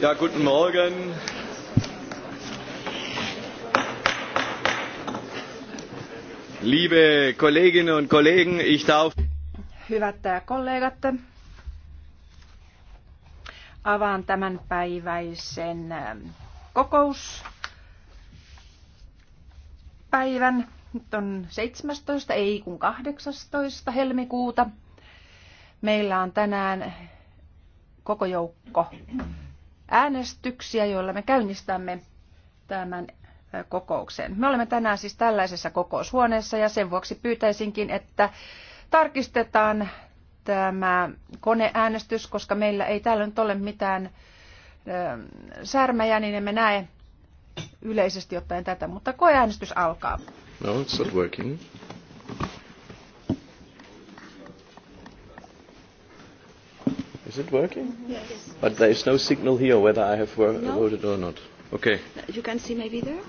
Ja, guten Morgen. Liebe Kolleginnen und Kollegen, ich darf. Hyvät äh, kollegat, avaan tämän päiväisen äh, kokous päivän Nyt on 17, ei kun 18 helmikuuta. Meillä on tänään koko joukko äänestyksiä, joilla me käynnistämme tämän kokouksen. Me olemme tänään siis tällaisessa kokoushuoneessa ja sen vuoksi pyytäisinkin, että tarkistetaan tämä koneäänestys, koska meillä ei täällä nyt ole mitään särmejä niin emme näe yleisesti ottaen tätä, mutta koeäänestys alkaa. No, it's not working. Is it working? Mm-hmm. Yes. But there is no signal here whether I have wor- no? voted or not. Okay. Uh, you can see maybe there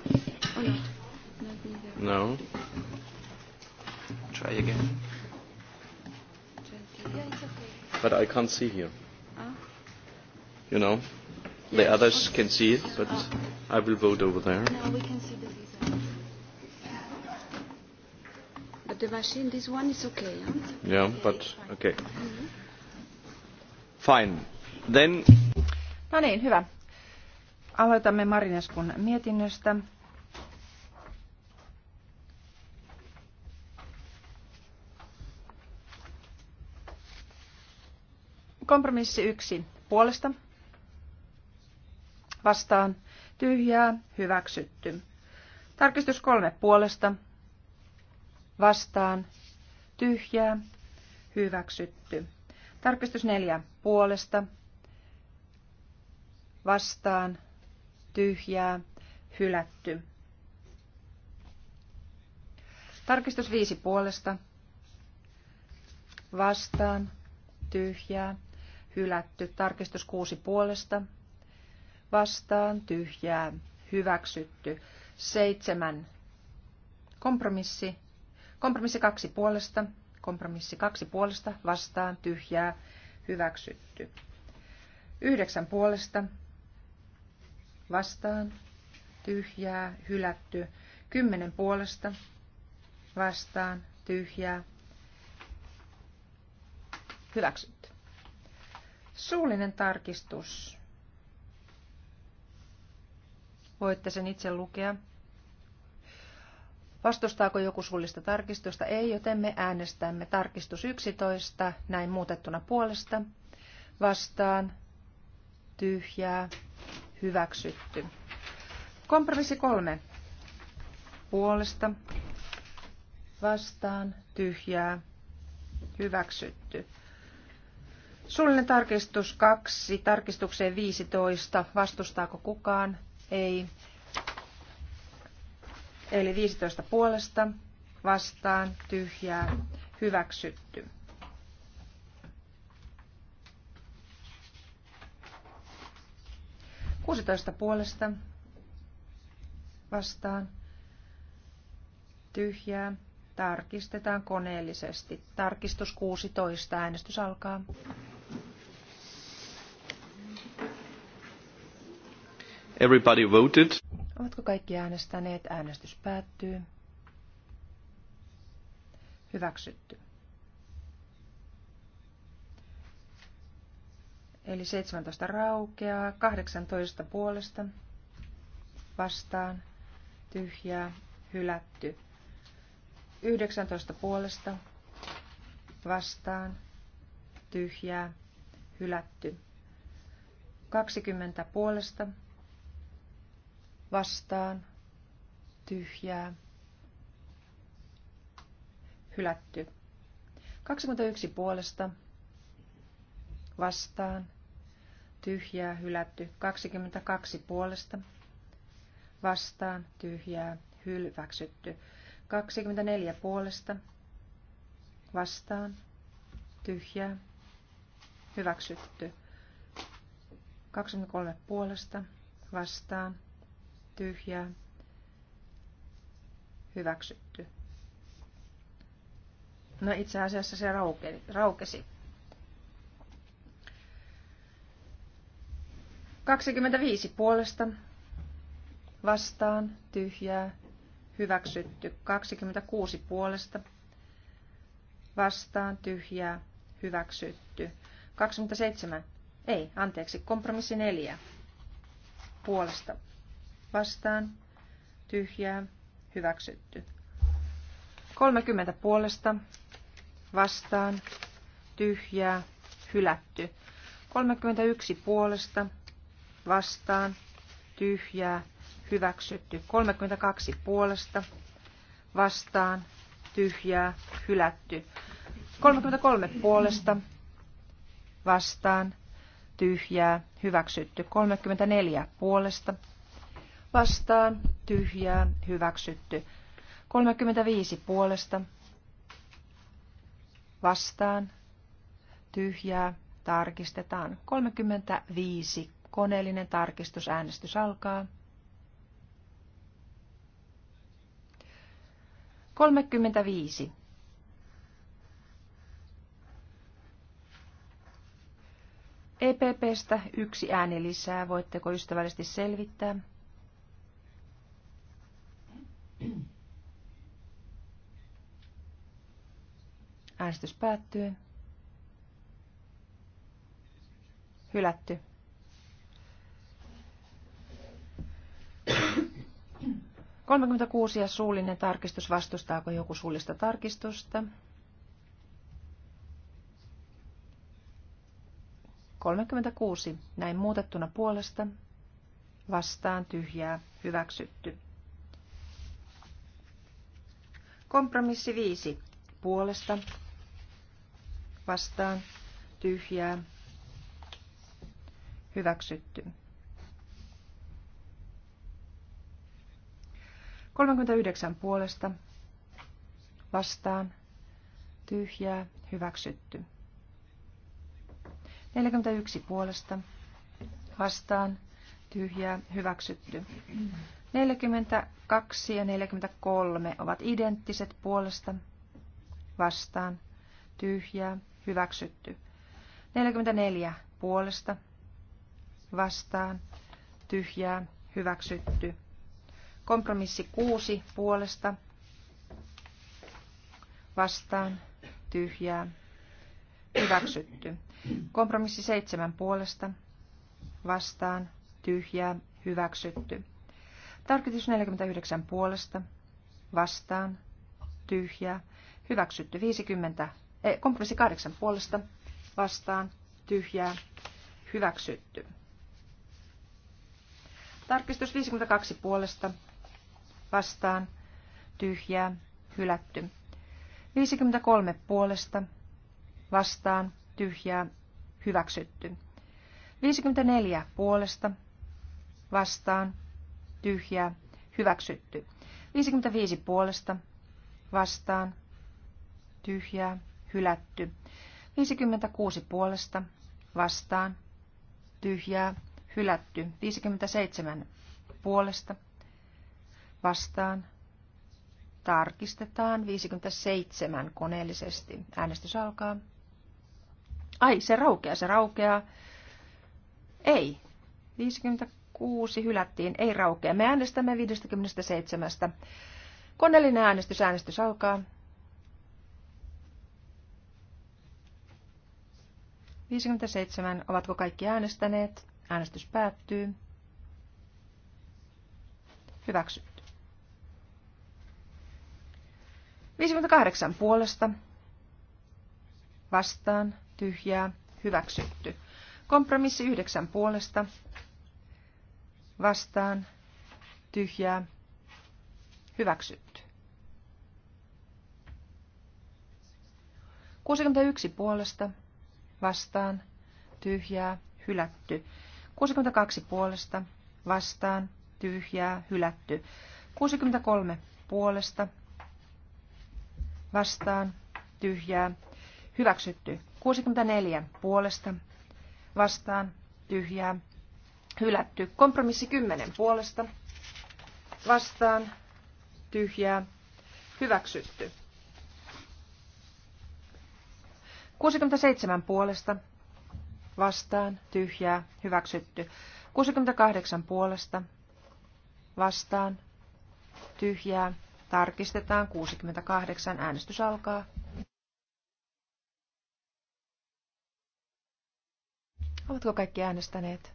or not? no. Try again. But I can't see here. Ah. You know, yes. the others can see it, but ah. I will vote over there. No, we can see this. But the machine, this one is okay. Huh? Yeah, yeah but okay. Mm-hmm. No niin, hyvä. Aloitamme marinescun mietinnöstä. Kompromissi yksi puolesta. Vastaan tyhjää hyväksytty. Tarkistus kolme puolesta. Vastaan tyhjää hyväksytty. Tarkistus neljä puolesta vastaan tyhjää hylätty. Tarkistus viisi puolesta vastaan tyhjää hylätty. Tarkistus kuusi puolesta vastaan tyhjää hyväksytty. Seitsemän kompromissi. Kompromissi kaksi puolesta Kompromissi kaksi puolesta vastaan tyhjää hyväksytty. Yhdeksän puolesta vastaan tyhjää hylätty. Kymmenen puolesta vastaan tyhjää hyväksytty. Suullinen tarkistus. Voitte sen itse lukea. Vastustaako joku suullista tarkistusta? Ei, joten me äänestämme tarkistus 11 näin muutettuna puolesta. Vastaan. Tyhjää. Hyväksytty. Kompromissi kolme. Puolesta. Vastaan. Tyhjää. Hyväksytty. Suullinen tarkistus 2, tarkistukseen 15. Vastustaako kukaan? Ei. Eli 15 puolesta vastaan tyhjää hyväksytty. Kuusitoista puolesta vastaan tyhjää. Tarkistetaan koneellisesti. Tarkistus 16. Äänestys alkaa. Everybody voted. Ovatko kaikki äänestäneet? Äänestys päättyy. Hyväksytty. Eli 17 raukeaa, 18 puolesta vastaan, tyhjää, hylätty. 19 puolesta vastaan, tyhjää, hylätty. 20 puolesta vastaan vastaan, tyhjää, hylätty. 21 puolesta, vastaan, tyhjää, hylätty. 22 puolesta, vastaan, tyhjää, hyväksytty. 24 puolesta, vastaan, tyhjää, hyväksytty. 23 puolesta, vastaan, tyhjää, hyväksytty. No itse asiassa se rauke, raukesi. 25 puolesta vastaan tyhjää hyväksytty. 26 puolesta vastaan tyhjää hyväksytty. 27 ei, anteeksi, kompromissi 4 puolesta vastaan, tyhjää, hyväksytty. 30 puolesta, vastaan, tyhjää, hylätty. 31 puolesta, vastaan, tyhjää, hyväksytty. 32 puolesta, vastaan, tyhjää, hylätty. 33 puolesta, vastaan, tyhjää, hyväksytty. 34 puolesta, vastaan, tyhjää, hyväksytty. 35 puolesta, vastaan, tyhjää, tarkistetaan. 35, koneellinen tarkistusäänestys alkaa. 35. EPPstä yksi ääni lisää. Voitteko ystävällisesti selvittää? Äänestys päättyy. Hylätty. ja suullinen tarkistus. Vastustaako joku suullista tarkistusta? 36. Näin muutettuna puolesta. Vastaan tyhjää. Hyväksytty. Kompromissi 5. Puolesta. Vastaan. Tyhjää. Hyväksytty. 39 puolesta. Vastaan. Tyhjää. Hyväksytty. 41 puolesta. Vastaan. Tyhjää. Hyväksytty. 42 ja 43 ovat identtiset puolesta, vastaan, tyhjää, hyväksytty. 44 puolesta, vastaan, tyhjää, hyväksytty. Kompromissi 6 puolesta, vastaan, tyhjää, hyväksytty. Kompromissi 7 puolesta, vastaan, tyhjää, hyväksytty. Tarkistus 49 puolesta, vastaan, tyhjää, hyväksytty 50, eh, kompromissi 8 puolesta, vastaan, tyhjää, hyväksytty. Tarkistus 52 puolesta, vastaan, tyhjää, hylätty. 53 puolesta, vastaan, tyhjää, hyväksytty. 54 puolesta, vastaan, tyhjää, hyväksytty. 55 puolesta, vastaan, tyhjää, hylätty. 56 puolesta, vastaan, tyhjää, hylätty. 57 puolesta, vastaan, tarkistetaan 57 koneellisesti. Äänestys alkaa. Ai, se raukeaa, se raukeaa. Ei. 56. 56 hylättiin, ei raukea. Me äänestämme 57. Koneellinen äänestys, äänestys alkaa. 57. Ovatko kaikki äänestäneet? Äänestys päättyy. Hyväksytty. 58 puolesta. Vastaan. Tyhjää. Hyväksytty. Kompromissi 9 puolesta vastaan, tyhjää, hyväksytty. 61 puolesta, vastaan, tyhjää, hylätty. 62 puolesta, vastaan, tyhjää, hylätty. 63 puolesta, vastaan, tyhjää, hyväksytty. 64 puolesta, vastaan, tyhjää, hylätty. Kompromissi 10 puolesta vastaan tyhjää hyväksytty. 67 puolesta vastaan tyhjää hyväksytty. 68 puolesta vastaan tyhjää tarkistetaan 68 äänestys alkaa. Ovatko kaikki äänestäneet?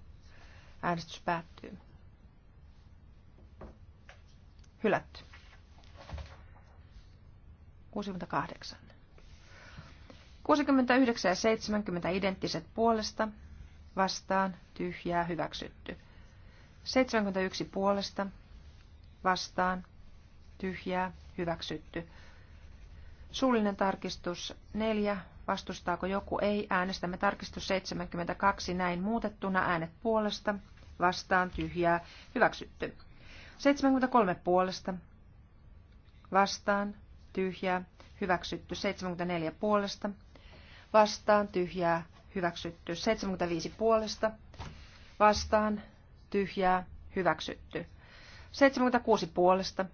Äänestys päättyy. Hylätty. 68. 69 ja 70 identtiset puolesta, vastaan, tyhjää, hyväksytty. 71 puolesta, vastaan, tyhjää, hyväksytty. Suullinen tarkistus 4 Vastustaako joku? Ei. Äänestämme tarkistus 72 näin muutettuna. Äänet puolesta. Vastaan tyhjää. Hyväksytty. 73 puolesta. Vastaan tyhjää. Hyväksytty. 74 puolesta. Vastaan tyhjää. Hyväksytty. 75 puolesta. Vastaan tyhjää. Hyväksytty. 76 puolesta.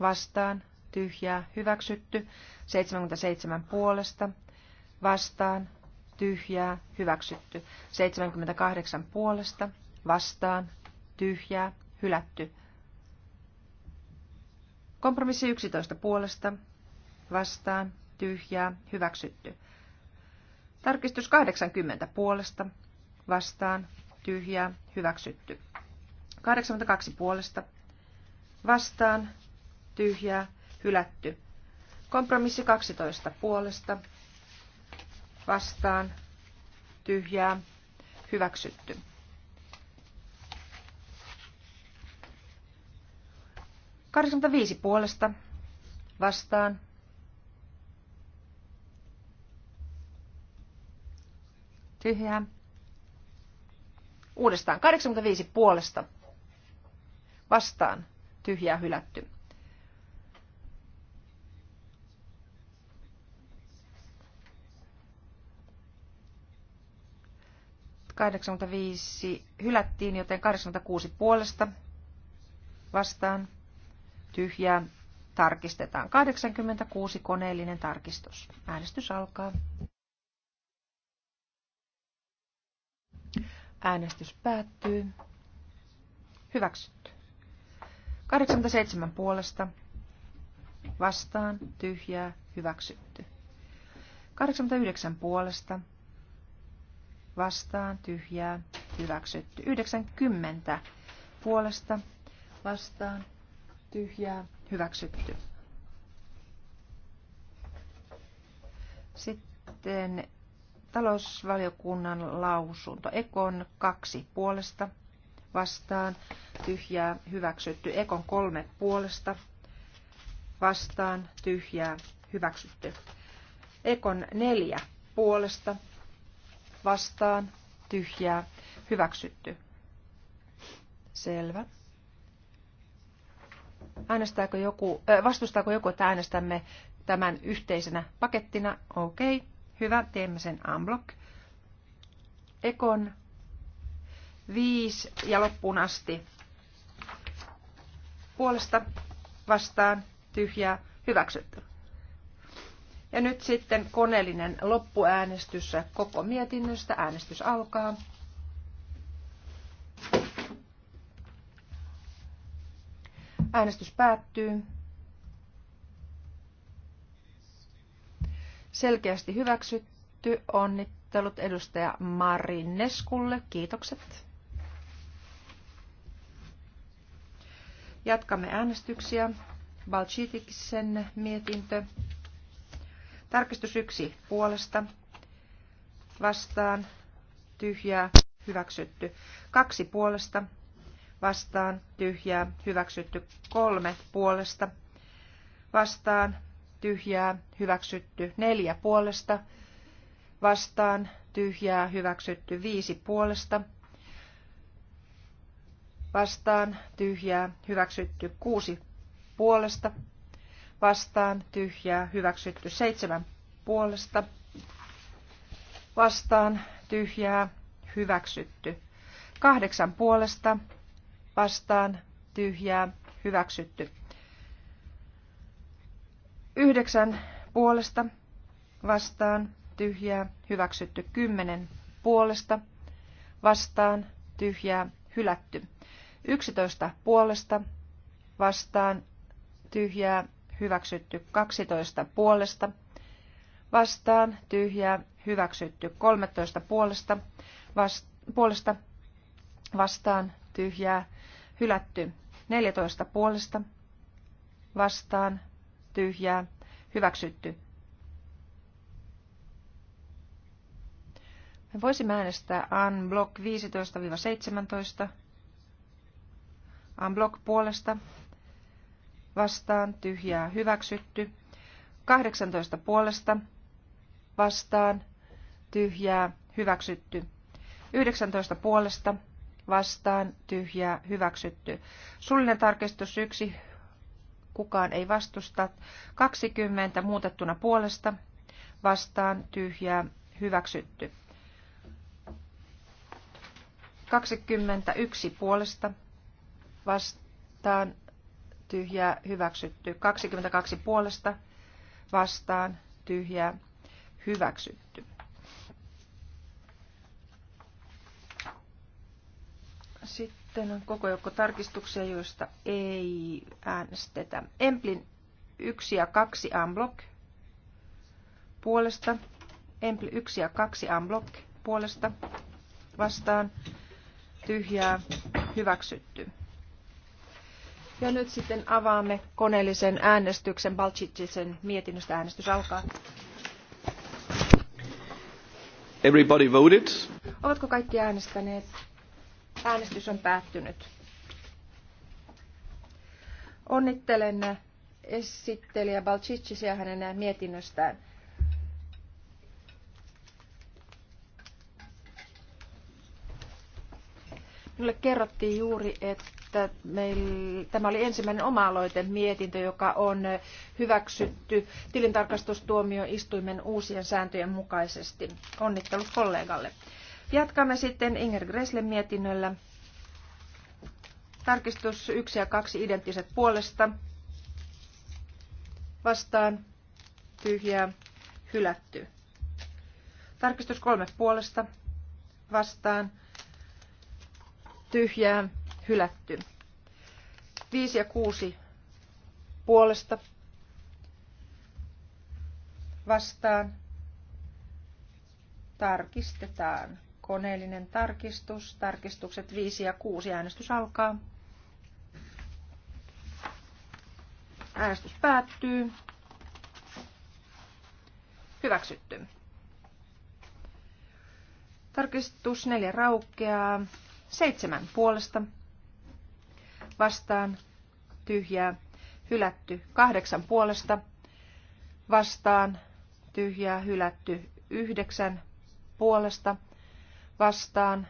Vastaan tyhjää. Hyväksytty. 77 puolesta vastaan, tyhjää, hyväksytty. 78 puolesta, vastaan, tyhjää, hylätty. Kompromissi 11 puolesta, vastaan, tyhjää, hyväksytty. Tarkistus 80 puolesta, vastaan, tyhjää, hyväksytty. 82 puolesta, vastaan, tyhjää, hylätty. Kompromissi 12 puolesta, vastaan tyhjää hyväksytty. viisi puolesta vastaan tyhjää. Uudestaan 85 puolesta vastaan tyhjää hylätty. 85 hylättiin, joten 86 puolesta vastaan tyhjää tarkistetaan. 86 koneellinen tarkistus. Äänestys alkaa. Äänestys päättyy. Hyväksytty. 87 puolesta. Vastaan. Tyhjää. Hyväksytty. 89 puolesta vastaan, tyhjää, hyväksytty. 90 puolesta vastaan, tyhjää, hyväksytty. Sitten talousvaliokunnan lausunto. Ekon kaksi puolesta vastaan, tyhjää, hyväksytty. Ekon kolme puolesta vastaan, tyhjää, hyväksytty. Ekon neljä puolesta vastaan, tyhjää, hyväksytty. Selvä. Äänestääkö joku, äh, vastustaako joku, että äänestämme tämän yhteisenä pakettina? Okei, okay. hyvä, teemme sen unblock. Ekon viisi ja loppuun asti. Puolesta vastaan tyhjää hyväksytty. Ja nyt sitten koneellinen loppuäänestys koko mietinnöstä. Äänestys alkaa. Äänestys päättyy. Selkeästi hyväksytty. Onnittelut edustaja Mari Neskulle. Kiitokset. Jatkamme äänestyksiä. Balchitiksen mietintö. Tarkistus yksi puolesta vastaan tyhjää hyväksytty. Kaksi puolesta vastaan tyhjää hyväksytty. Kolme puolesta vastaan tyhjää hyväksytty. Neljä puolesta vastaan tyhjää hyväksytty. Viisi puolesta vastaan tyhjää hyväksytty. Kuusi puolesta vastaan tyhjää hyväksytty. Seitsemän puolesta vastaan tyhjää hyväksytty. Kahdeksan puolesta vastaan tyhjää hyväksytty. Yhdeksän puolesta vastaan tyhjää hyväksytty. Kymmenen puolesta vastaan tyhjää hylätty. Yksitoista puolesta vastaan tyhjää hyväksytty 12 puolesta, vastaan tyhjää, hyväksytty 13 puolesta, vasta puolesta vastaan tyhjää, hylätty 14 puolesta, vastaan tyhjää, hyväksytty. Me voisimme äänestää unblock 15-17, unblock puolesta, vastaan tyhjää hyväksytty. 18 puolesta vastaan tyhjää hyväksytty. 19 puolesta vastaan tyhjää hyväksytty. Suullinen tarkistus 1 kukaan ei vastusta. 20 muutettuna puolesta vastaan tyhjää hyväksytty. 21 puolesta vastaan tyhjää, hyväksytty. 22 puolesta vastaan, tyhjää, hyväksytty. Sitten on koko joukko tarkistuksia, joista ei äänestetä. Emplin 1 ja 2 unblock puolesta. Empli 1 ja 2 unblock puolesta vastaan. Tyhjää hyväksytty. Ja nyt sitten avaamme koneellisen äänestyksen Balchitsisen mietinnöstä. Äänestys alkaa. Everybody voted. Ovatko kaikki äänestäneet? Äänestys on päättynyt. Onnittelen esittelijä Balchichisia hänen mietinnöstään. Minulle kerrottiin juuri, että että tämä oli ensimmäinen oma-aloite mietintö, joka on hyväksytty tilintarkastustuomioistuimen uusien sääntöjen mukaisesti. Onnittelut kollegalle. Jatkamme sitten Inger Greslen mietinnöllä. Tarkistus 1 ja 2 identtiset puolesta. Vastaan. Tyhjää. Hylätty. Tarkistus 3 puolesta. Vastaan. Tyhjää hylätty. 5 ja 6 puolesta vastaan tarkistetaan. Koneellinen tarkistus. Tarkistukset 5 ja 6. Äänestys alkaa. Äänestys päättyy. Hyväksytty. Tarkistus 4 raukeaa. 7 puolesta vastaan, tyhjää, hylätty. Kahdeksan puolesta vastaan, tyhjää, hylätty. Yhdeksän puolesta vastaan,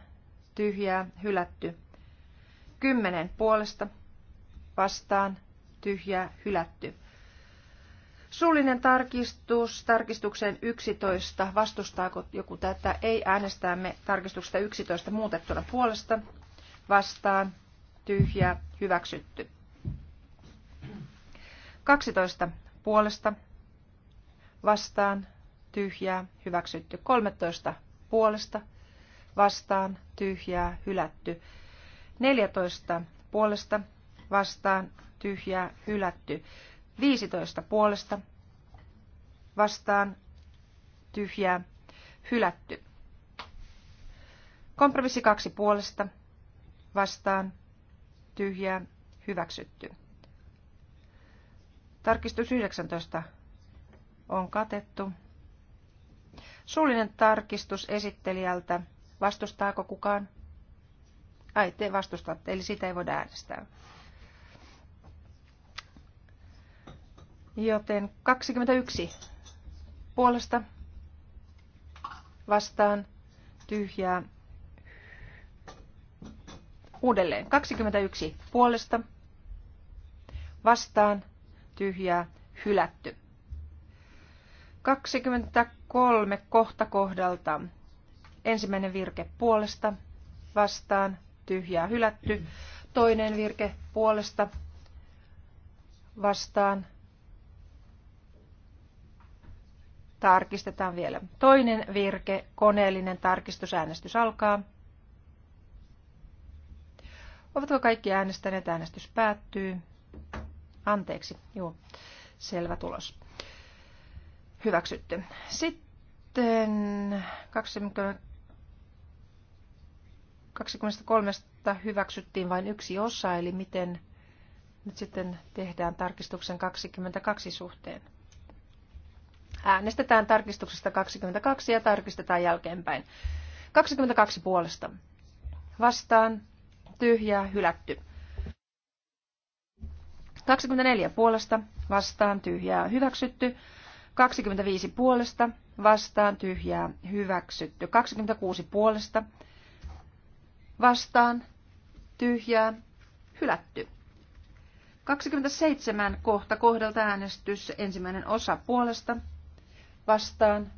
tyhjää, hylätty. Kymmenen puolesta vastaan, tyhjää, hylätty. Suullinen tarkistus tarkistukseen 11. Vastustaako joku tätä? Ei. Äänestämme tarkistuksesta 11 muutettuna puolesta vastaan tyhjää, hyväksytty. 12 puolesta, vastaan, tyhjää, hyväksytty. 13 puolesta, vastaan, tyhjää, hylätty. 14 puolesta, vastaan, tyhjää, hylätty. 15 puolesta, vastaan, tyhjää, hylätty. Kompromissi kaksi puolesta, vastaan, tyhjää, hyväksytty. Tarkistus 19 on katettu. Suullinen tarkistus esittelijältä. Vastustaako kukaan? Ai, te vastustatte, eli sitä ei voida äänestää. Joten 21 puolesta vastaan tyhjää Uudelleen 21 puolesta vastaan tyhjää hylätty. 23 kohta kohdalta. Ensimmäinen virke puolesta vastaan tyhjää hylätty. Toinen virke puolesta vastaan Tarkistetaan vielä. Toinen virke, koneellinen tarkistusäänestys alkaa. Ovatko kaikki äänestäneet? Äänestys päättyy. Anteeksi, joo. Selvä tulos. Hyväksytty. Sitten 23 hyväksyttiin vain yksi osa, eli miten nyt sitten tehdään tarkistuksen 22 suhteen. Äänestetään tarkistuksesta 22 ja tarkistetaan jälkeenpäin. 22 puolesta. Vastaan tyhjää, hylätty. 24 puolesta, vastaan tyhjää, hyväksytty. 25 puolesta, vastaan tyhjää, hyväksytty. 26 puolesta, vastaan tyhjää, hylätty. 27 kohta kohdalta äänestys, ensimmäinen osa puolesta, vastaan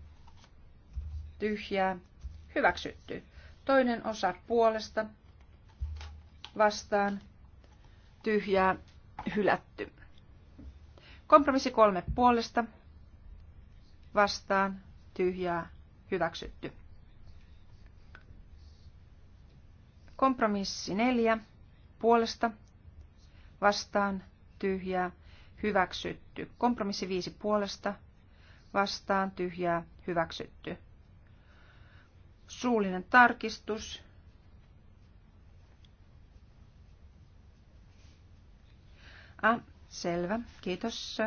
tyhjää, hyväksytty. Toinen osa puolesta, vastaan tyhjää hylätty. Kompromissi kolme puolesta vastaan tyhjää hyväksytty. Kompromissi neljä puolesta vastaan tyhjää hyväksytty. Kompromissi viisi puolesta vastaan tyhjää hyväksytty. Suullinen tarkistus Ah, selvä, kiitos.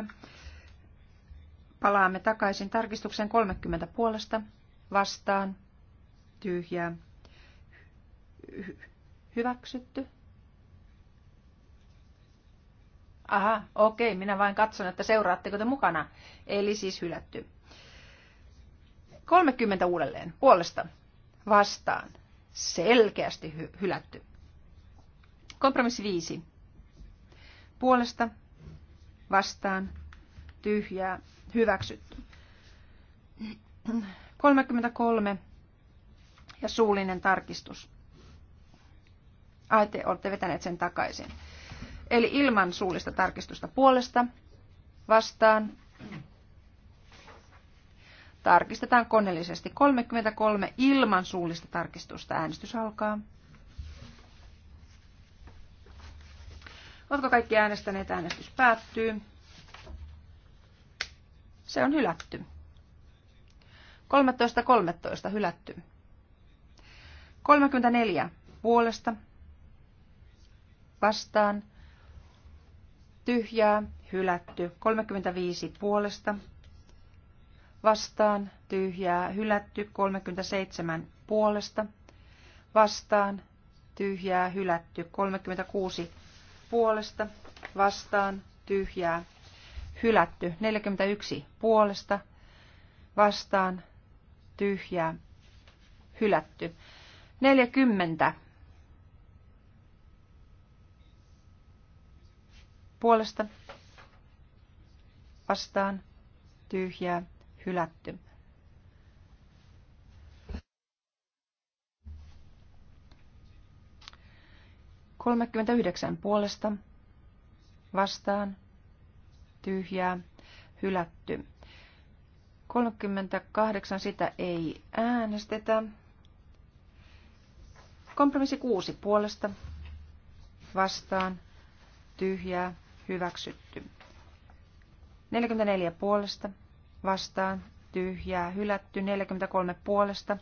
Palaamme takaisin tarkistuksen 30 puolesta. Vastaan. Tyhjää. hyväksytty. Aha, okei, minä vain katson, että seuraatteko te mukana. Eli siis hylätty. 30 uudelleen. Puolesta. Vastaan. Selkeästi hy- hylätty. Kompromissi 5 puolesta vastaan tyhjää hyväksytty. 33 ja suullinen tarkistus. Ai, te olette vetäneet sen takaisin. Eli ilman suullista tarkistusta puolesta vastaan. Tarkistetaan koneellisesti 33 ilman suullista tarkistusta. Äänestys alkaa. Oletko kaikki äänestäneet? Äänestys päättyy. Se on hylätty. 13.13. 13, hylätty. 34. Puolesta. Vastaan. Tyhjää. Hylätty. 35. Puolesta. Vastaan. Tyhjää. Hylätty. 37. Puolesta. Vastaan. Tyhjää. Hylätty. 36 puolesta, vastaan, tyhjää, hylätty. 41 puolesta, vastaan, tyhjää, hylätty. 40 puolesta, vastaan, tyhjää, hylätty. 39 puolesta vastaan tyhjää hylätty. 38 sitä ei äänestetä. Kompromissi 6 puolesta vastaan tyhjää hyväksytty. 44 puolesta vastaan tyhjää hylätty. 43 puolesta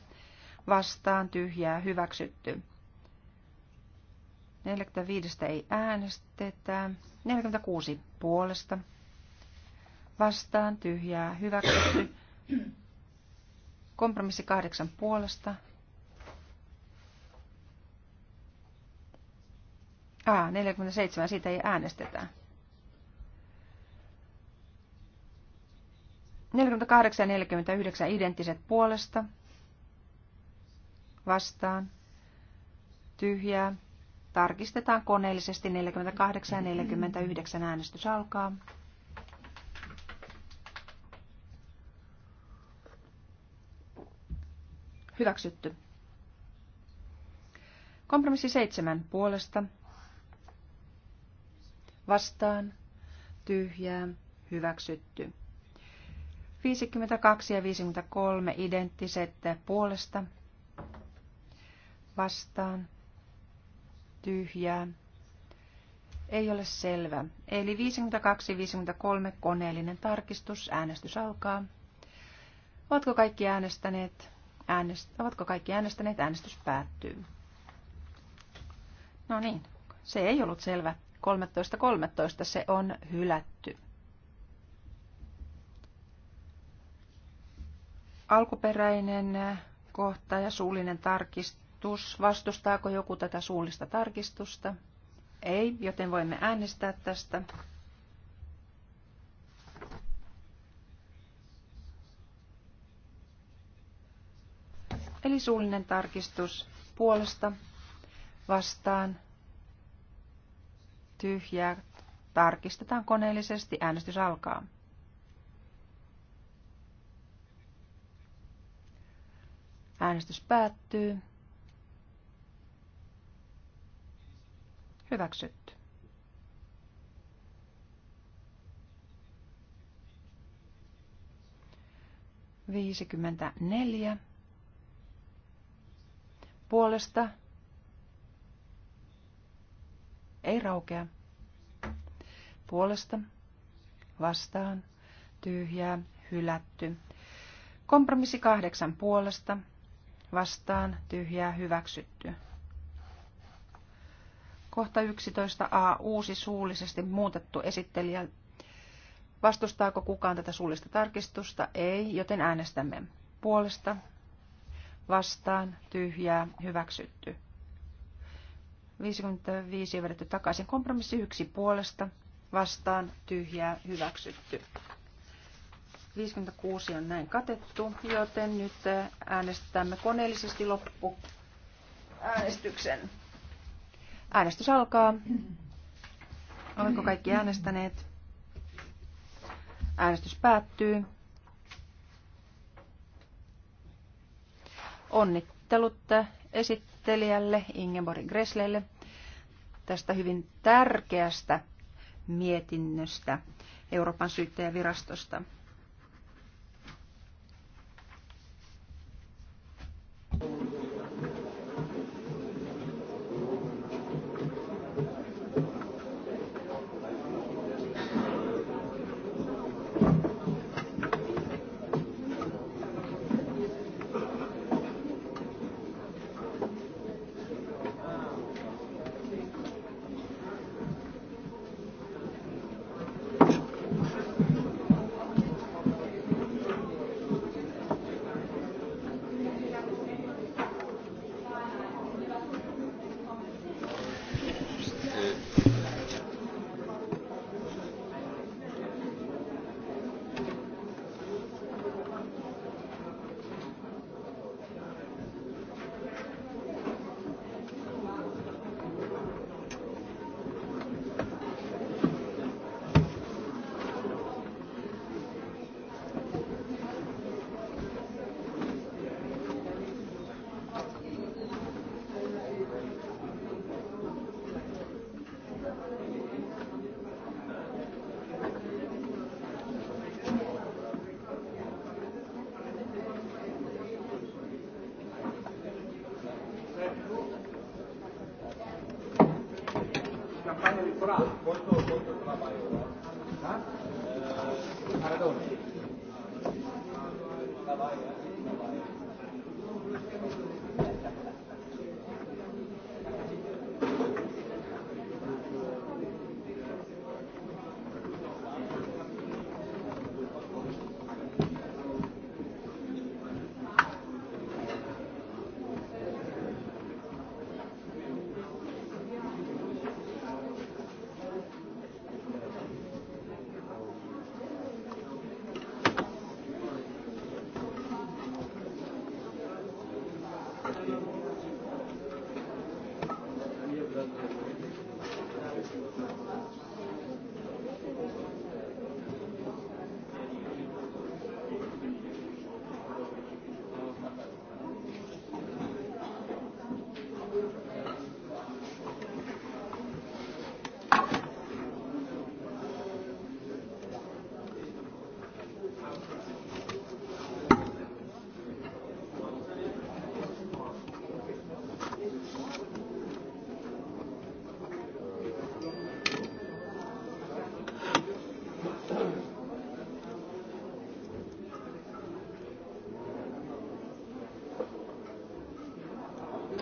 vastaan tyhjää hyväksytty. 45 ei äänestetä. 46 puolesta. Vastaan tyhjää hyväksytty. Kompromissi 8 puolesta. A, 47, siitä ei äänestetä. 48 ja 49 identtiset puolesta. Vastaan. Tyhjää Tarkistetaan koneellisesti 48 ja 49 äänestys alkaa. Hyväksytty. Kompromissi 7 puolesta. Vastaan. Tyhjää. Hyväksytty. 52 ja 53 identtiset puolesta. Vastaan tyhjää. Ei ole selvä. Eli 52-53 koneellinen tarkistus. Äänestys alkaa. Ovatko kaikki äänestäneet? Äänest... Ovatko kaikki äänestäneet? Äänestys päättyy. No niin, se ei ollut selvä. 13.13 se on hylätty. Alkuperäinen kohta ja suullinen tarkistus tarkistus. Vastustaako joku tätä suullista tarkistusta? Ei, joten voimme äänestää tästä. Eli suullinen tarkistus puolesta vastaan tyhjää. Tarkistetaan koneellisesti. Äänestys alkaa. Äänestys päättyy. Hyväksytty. Viisikymmentä neljä. Puolesta. Ei raukea. Puolesta. Vastaan. Tyhjää. Hylätty. Kompromissi kahdeksan puolesta. Vastaan. Tyhjää. Hyväksytty. Kohta 11a uusi suullisesti muutettu esittelijä. Vastustaako kukaan tätä suullista tarkistusta? Ei, joten äänestämme puolesta, vastaan, tyhjää, hyväksytty. 55 on vedetty takaisin. Kompromissi yksi puolesta, vastaan, tyhjää, hyväksytty. 56 on näin katettu, joten nyt äänestämme koneellisesti loppu äänestyksen. Äänestys alkaa. Oletko kaikki äänestäneet? Äänestys päättyy. Onnittelut esittelijälle Ingeborg Gresleille tästä hyvin tärkeästä mietinnöstä Euroopan syyttäjävirastosta.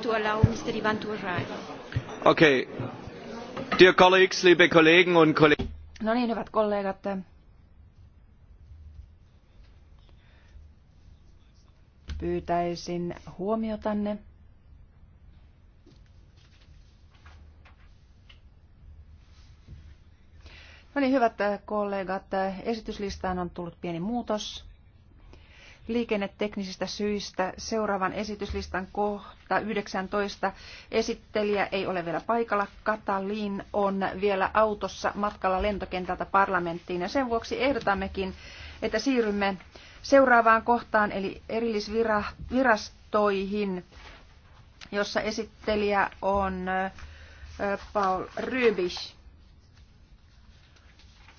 to allow Mr. Ivan to arrive. Okay. Dear colleagues, liebe Kollegen und Kollegen. No niin, hyvät kollegat. Pyytäisin huomiotanne. No niin, hyvät kollegat, esityslistaan on tullut pieni muutos liikenneteknisistä syistä seuraavan esityslistan kohdan. 2019. Esittelijä ei ole vielä paikalla. Katalin on vielä autossa matkalla lentokentältä parlamenttiin ja sen vuoksi ehdotammekin, että siirrymme seuraavaan kohtaan eli erillisvirastoihin, jossa esittelijä on Paul Rybisch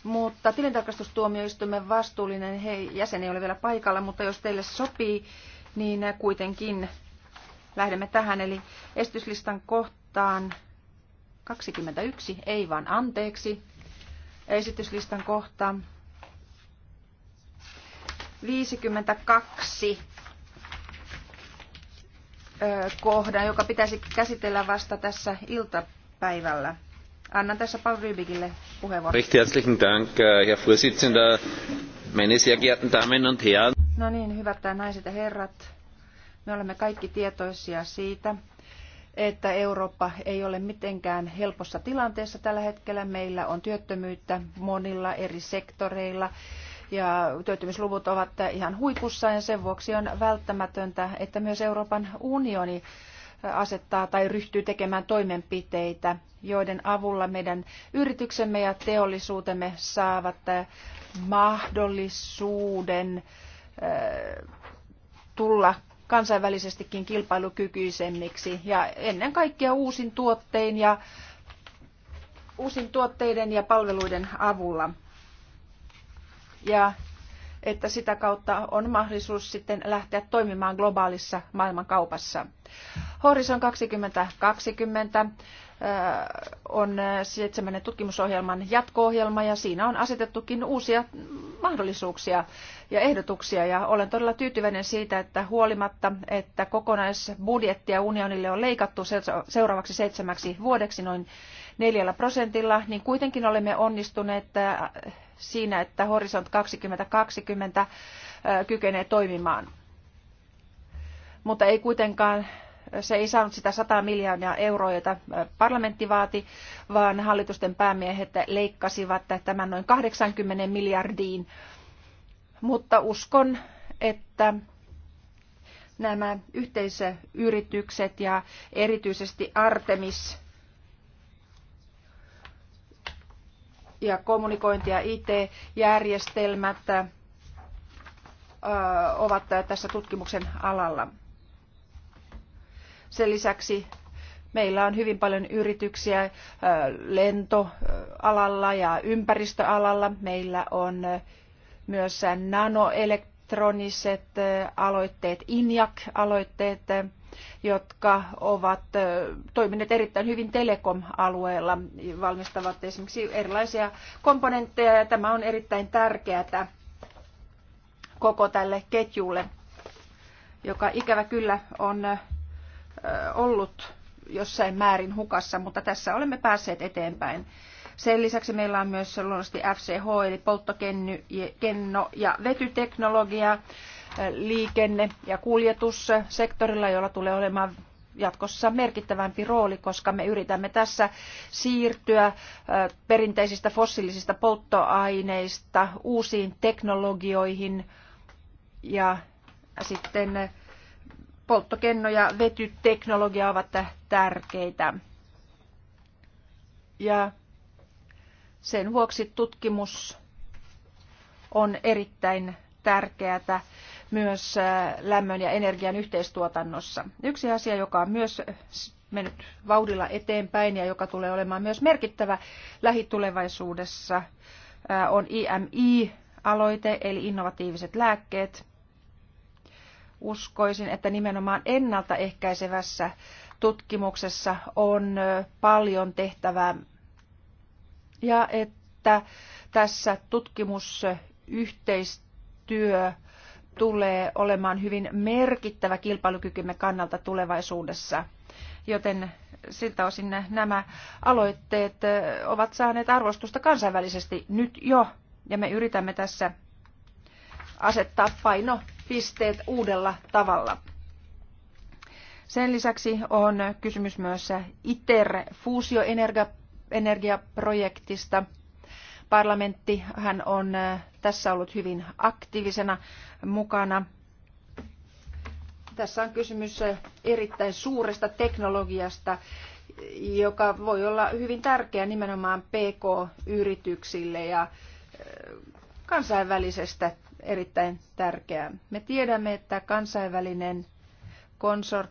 mutta tilintarkastustuomioistuimen vastuullinen hei, jäsen ei ole vielä paikalla, mutta jos teille sopii, niin kuitenkin lähdemme tähän, eli estyslistan kohtaan 21, ei vaan anteeksi, esityslistan kohtaan 52 kohdan, joka pitäisi käsitellä vasta tässä iltapäivällä. Annan tässä Paul Rybikille puheenvuoron. Recht herzlichen Dank, äh, Herr Vorsitzender, meine sehr geehrten Damen und Herren. No niin, hyvät naiset ja herrat. Me olemme kaikki tietoisia siitä, että Eurooppa ei ole mitenkään helpossa tilanteessa tällä hetkellä. Meillä on työttömyyttä monilla eri sektoreilla ja työttömyysluvut ovat ihan huipussa ja sen vuoksi on välttämätöntä, että myös Euroopan unioni asettaa tai ryhtyy tekemään toimenpiteitä, joiden avulla meidän yrityksemme ja teollisuutemme saavat äh, mahdollisuuden äh, tulla kansainvälisestikin kilpailukykyisemmiksi ja ennen kaikkea uusin tuottein ja uusin tuotteiden ja palveluiden avulla. Ja että sitä kautta on mahdollisuus sitten lähteä toimimaan globaalissa maailmankaupassa. Horizon 2020 on seitsemännen tutkimusohjelman jatko-ohjelma ja siinä on asetettukin uusia mahdollisuuksia ja ehdotuksia ja olen todella tyytyväinen siitä, että huolimatta, että kokonaisbudjettia unionille on leikattu seuraavaksi seitsemäksi vuodeksi noin neljällä prosentilla, niin kuitenkin olemme onnistuneet siinä, että Horisont 2020 kykenee toimimaan. Mutta ei kuitenkaan se ei saanut sitä 100 miljardia euroa, jota parlamentti vaati, vaan hallitusten päämiehet leikkasivat tämän noin 80 miljardiin. Mutta uskon, että nämä yhteisöyritykset ja erityisesti Artemis ja kommunikointi- ja IT-järjestelmät ovat tässä tutkimuksen alalla. Sen lisäksi meillä on hyvin paljon yrityksiä lentoalalla ja ympäristöalalla. Meillä on myös nanoelektroniset aloitteet, injac aloitteet jotka ovat toimineet erittäin hyvin telekom-alueella, valmistavat esimerkiksi erilaisia komponentteja ja tämä on erittäin tärkeää koko tälle ketjulle, joka ikävä kyllä on ollut jossain määrin hukassa, mutta tässä olemme päässeet eteenpäin. Sen lisäksi meillä on myös luonnollisesti FCH eli polttokenno ja vetyteknologia, liikenne ja kuljetussektorilla, jolla tulee olemaan jatkossa merkittävämpi rooli, koska me yritämme tässä siirtyä perinteisistä fossiilisista polttoaineista uusiin teknologioihin ja sitten polttokenno ja vetyteknologia ovat tärkeitä. Ja sen vuoksi tutkimus on erittäin tärkeää myös äh, lämmön ja energian yhteistuotannossa. Yksi asia, joka on myös mennyt vauhdilla eteenpäin ja joka tulee olemaan myös merkittävä lähitulevaisuudessa, äh, on IMI-aloite eli innovatiiviset lääkkeet uskoisin, että nimenomaan ennaltaehkäisevässä tutkimuksessa on paljon tehtävää ja että tässä tutkimusyhteistyö tulee olemaan hyvin merkittävä kilpailukykymme kannalta tulevaisuudessa. Joten siltä osin nämä aloitteet ovat saaneet arvostusta kansainvälisesti nyt jo, ja me yritämme tässä asettaa paino pisteet uudella tavalla. Sen lisäksi on kysymys myös ITER-fuusioenergiaprojektista. Parlamentti hän on tässä ollut hyvin aktiivisena mukana. Tässä on kysymys erittäin suuresta teknologiasta, joka voi olla hyvin tärkeä nimenomaan PK-yrityksille ja kansainvälisestä erittäin tärkeää. Me tiedämme, että kansainvälinen konsort,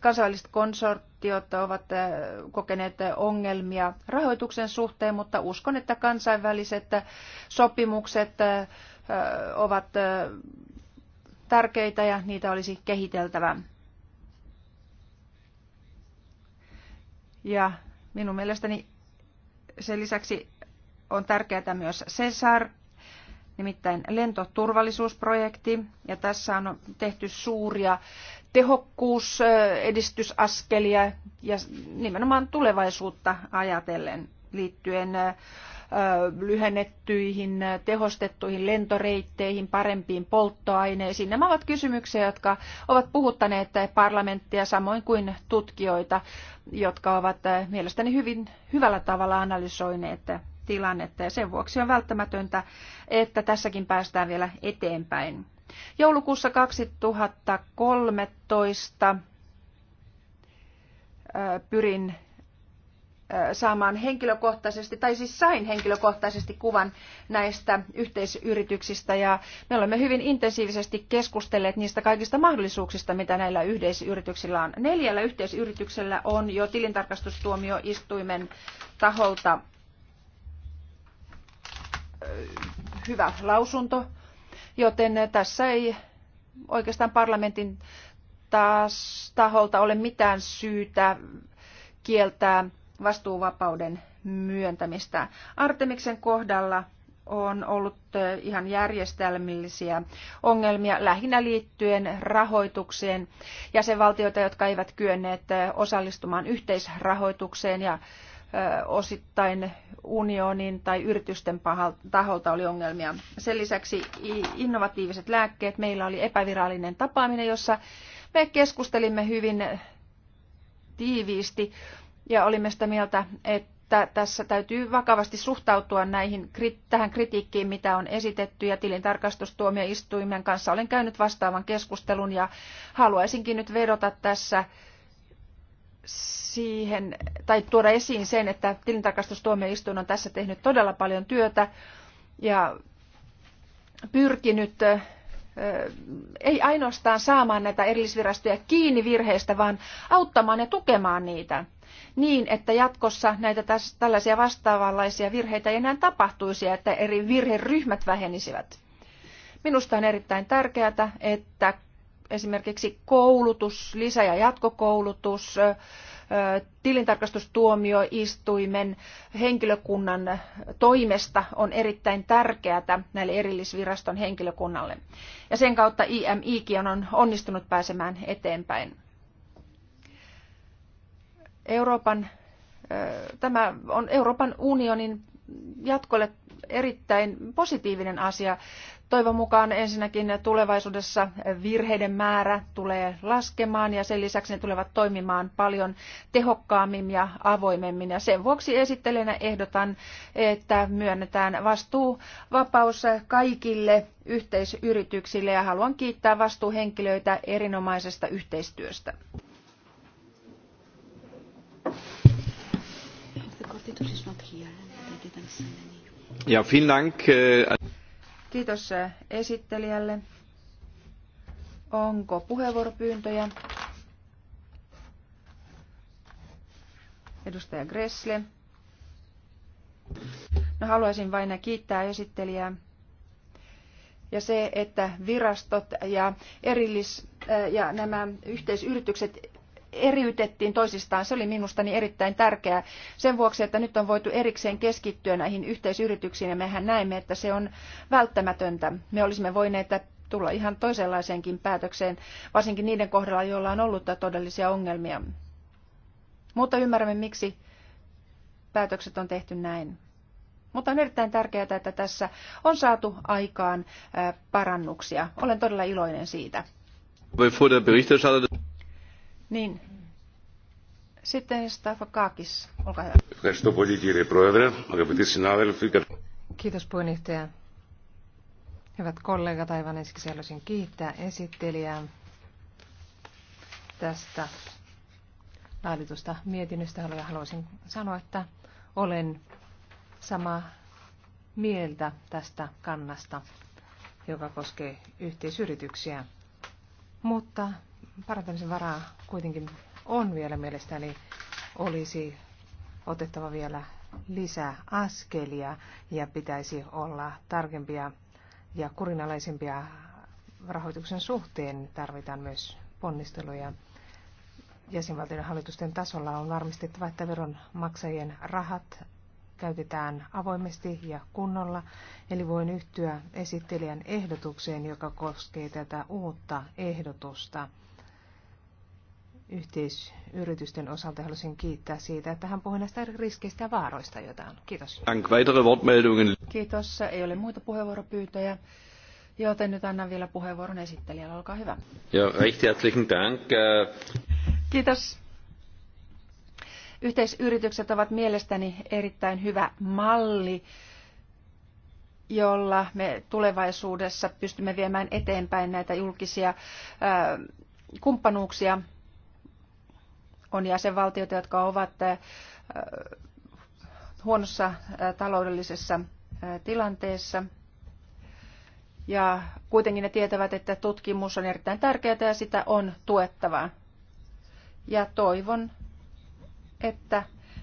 kansainväliset konsorttiot ovat äh, kokeneet ongelmia rahoituksen suhteen, mutta uskon, että kansainväliset sopimukset äh, ovat äh, tärkeitä ja niitä olisi kehiteltävä. Ja minun mielestäni sen lisäksi on tärkeää myös Cesar, nimittäin lentoturvallisuusprojekti. Ja tässä on tehty suuria tehokkuusedistysaskelia ja nimenomaan tulevaisuutta ajatellen liittyen lyhennettyihin, tehostettuihin lentoreitteihin, parempiin polttoaineisiin. Nämä ovat kysymyksiä, jotka ovat puhuttaneet parlamenttia samoin kuin tutkijoita, jotka ovat mielestäni hyvin hyvällä tavalla analysoineet tilannetta ja sen vuoksi on välttämätöntä, että tässäkin päästään vielä eteenpäin. Joulukuussa 2013 pyrin saamaan henkilökohtaisesti, tai siis sain henkilökohtaisesti kuvan näistä yhteisyrityksistä ja me olemme hyvin intensiivisesti keskustelleet niistä kaikista mahdollisuuksista, mitä näillä yhteisyrityksillä on. Neljällä yhteisyrityksellä on jo tilintarkastustuomioistuimen taholta Äh, hyvä lausunto, joten tässä ei oikeastaan parlamentin taas taholta ole mitään syytä kieltää vastuuvapauden myöntämistä. Artemiksen kohdalla on ollut äh, ihan järjestelmillisiä ongelmia lähinnä liittyen rahoitukseen jäsenvaltioita, jotka eivät kyenneet äh, osallistumaan yhteisrahoitukseen ja osittain unionin tai yritysten taholta oli ongelmia. Sen lisäksi innovatiiviset lääkkeet. Meillä oli epävirallinen tapaaminen, jossa me keskustelimme hyvin tiiviisti ja olimme sitä mieltä, että tässä täytyy vakavasti suhtautua näihin, tähän kritiikkiin, mitä on esitetty ja tilintarkastustuomioistuimen kanssa olen käynyt vastaavan keskustelun ja haluaisinkin nyt vedota tässä siihen, tai tuoda esiin sen, että tilintarkastustuomioistuin on tässä tehnyt todella paljon työtä ja pyrkinyt ei ainoastaan saamaan näitä erillisvirastoja kiinni virheistä, vaan auttamaan ja tukemaan niitä niin, että jatkossa näitä tällaisia vastaavanlaisia virheitä ei enää tapahtuisi ja että eri virheryhmät vähenisivät. Minusta on erittäin tärkeää, että esimerkiksi koulutus, lisä- ja jatkokoulutus, tilintarkastustuomioistuimen henkilökunnan toimesta on erittäin tärkeää näille erillisviraston henkilökunnalle. Ja sen kautta IMI on onnistunut pääsemään eteenpäin. Euroopan, tämä on Euroopan unionin jatkolle erittäin positiivinen asia. Toivon mukaan ensinnäkin tulevaisuudessa virheiden määrä tulee laskemaan ja sen lisäksi ne tulevat toimimaan paljon tehokkaammin ja avoimemmin. Ja sen vuoksi esittelijänä ehdotan, että myönnetään vastuuvapaus kaikille yhteisyrityksille ja haluan kiittää vastuuhenkilöitä erinomaisesta yhteistyöstä. Ja vielen Dank. Äh, Kiitos äh, esittelijälle. Onko puheenvuoropyyntöjä? Edustaja Gressle. No, haluaisin vain kiittää esittelijää. Ja se, että virastot ja, erillis, äh, ja nämä yhteisyritykset eriytettiin toisistaan. Se oli minustani niin erittäin tärkeää sen vuoksi, että nyt on voitu erikseen keskittyä näihin yhteisyrityksiin ja mehän näemme, että se on välttämätöntä. Me olisimme voineet tulla ihan toisenlaiseenkin päätökseen, varsinkin niiden kohdalla, joilla on ollut todellisia ongelmia. Mutta ymmärrämme, miksi päätökset on tehty näin. Mutta on erittäin tärkeää, että tässä on saatu aikaan parannuksia. Olen todella iloinen siitä. Niin. Sitten Staffa Kaakis, olkaa hyvä. Ευχαριστώ πολύ κύριε Πρόεδρε, αγαπητοί συνάδελφοι. Kiitos puheenjohtaja. Hyvät kollegat, aivan ensiksi haluaisin kiittää esittelijää tästä laaditusta mietinnöstä. Haluaisin sanoa, että olen samaa mieltä tästä kannasta, joka koskee yhteisyrityksiä. Mutta parantamisen varaa kuitenkin on vielä mielestäni, olisi otettava vielä lisää askelia ja pitäisi olla tarkempia ja kurinalaisempia rahoituksen suhteen. Tarvitaan myös ponnisteluja. Jäsenvaltioiden hallitusten tasolla on varmistettava, että veronmaksajien rahat käytetään avoimesti ja kunnolla, eli voin yhtyä esittelijän ehdotukseen, joka koskee tätä uutta ehdotusta yhteisyritysten osalta haluaisin kiittää siitä, että hän puhui näistä riskeistä ja vaaroista jotain. Kiitos. Kiitos. Ei ole muita puheenvuoropyyntöjä. Joten nyt annan vielä puheenvuoron esittelijälle. Olkaa hyvä. Ja, recht herzlichen Dank. Äh. Kiitos. Yhteisyritykset ovat mielestäni erittäin hyvä malli, jolla me tulevaisuudessa pystymme viemään eteenpäin näitä julkisia äh, kumppanuuksia on jäsenvaltioita, jotka ovat huonossa taloudellisessa tilanteessa. Ja kuitenkin ne tietävät, että tutkimus on erittäin tärkeää ja sitä on tuettavaa. Ja toivon, että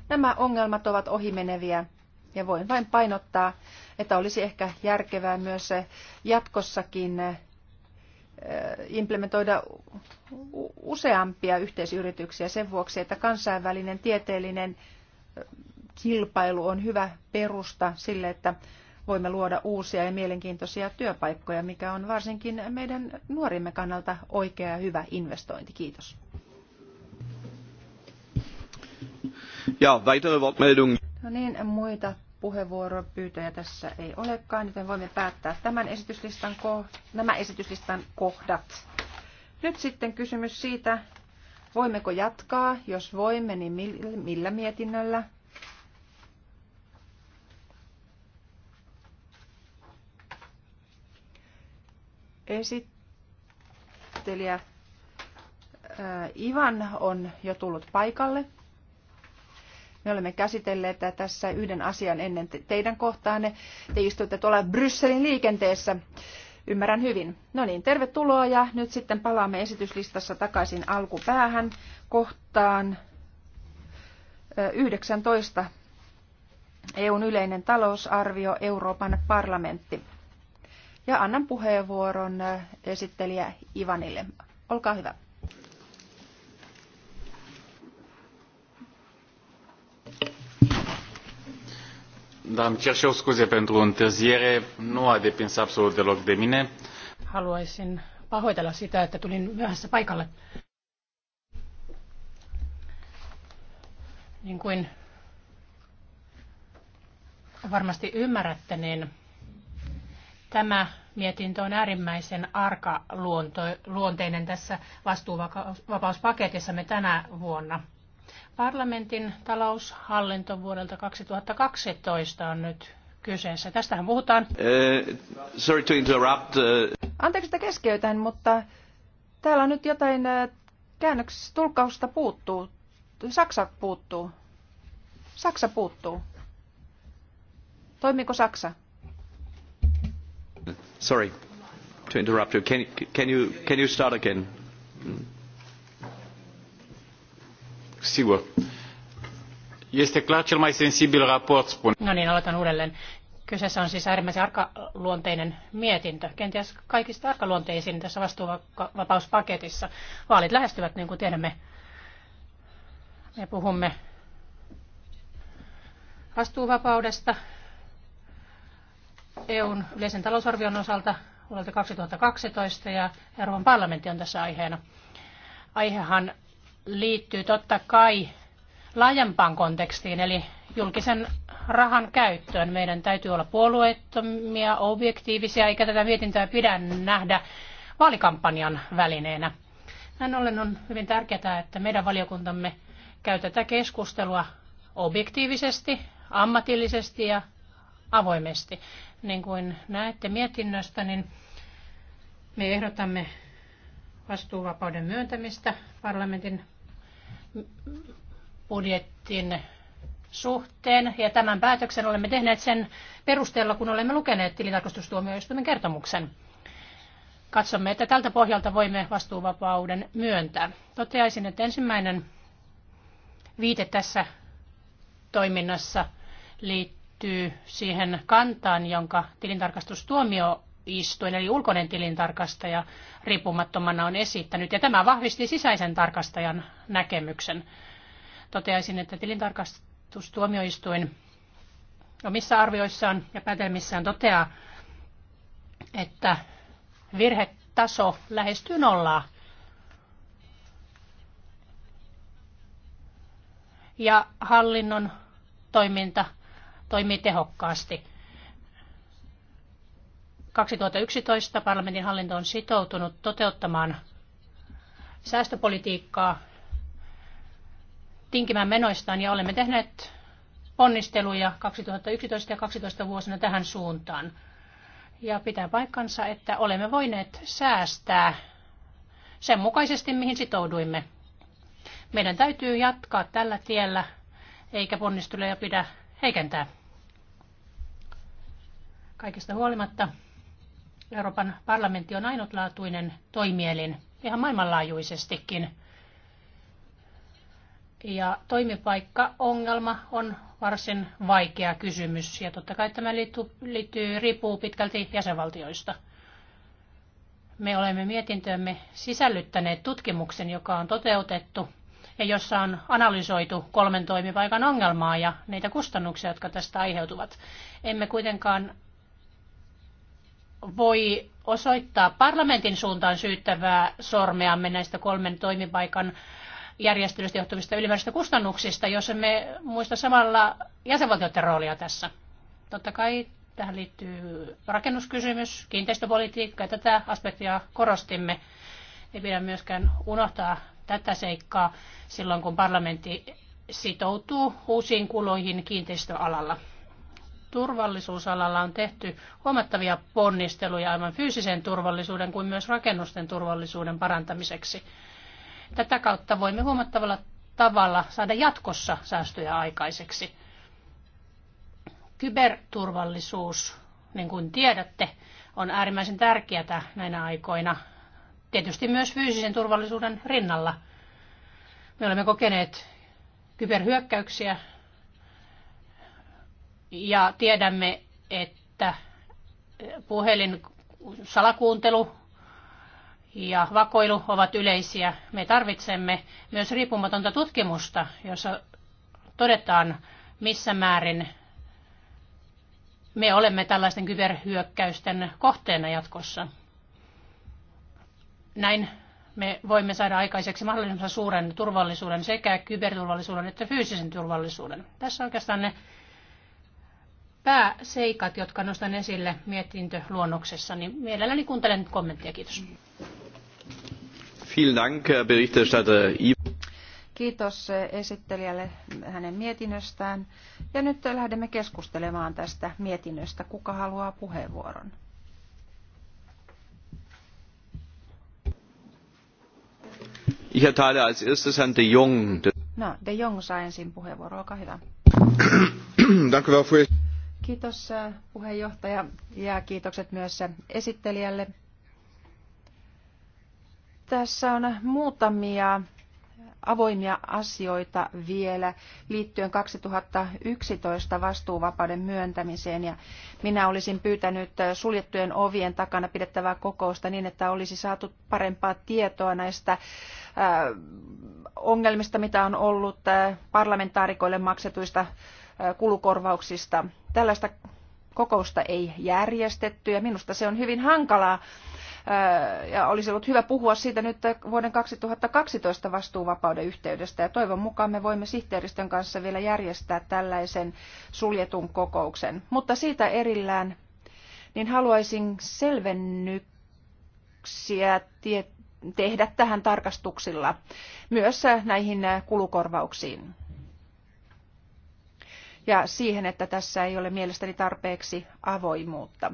nämä ongelmat ovat ohimeneviä ja voin vain painottaa, että olisi ehkä järkevää myös jatkossakin implementoida useampia yhteisyrityksiä sen vuoksi, että kansainvälinen tieteellinen kilpailu on hyvä perusta sille, että voimme luoda uusia ja mielenkiintoisia työpaikkoja, mikä on varsinkin meidän nuorimme kannalta oikea ja hyvä investointi. Kiitos. Ja, weitere Wortmeldungen. No niin, muita puheenvuoropyyntöjä tässä ei olekaan, joten voimme päättää tämän esityslistan ko- nämä esityslistan kohdat. Nyt sitten kysymys siitä, voimmeko jatkaa, jos voimme, niin millä mietinnöllä. Esittelijä Ivan on jo tullut paikalle. Me olemme käsitelleet tässä yhden asian ennen teidän kohtaanne. Te istuitte tuolla Brysselin liikenteessä. Ymmärrän hyvin. No niin, tervetuloa ja nyt sitten palaamme esityslistassa takaisin alkupäähän kohtaan 19. EUn yleinen talousarvio, Euroopan parlamentti. Ja annan puheenvuoron esittelijä Ivanille. Olkaa hyvä. Da, îmi cer și eu scuze pentru întârziere. Nu a depins absolut deloc de mine. Haluaisin pahoitella sitä, että tulin myöhässä paikalle. Niin kuin varmasti ymmärrätte, niin tämä mietintö on äärimmäisen arka tässä vastuuvapauspaketissa me tänä vuonna – Parlamentin taloushallinto vuodelta 2012 on nyt kyseessä. Tästähän puhutaan. Uh, sorry to interrupt. Uh... Anteeksi, että keskeytän, mutta täällä on nyt jotain eh, käännöksistä tulkkausta puuttuu. Saksa puuttuu. Saksa puuttuu. Toimiko Saksa? Sorry to interrupt you. Can, can, you, can you start again? Mm. Sigur. Este clar cel mai sensibil raport, No niin, aloitan uudelleen. Kyseessä on siis äärimmäisen arkaluonteinen mietintö, kenties kaikista arkaluonteisin tässä vastuuvapauspaketissa. Vaalit lähestyvät, niin kuin tiedämme. Me puhumme vastuuvapaudesta EUn yleisen talousarvion osalta vuodelta 2012 ja Euroopan parlamentti on tässä aiheena. Aihehan liittyy totta kai laajempaan kontekstiin, eli julkisen rahan käyttöön. Meidän täytyy olla puolueettomia, objektiivisia, eikä tätä mietintöä pidä nähdä vaalikampanjan välineenä. Näin ollen on hyvin tärkeää, että meidän valiokuntamme käy tätä keskustelua objektiivisesti, ammatillisesti ja avoimesti. Niin kuin näette mietinnöstä, niin me ehdotamme vastuuvapauden myöntämistä parlamentin budjettin suhteen ja tämän päätöksen olemme tehneet sen perusteella, kun olemme lukeneet tilintarkastustuomioistuimen kertomuksen. Katsomme, että tältä pohjalta voimme vastuuvapauden myöntää. Toteaisin, että ensimmäinen viite tässä toiminnassa liittyy siihen kantaan, jonka tilintarkastustuomio tuomioistuin eli ulkoinen tilintarkastaja riippumattomana on esittänyt. Ja tämä vahvisti sisäisen tarkastajan näkemyksen. Toteaisin, että tilintarkastustuomioistuin omissa arvioissaan ja päätelmissään toteaa, että virhetaso lähestyy nollaa. Ja hallinnon toiminta toimii tehokkaasti. 2011 parlamentin hallinto on sitoutunut toteuttamaan säästöpolitiikkaa tinkimään menoistaan ja olemme tehneet ponnisteluja 2011 ja 2012 vuosina tähän suuntaan. Ja pitää paikkansa, että olemme voineet säästää sen mukaisesti, mihin sitouduimme. Meidän täytyy jatkaa tällä tiellä, eikä ponnisteluja pidä heikentää. Kaikesta huolimatta Euroopan parlamentti on ainutlaatuinen toimielin ihan maailmanlaajuisestikin. Ja toimipaikkaongelma on varsin vaikea kysymys ja totta kai tämä liittyy, liittyy, riippuu pitkälti jäsenvaltioista. Me olemme mietintöömme sisällyttäneet tutkimuksen, joka on toteutettu ja jossa on analysoitu kolmen toimipaikan ongelmaa ja niitä kustannuksia, jotka tästä aiheutuvat. Emme kuitenkaan voi osoittaa parlamentin suuntaan syyttävää sormeamme näistä kolmen toimipaikan järjestelystä johtuvista ylimääräisistä kustannuksista, jos emme muista samalla jäsenvaltioiden roolia tässä. Totta kai tähän liittyy rakennuskysymys, kiinteistöpolitiikka ja tätä aspektia korostimme. Ei pidä myöskään unohtaa tätä seikkaa silloin, kun parlamentti sitoutuu uusiin kuluihin kiinteistöalalla turvallisuusalalla on tehty huomattavia ponnisteluja aivan fyysisen turvallisuuden kuin myös rakennusten turvallisuuden parantamiseksi. Tätä kautta voimme huomattavalla tavalla saada jatkossa säästöjä aikaiseksi. Kyberturvallisuus, niin kuin tiedätte, on äärimmäisen tärkeää näinä aikoina, tietysti myös fyysisen turvallisuuden rinnalla. Me olemme kokeneet kyberhyökkäyksiä ja tiedämme, että puhelin salakuuntelu ja vakoilu ovat yleisiä. Me tarvitsemme myös riippumatonta tutkimusta, jossa todetaan, missä määrin me olemme tällaisten kyberhyökkäysten kohteena jatkossa. Näin me voimme saada aikaiseksi mahdollisimman suuren turvallisuuden sekä kyberturvallisuuden että fyysisen turvallisuuden. Tässä oikeastaan ne pääseikat, jotka nostan esille mietintöluonnoksessa, niin mielelläni kuuntelen nyt kommentteja. Kiitos. Kiitos esittelijälle hänen mietinnöstään. Ja nyt lähdemme keskustelemaan tästä mietinnöstä. Kuka haluaa puheenvuoron? Ich erteile als erstes Herrn de Jong. No, de Jong saa ensin puheenvuoro. Olkaa hyvä. Dank u Kiitos puheenjohtaja ja kiitokset myös esittelijälle. Tässä on muutamia avoimia asioita vielä liittyen 2011 vastuuvapauden myöntämiseen. Ja minä olisin pyytänyt suljettujen ovien takana pidettävää kokousta niin, että olisi saatu parempaa tietoa näistä ongelmista, mitä on ollut parlamentaarikoille maksetuista kulukorvauksista. Tällaista kokousta ei järjestetty ja minusta se on hyvin hankalaa äh, ja olisi ollut hyvä puhua siitä nyt vuoden 2012 vastuuvapauden yhteydestä ja toivon mukaan me voimme sihteeristön kanssa vielä järjestää tällaisen suljetun kokouksen. Mutta siitä erillään niin haluaisin selvennyksiä tehdä tähän tarkastuksilla myös näihin kulukorvauksiin ja siihen, että tässä ei ole mielestäni tarpeeksi avoimuutta.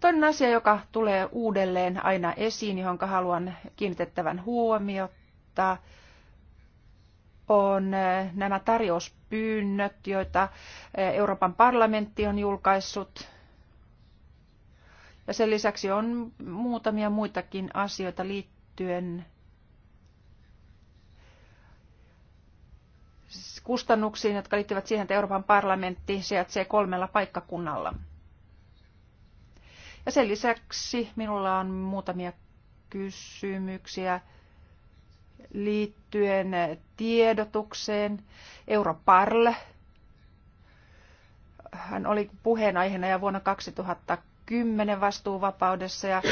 Toinen asia, joka tulee uudelleen aina esiin, johon haluan kiinnitettävän huomiota, on eh, nämä tarjouspyynnöt, joita eh, Euroopan parlamentti on julkaissut. Ja sen lisäksi on muutamia muitakin asioita liittyen kustannuksiin, jotka liittyvät siihen, että Euroopan parlamentti sijaitsee kolmella paikkakunnalla. Ja sen lisäksi minulla on muutamia kysymyksiä liittyen tiedotukseen. Europarle hän oli puheenaiheena ja vuonna 2010 vastuuvapaudessa ja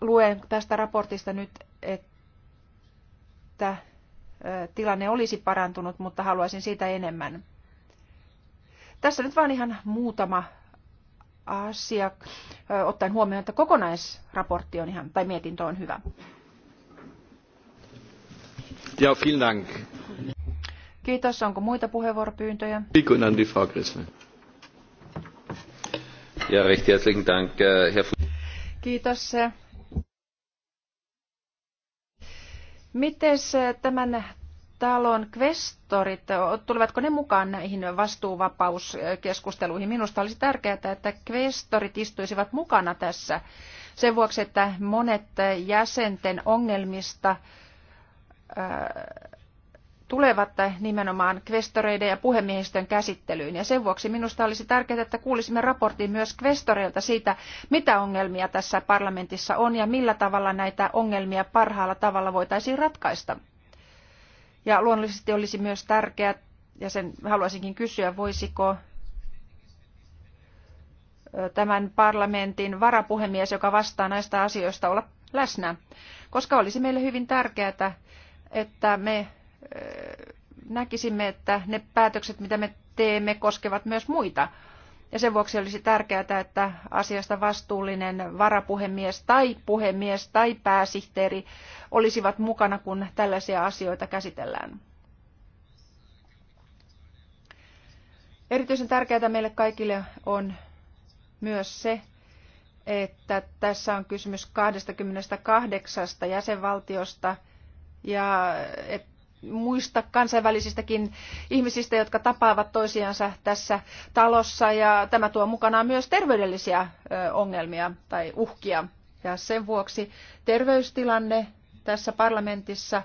luen tästä raportista nyt, että tilanne olisi parantunut, mutta haluaisin siitä enemmän. Tässä nyt vain ihan muutama asia, ottaen huomioon, että kokonaisraportti on ihan, tai mietintö on hyvä. Ja, vielen Dank. Kiitos. Onko muita puheenvuoropyyntöjä? Ja, recht herzlichen Dank, äh, Herr Kiitos Miten eh, tämän talon kvestorit, tulevatko ne mukaan näihin vastuuvapauskeskusteluihin? Minusta olisi tärkeää, että kvestorit istuisivat mukana tässä sen vuoksi, että monet jäsenten ongelmista eh, tulevat nimenomaan kvestoreiden ja puhemiehistön käsittelyyn. Ja sen vuoksi minusta olisi tärkeää, että kuulisimme raportin myös kvestoreilta siitä, mitä ongelmia tässä parlamentissa on ja millä tavalla näitä ongelmia parhaalla tavalla voitaisiin ratkaista. Ja luonnollisesti olisi myös tärkeää, ja sen haluaisinkin kysyä, voisiko tämän parlamentin varapuhemies, joka vastaa näistä asioista, olla läsnä, koska olisi meille hyvin tärkeää, että me näkisimme, että ne päätökset, mitä me teemme, koskevat myös muita. Ja sen vuoksi olisi tärkeää, että asiasta vastuullinen varapuhemies tai puhemies tai pääsihteeri olisivat mukana, kun tällaisia asioita käsitellään. Erityisen tärkeää meille kaikille on myös se, että tässä on kysymys 28 jäsenvaltiosta ja että muista kansainvälisistäkin ihmisistä, jotka tapaavat toisiansa tässä talossa ja tämä tuo mukanaan myös terveydellisiä ongelmia tai uhkia. Ja sen vuoksi terveystilanne tässä parlamentissa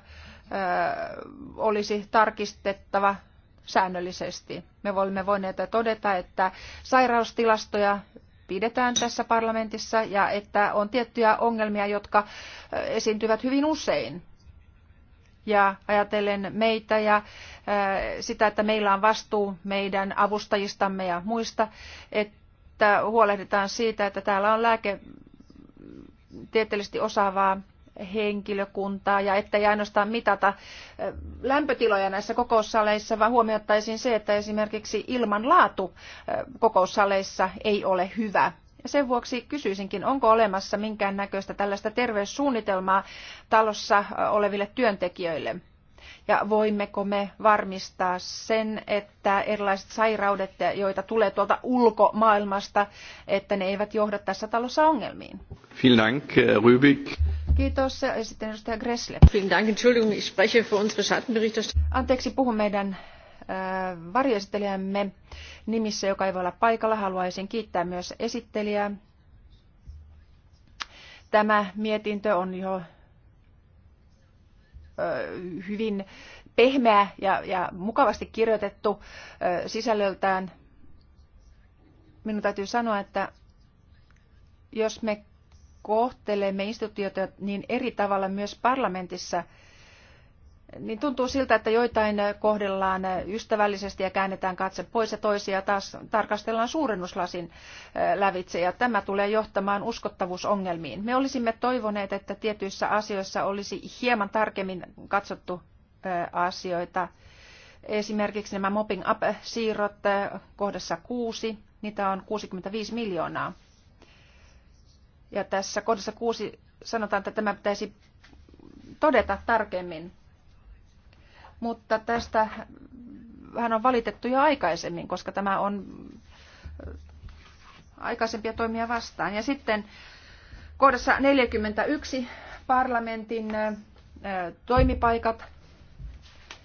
olisi tarkistettava säännöllisesti. Me olemme voineet todeta, että sairaustilastoja pidetään tässä parlamentissa ja että on tiettyjä ongelmia, jotka esiintyvät hyvin usein ja ajatellen meitä ja äh, sitä, että meillä on vastuu meidän avustajistamme ja muista, että huolehditaan siitä, että täällä on lääketieteellisesti osaavaa henkilökuntaa ja ettei ainoastaan mitata äh, lämpötiloja näissä kokoussaleissa, vaan huomioittaisiin se, että esimerkiksi ilmanlaatu äh, kokoussaleissa ei ole hyvä. Ja sen vuoksi kysyisinkin, onko olemassa minkäännäköistä tällaista terveyssuunnitelmaa talossa oleville työntekijöille? Ja voimmeko me varmistaa sen, että erilaiset sairaudet, joita tulee tuolta ulkomaailmasta, että ne eivät johda tässä talossa ongelmiin? Vielen Dank, äh, Rübig. Kiitos. Ja sitten edustaja Gressle. Vielen Dank. Entschuldigung, ich spreche für unsere Schattenberichterstatter. Anteeksi, puhun meidän Äh, varjoesittelijämme nimissä, joka ei voi olla paikalla. Haluaisin kiittää myös esittelijää. Tämä mietintö on jo äh, hyvin pehmeä ja, ja mukavasti kirjoitettu äh, sisällöltään. Minun täytyy sanoa, että jos me kohtelemme instituutioita niin eri tavalla myös parlamentissa – niin tuntuu siltä, että joitain kohdellaan ystävällisesti ja käännetään katse pois ja toisia taas tarkastellaan suurennuslasin lävitse ja tämä tulee johtamaan uskottavuusongelmiin. Me olisimme toivoneet, että tietyissä asioissa olisi hieman tarkemmin katsottu asioita. Esimerkiksi nämä mopping up-siirrot kohdassa kuusi, niitä on 65 miljoonaa. Ja tässä kohdassa kuusi sanotaan, että tämä pitäisi todeta tarkemmin mutta tästä hän on valitettu jo aikaisemmin, koska tämä on äh, aikaisempia toimia vastaan. Ja sitten kohdassa 41 parlamentin äh, toimipaikat.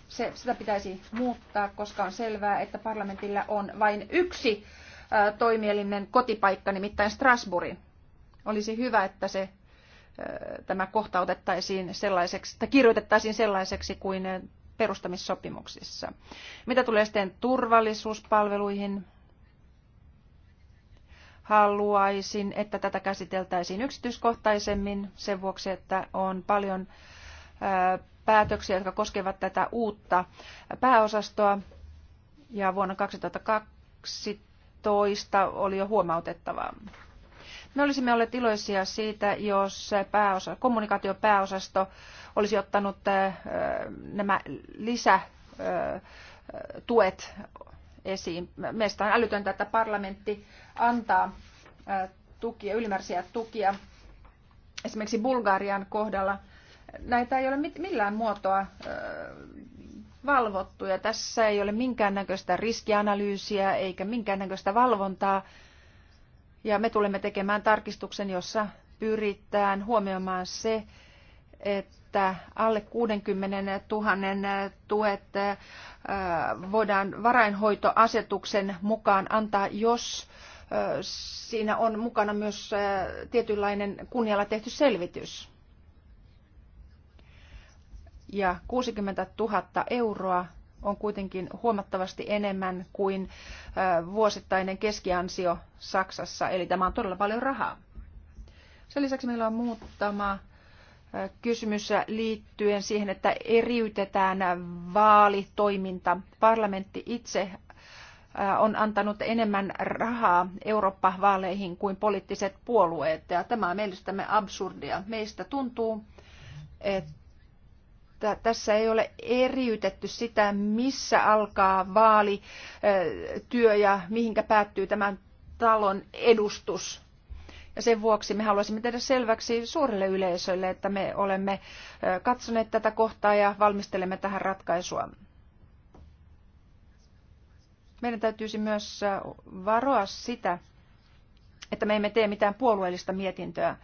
Se, sitä pitäisi muuttaa, koska on selvää, että parlamentilla on vain yksi äh, toimielimen kotipaikka, nimittäin Strasbourgin. Olisi hyvä, että se, tämä kohta otettaisiin sellaiseksi, tai kirjoitettaisiin sellaiseksi kuin perustamissopimuksissa. Mitä tulee sitten turvallisuuspalveluihin, haluaisin, että tätä käsiteltäisiin yksityiskohtaisemmin sen vuoksi, että on paljon päätöksiä, jotka koskevat tätä uutta pääosastoa. Ja vuonna 2012 oli jo huomautettavaa. Me olisimme olleet iloisia siitä, jos pääosa, kommunikaatiopääosasto olisi ottanut äh, nämä lisätuet äh, esiin. meistä on älytöntä, että parlamentti antaa äh, tukia, ylimääräisiä tukia esimerkiksi Bulgarian kohdalla. Näitä ei ole millään muotoa valvottu ja tässä ei ole minkäännäköistä riskianalyysiä eikä minkäännäköistä valvontaa ja me tulemme tekemään tarkistuksen, jossa pyritään huomioimaan se, että alle 60 000 tuet äh, voidaan varainhoitoasetuksen mukaan antaa, jos äh, siinä on mukana myös äh, tietynlainen kunnialla tehty selvitys. Ja 60 000 euroa on kuitenkin huomattavasti enemmän kuin vuosittainen keskiansio Saksassa, eli tämä on todella paljon rahaa. Sen lisäksi meillä on muutama kysymys liittyen siihen, että eriytetään vaalitoiminta. Parlamentti itse on antanut enemmän rahaa Eurooppa-vaaleihin kuin poliittiset puolueet. Ja tämä on mielestämme absurdia. Meistä tuntuu, että tässä ei ole eriytetty sitä, missä alkaa vaalityö ja mihinkä päättyy tämän talon edustus. Ja sen vuoksi me haluaisimme tehdä selväksi suurelle yleisölle, että me olemme katsoneet tätä kohtaa ja valmistelemme tähän ratkaisua. Meidän täytyisi myös varoa sitä, että me emme tee mitään puolueellista mietintöä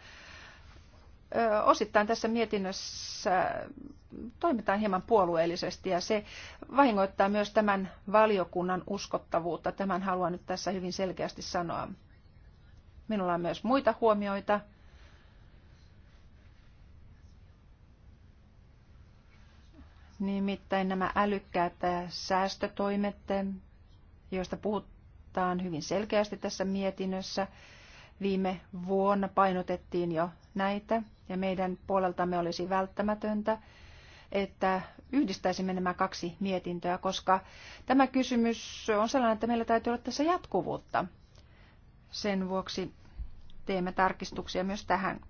osittain tässä mietinnössä toimitaan hieman puolueellisesti ja se vahingoittaa myös tämän valiokunnan uskottavuutta. Tämän haluan nyt tässä hyvin selkeästi sanoa. Minulla on myös muita huomioita. Nimittäin nämä älykkäät säästötoimet, joista puhutaan hyvin selkeästi tässä mietinnössä. Viime vuonna painotettiin jo näitä ja meidän puoleltamme olisi välttämätöntä, että yhdistäisimme nämä kaksi mietintöä, koska tämä kysymys on sellainen, että meillä täytyy olla tässä jatkuvuutta. Sen vuoksi teemme tarkistuksia myös tähän.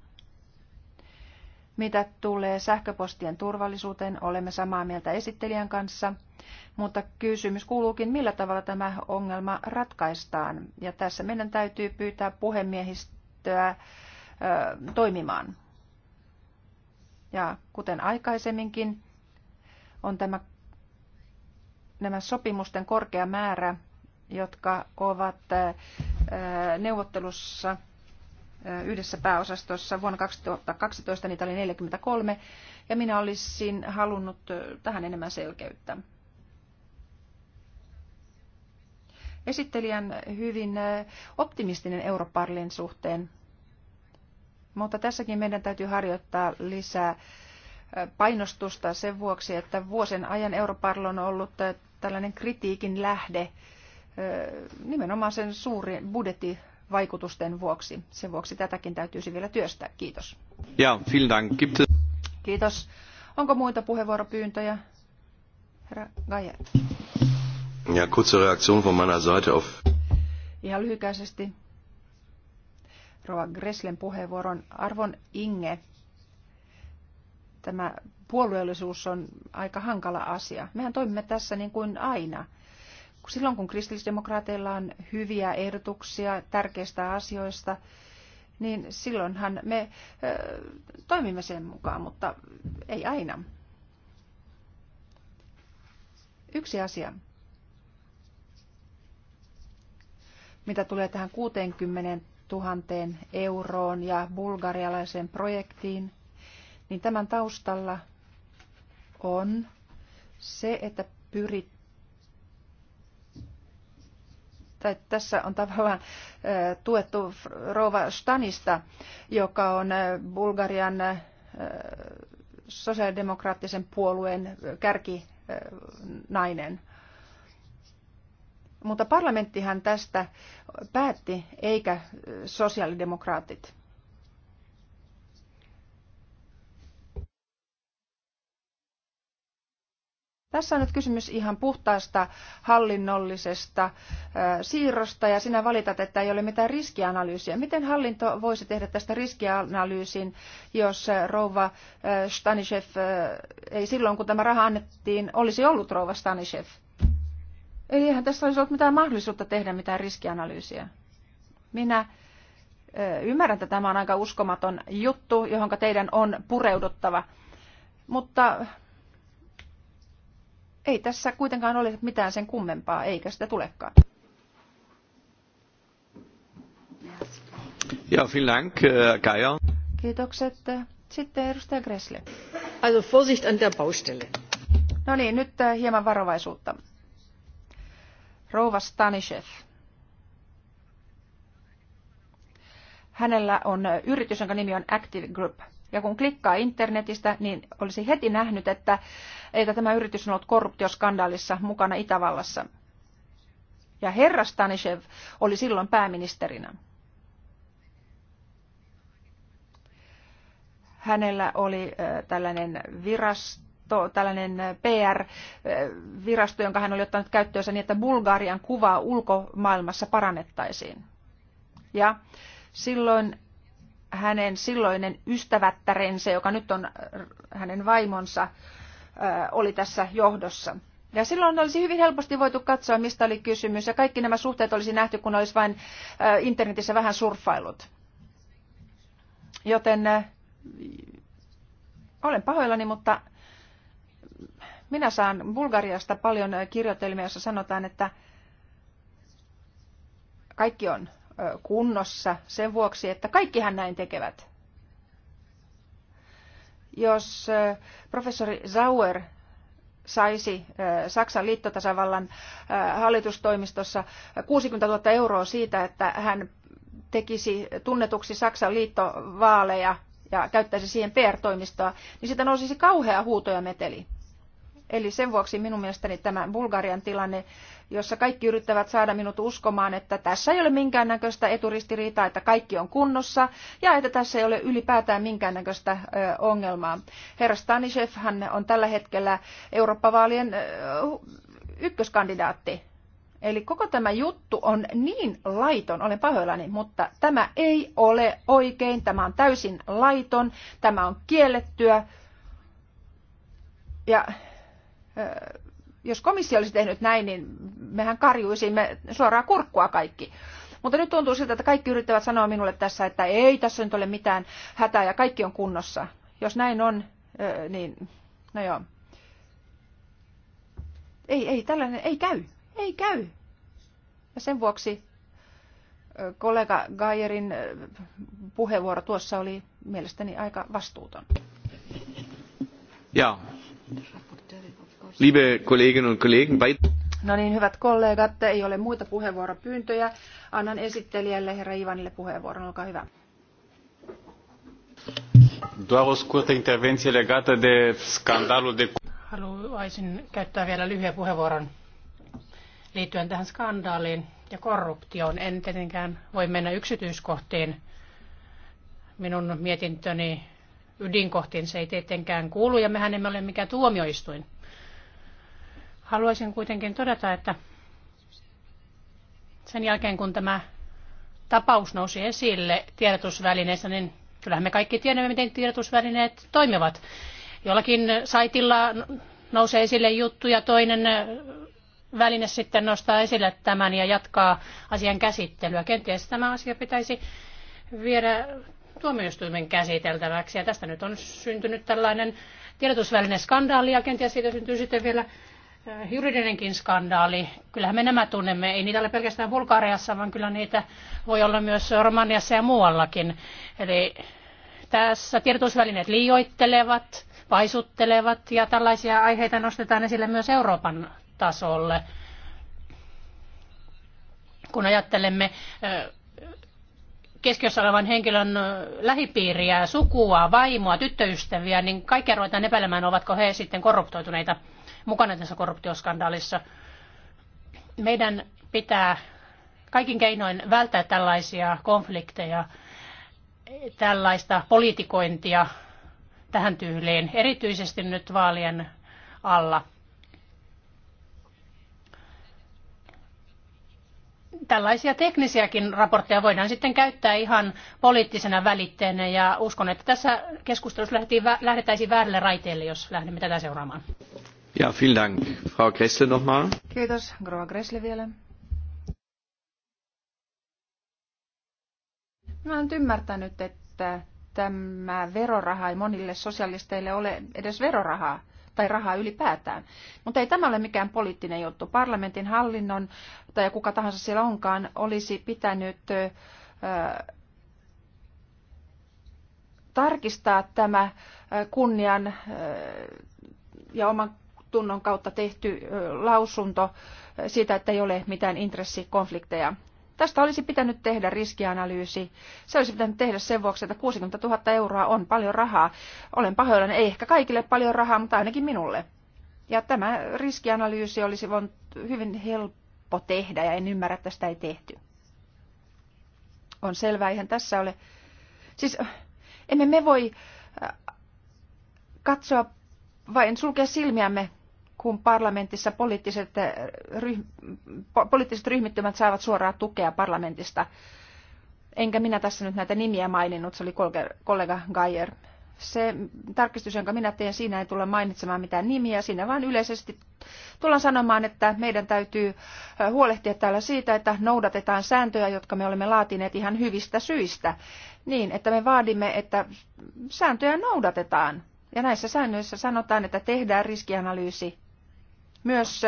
Mitä tulee sähköpostien turvallisuuteen, olemme samaa mieltä esittelijän kanssa, mutta kysymys kuuluukin, millä tavalla tämä ongelma ratkaistaan. Ja tässä meidän täytyy pyytää puhemiehistöä ö, toimimaan. Ja kuten aikaisemminkin, on tämä, nämä sopimusten korkea määrä, jotka ovat ö, neuvottelussa – yhdessä pääosastossa. Vuonna 2012 niitä oli 43 ja minä olisin halunnut tähän enemmän selkeyttä. Esittelijän hyvin optimistinen Europarlin suhteen, mutta tässäkin meidän täytyy harjoittaa lisää painostusta sen vuoksi, että vuosien ajan Europarl on ollut tällainen kritiikin lähde nimenomaan sen suuri budjetti vaikutusten vuoksi. Sen vuoksi tätäkin täytyisi vielä työstää. Kiitos. Ja, vielen dank. Gibt es... Kiitos. Onko muita puheenvuoropyyntöjä? Herra Gajer. Ja, kurze Reaktion von meiner Seite auf... Ihan lyhykäisesti. Rova Greslen puheenvuoron. Arvon Inge, tämä puolueellisuus on aika hankala asia. Mehän toimimme tässä niin kuin aina – silloin kun kristillisdemokraateilla on hyviä ehdotuksia tärkeistä asioista, niin silloinhan me ö, toimimme sen mukaan, mutta ei aina. Yksi asia, mitä tulee tähän 60 000 euroon ja bulgarialaiseen projektiin, niin tämän taustalla on se, että pyrit tässä on tavallaan tuettu Rova Stanista, joka on Bulgarian sosiaalidemokraattisen puolueen kärkinainen. Mutta parlamenttihan tästä päätti, eikä sosiaalidemokraatit. Tässä on nyt kysymys ihan puhtaasta hallinnollisesta siirrosta ja sinä valitat, että ei ole mitään riskianalyysiä. Miten hallinto voisi tehdä tästä riskianalyysin, jos rouva Stanishev, ei silloin kun tämä raha annettiin, olisi ollut rouva Stanishev? Eli eihän tässä olisi ollut mitään mahdollisuutta tehdä mitään riskianalyysiä. Minä ymmärrän, että tämä on aika uskomaton juttu, johon teidän on pureuduttava. Mutta ei tässä kuitenkaan ole mitään sen kummempaa, eikä sitä tulekaan. Ja, Dank, Kaja. Äh, Kiitokset. Sitten edustaja Gressle. Also Vorsicht an der Baustelle. No niin, nyt äh, hieman varovaisuutta. Rouva Stanishev. Hänellä on äh, yritys, jonka nimi on Active Group – ja kun klikkaa internetistä, niin olisi heti nähnyt, että, että tämä yritys on ollut korruptioskandaalissa mukana Itävallassa. Ja herra Stanishev oli silloin pääministerinä. Hänellä oli tällainen virasto, to, tällainen PR-virasto, jonka hän oli ottanut käyttöönsä niin, että Bulgarian kuvaa ulkomaailmassa parannettaisiin. Ja silloin hänen silloinen ystävättärensä, joka nyt on hänen vaimonsa, oli tässä johdossa. Ja silloin olisi hyvin helposti voitu katsoa, mistä oli kysymys, ja kaikki nämä suhteet olisi nähty, kun olisi vain internetissä vähän surffailut. Joten olen pahoillani, mutta minä saan Bulgariasta paljon kirjoitelmia, joissa sanotaan, että kaikki on kunnossa sen vuoksi, että kaikkihan näin tekevät. Jos professori Sauer saisi Saksan liittotasavallan hallitustoimistossa 60 000 euroa siitä, että hän tekisi tunnetuksi Saksan liittovaaleja ja käyttäisi siihen PR-toimistoa, niin sitä nousisi kauhea huuto ja meteli. Eli sen vuoksi minun mielestäni tämä Bulgarian tilanne, jossa kaikki yrittävät saada minut uskomaan, että tässä ei ole minkäännäköistä eturistiriitaa, että kaikki on kunnossa ja että tässä ei ole ylipäätään minkäännäköistä ongelmaa. Herra Stanishev, hän on tällä hetkellä Eurooppa-vaalien ykköskandidaatti. Eli koko tämä juttu on niin laiton, olen pahoillani, mutta tämä ei ole oikein, tämä on täysin laiton, tämä on kiellettyä. Ja jos komissio olisi tehnyt näin, niin mehän karjuisimme suoraan kurkkua kaikki. Mutta nyt tuntuu siltä, että kaikki yrittävät sanoa minulle tässä, että ei tässä nyt ole mitään hätää ja kaikki on kunnossa. Jos näin on, niin no joo. Ei, ei, tällainen ei käy. Ei käy. Ja sen vuoksi kollega Gajerin puheenvuoro tuossa oli mielestäni aika vastuuton. Joo. No niin, hyvät kollegat, ei ole muita puheenvuoropyyntöjä. Annan esittelijälle herra Ivanille puheenvuoron, olkaa hyvä. Doar o scurtă intervenție legată de scandalul de... Haluaisin käyttää vielä lyhyen puheenvuoron liittyen tähän skandaaliin ja korruptioon. En tietenkään voi mennä yksityiskohtiin. Minun mietintöni ydinkohtiin se ei tietenkään kuulu ja mehän emme ole mikään tuomioistuin. Haluaisin kuitenkin todeta, että sen jälkeen kun tämä tapaus nousi esille tiedotusvälineissä, niin kyllähän me kaikki tiedämme, miten tiedotusvälineet toimivat. Jollakin saitilla nousee esille juttu ja toinen väline sitten nostaa esille tämän ja jatkaa asian käsittelyä. Kenties tämä asia pitäisi viedä tuomioistuimen käsiteltäväksi. Ja tästä nyt on syntynyt tällainen tiedotusväline ja kenties siitä syntyy sitten vielä Äh, juridinenkin skandaali. Kyllähän me nämä tunnemme. Ei niitä ole pelkästään Bulgariassa, vaan kyllä niitä voi olla myös Romaniassa ja muuallakin. Eli tässä tiedotusvälineet liioittelevat, paisuttelevat ja tällaisia aiheita nostetaan esille myös Euroopan tasolle. Kun ajattelemme äh, keskiössä olevan henkilön äh, lähipiiriä, sukua, vaimoa, tyttöystäviä, niin kaikkia ruvetaan epäilemään, ovatko he sitten korruptoituneita mukana tässä korruptioskandaalissa. Meidän pitää kaikin keinoin välttää tällaisia konflikteja, tällaista politikointia tähän tyyliin, erityisesti nyt vaalien alla. Tällaisia teknisiäkin raportteja voidaan sitten käyttää ihan poliittisena välitteenä ja uskon, että tässä keskustelussa lähdettäisiin väärille raiteille, jos lähdemme tätä seuraamaan. Ja, vielen Dank. Kiitos. Rova Gressle ymmärtänyt, että tämä veroraha ei monille sosialisteille ole edes verorahaa tai rahaa ylipäätään. Mutta ei tämä ole mikään poliittinen juttu. Parlamentin hallinnon tai kuka tahansa siellä onkaan olisi pitänyt tarkistaa tämä kunnian ja oman tunnon kautta tehty lausunto siitä, että ei ole mitään intressikonflikteja. Tästä olisi pitänyt tehdä riskianalyysi. Se olisi pitänyt tehdä sen vuoksi, että 60 000 euroa on paljon rahaa. Olen pahoillani, ei ehkä kaikille paljon rahaa, mutta ainakin minulle. Ja tämä riskianalyysi olisi voinut hyvin helppo tehdä ja en ymmärrä, että sitä ei tehty. On selvää, eihän tässä ole... Siis emme me voi katsoa vain sulkea silmiämme kun parlamentissa poliittiset, eh, ryh, poliittiset ryhmittymät saavat suoraa tukea parlamentista. Enkä minä tässä nyt näitä nimiä maininnut, se oli kollega Geyer. Se tarkistus, jonka minä teen, siinä ei tulla mainitsemaan mitään nimiä, siinä vaan yleisesti tullaan sanomaan, että meidän täytyy eh, huolehtia täällä siitä, että noudatetaan sääntöjä, jotka me olemme laatineet ihan hyvistä syistä, niin että me vaadimme, että sääntöjä noudatetaan. Ja näissä säännöissä sanotaan, että tehdään riskianalyysi myös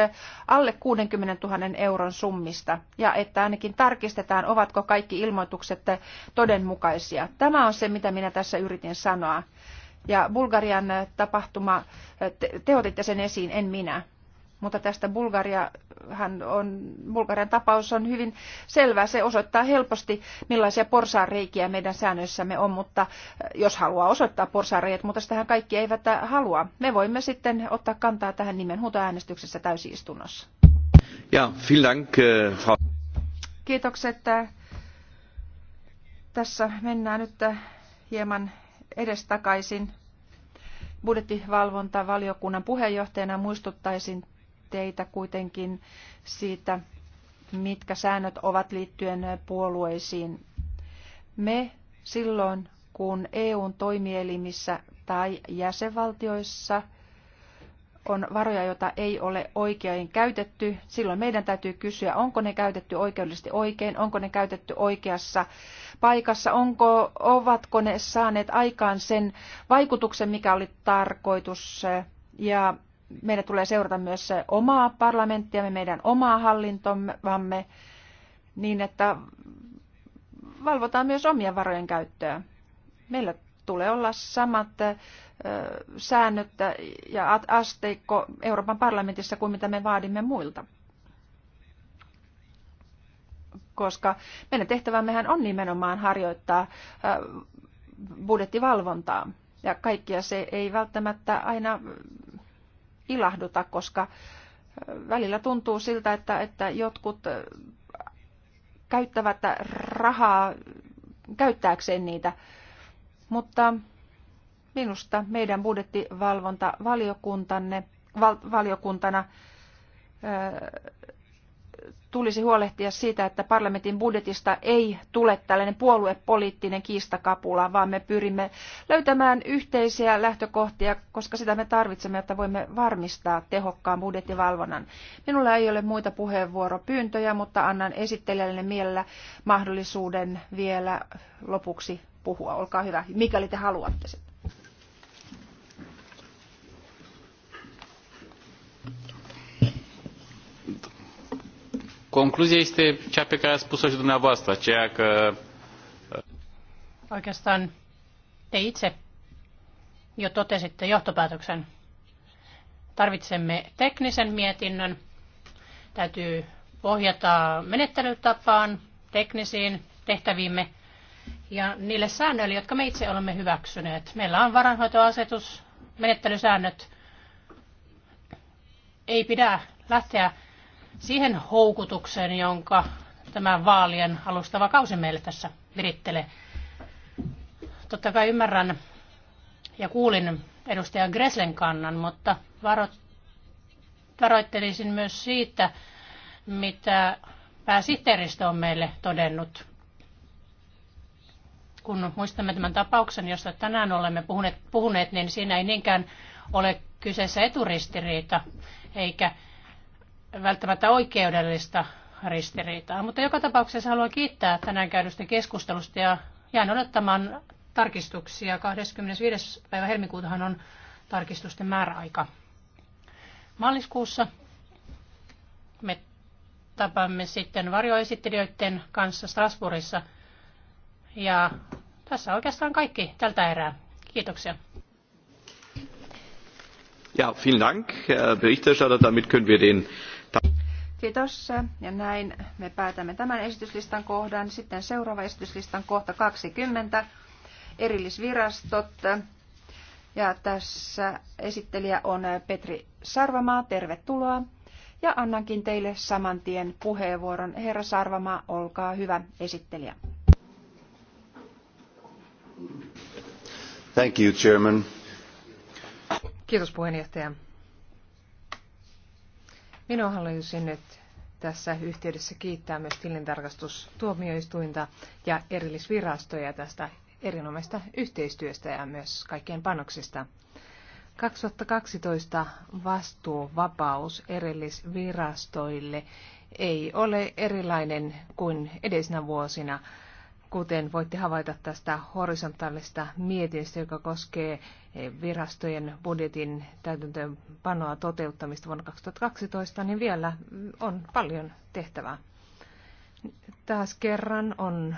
alle 60 000 euron summista ja että ainakin tarkistetaan, ovatko kaikki ilmoitukset todenmukaisia. Tämä on se, mitä minä tässä yritin sanoa. Ja Bulgarian tapahtuma, te, te otitte sen esiin, en minä. Mutta tästä Bulgaria, hän on, Bulgarian tapaus on hyvin selvä. Se osoittaa helposti, millaisia porsaanreikiä meidän säännöissämme on, mutta eh, jos haluaa osoittaa porsaanreijät, mutta sitähän kaikki eivät eh, halua. Me voimme sitten ottaa kantaa tähän nimen huutoäänestyksessä täysistunnossa. Ja, vielen dank, eh, Frau. Kiitokset. Tässä mennään nyt hieman edestakaisin budjettivalvontavaliokunnan puheenjohtajana muistuttaisin teitä kuitenkin siitä, mitkä säännöt ovat liittyen puolueisiin. Me silloin, kun EUn toimielimissä tai jäsenvaltioissa on varoja, joita ei ole oikein käytetty, silloin meidän täytyy kysyä, onko ne käytetty oikeudellisesti oikein, onko ne käytetty oikeassa paikassa, onko, ovatko ne saaneet aikaan sen vaikutuksen, mikä oli tarkoitus. Ja meidän tulee seurata myös omaa parlamenttiamme, meidän omaa hallintomme, niin että valvotaan myös omien varojen käyttöä. Meillä tulee olla samat säännöt ja asteikko Euroopan parlamentissa kuin mitä me vaadimme muilta. Koska meidän tehtävämmehän on nimenomaan harjoittaa budjettivalvontaa. Ja kaikkia se ei välttämättä aina ilahduta, koska välillä tuntuu siltä, että, että jotkut käyttävät rahaa käyttääkseen niitä. Mutta minusta meidän budjettivalvontavaliokuntanne val, valiokuntana tulisi huolehtia siitä, että parlamentin budjetista ei tule tällainen puoluepoliittinen kiistakapula, vaan me pyrimme löytämään yhteisiä lähtökohtia, koska sitä me tarvitsemme, että voimme varmistaa tehokkaan budjettivalvonnan. Minulla ei ole muita puheenvuoropyyntöjä, mutta annan esittelijälle mielellä mahdollisuuden vielä lopuksi puhua. Olkaa hyvä, mikäli te haluatte sitä. concluzia este cea pe care a spus-o și dumneavoastră, aceea că... Uh, Oikeastaan te itse jo totesitte johtopäätöksen. Tarvitsemme teknisen mietinnön. Täytyy pohjata menettelytapaan, teknisiin tehtäviimme ja niille säännöille, jotka me itse olemme hyväksyneet. Meillä on varanhoitoasetus, menettelysäännöt. Ei pidä lähteä siihen houkutukseen, jonka tämä vaalien alustava kausi meille tässä virittelee. Totta kai ymmärrän ja kuulin edustaja Greslen kannan, mutta varoittelisin myös siitä, mitä pääsihteeristö on meille todennut. Kun muistamme tämän tapauksen, josta tänään olemme puhuneet, puhuneet niin siinä ei niinkään ole kyseessä eturistiriita, eikä välttämättä oikeudellista ristiriitaa. Mutta joka tapauksessa haluan kiittää tänään käydystä keskustelusta ja jään odottamaan tarkistuksia. 25. päivä helmikuutahan on tarkistusten määräaika. Maaliskuussa me tapaamme sitten varjoesittelijöiden kanssa Strasbourgissa. Ja tässä oikeastaan kaikki tältä erää. Kiitoksia. Ja, vielen Dank, Herr Berichterstatter. Damit können wir den Kiitos. Ja näin me päätämme tämän esityslistan kohdan. Sitten seuraava esityslistan kohta 20. Erillisvirastot. Ja tässä esittelijä on Petri Sarvamaa. Tervetuloa. Ja annankin teille saman tien puheenvuoron. Herra Sarvamaa, olkaa hyvä esittelijä. Thank you, Chairman. Kiitos puheenjohtaja. Minä haluaisin nyt tässä yhteydessä kiittää myös tilintarkastustuomioistuinta ja erillisvirastoja tästä erinomaista yhteistyöstä ja myös kaikkien panoksista. 2012 vastuuvapaus erillisvirastoille ei ole erilainen kuin edesnä vuosina kuten voitte havaita tästä horisontaalista mietinnöstä, joka koskee eh, virastojen budjetin täytäntöönpanoa toteuttamista vuonna 2012, niin vielä mm, on paljon tehtävää. Taas kerran on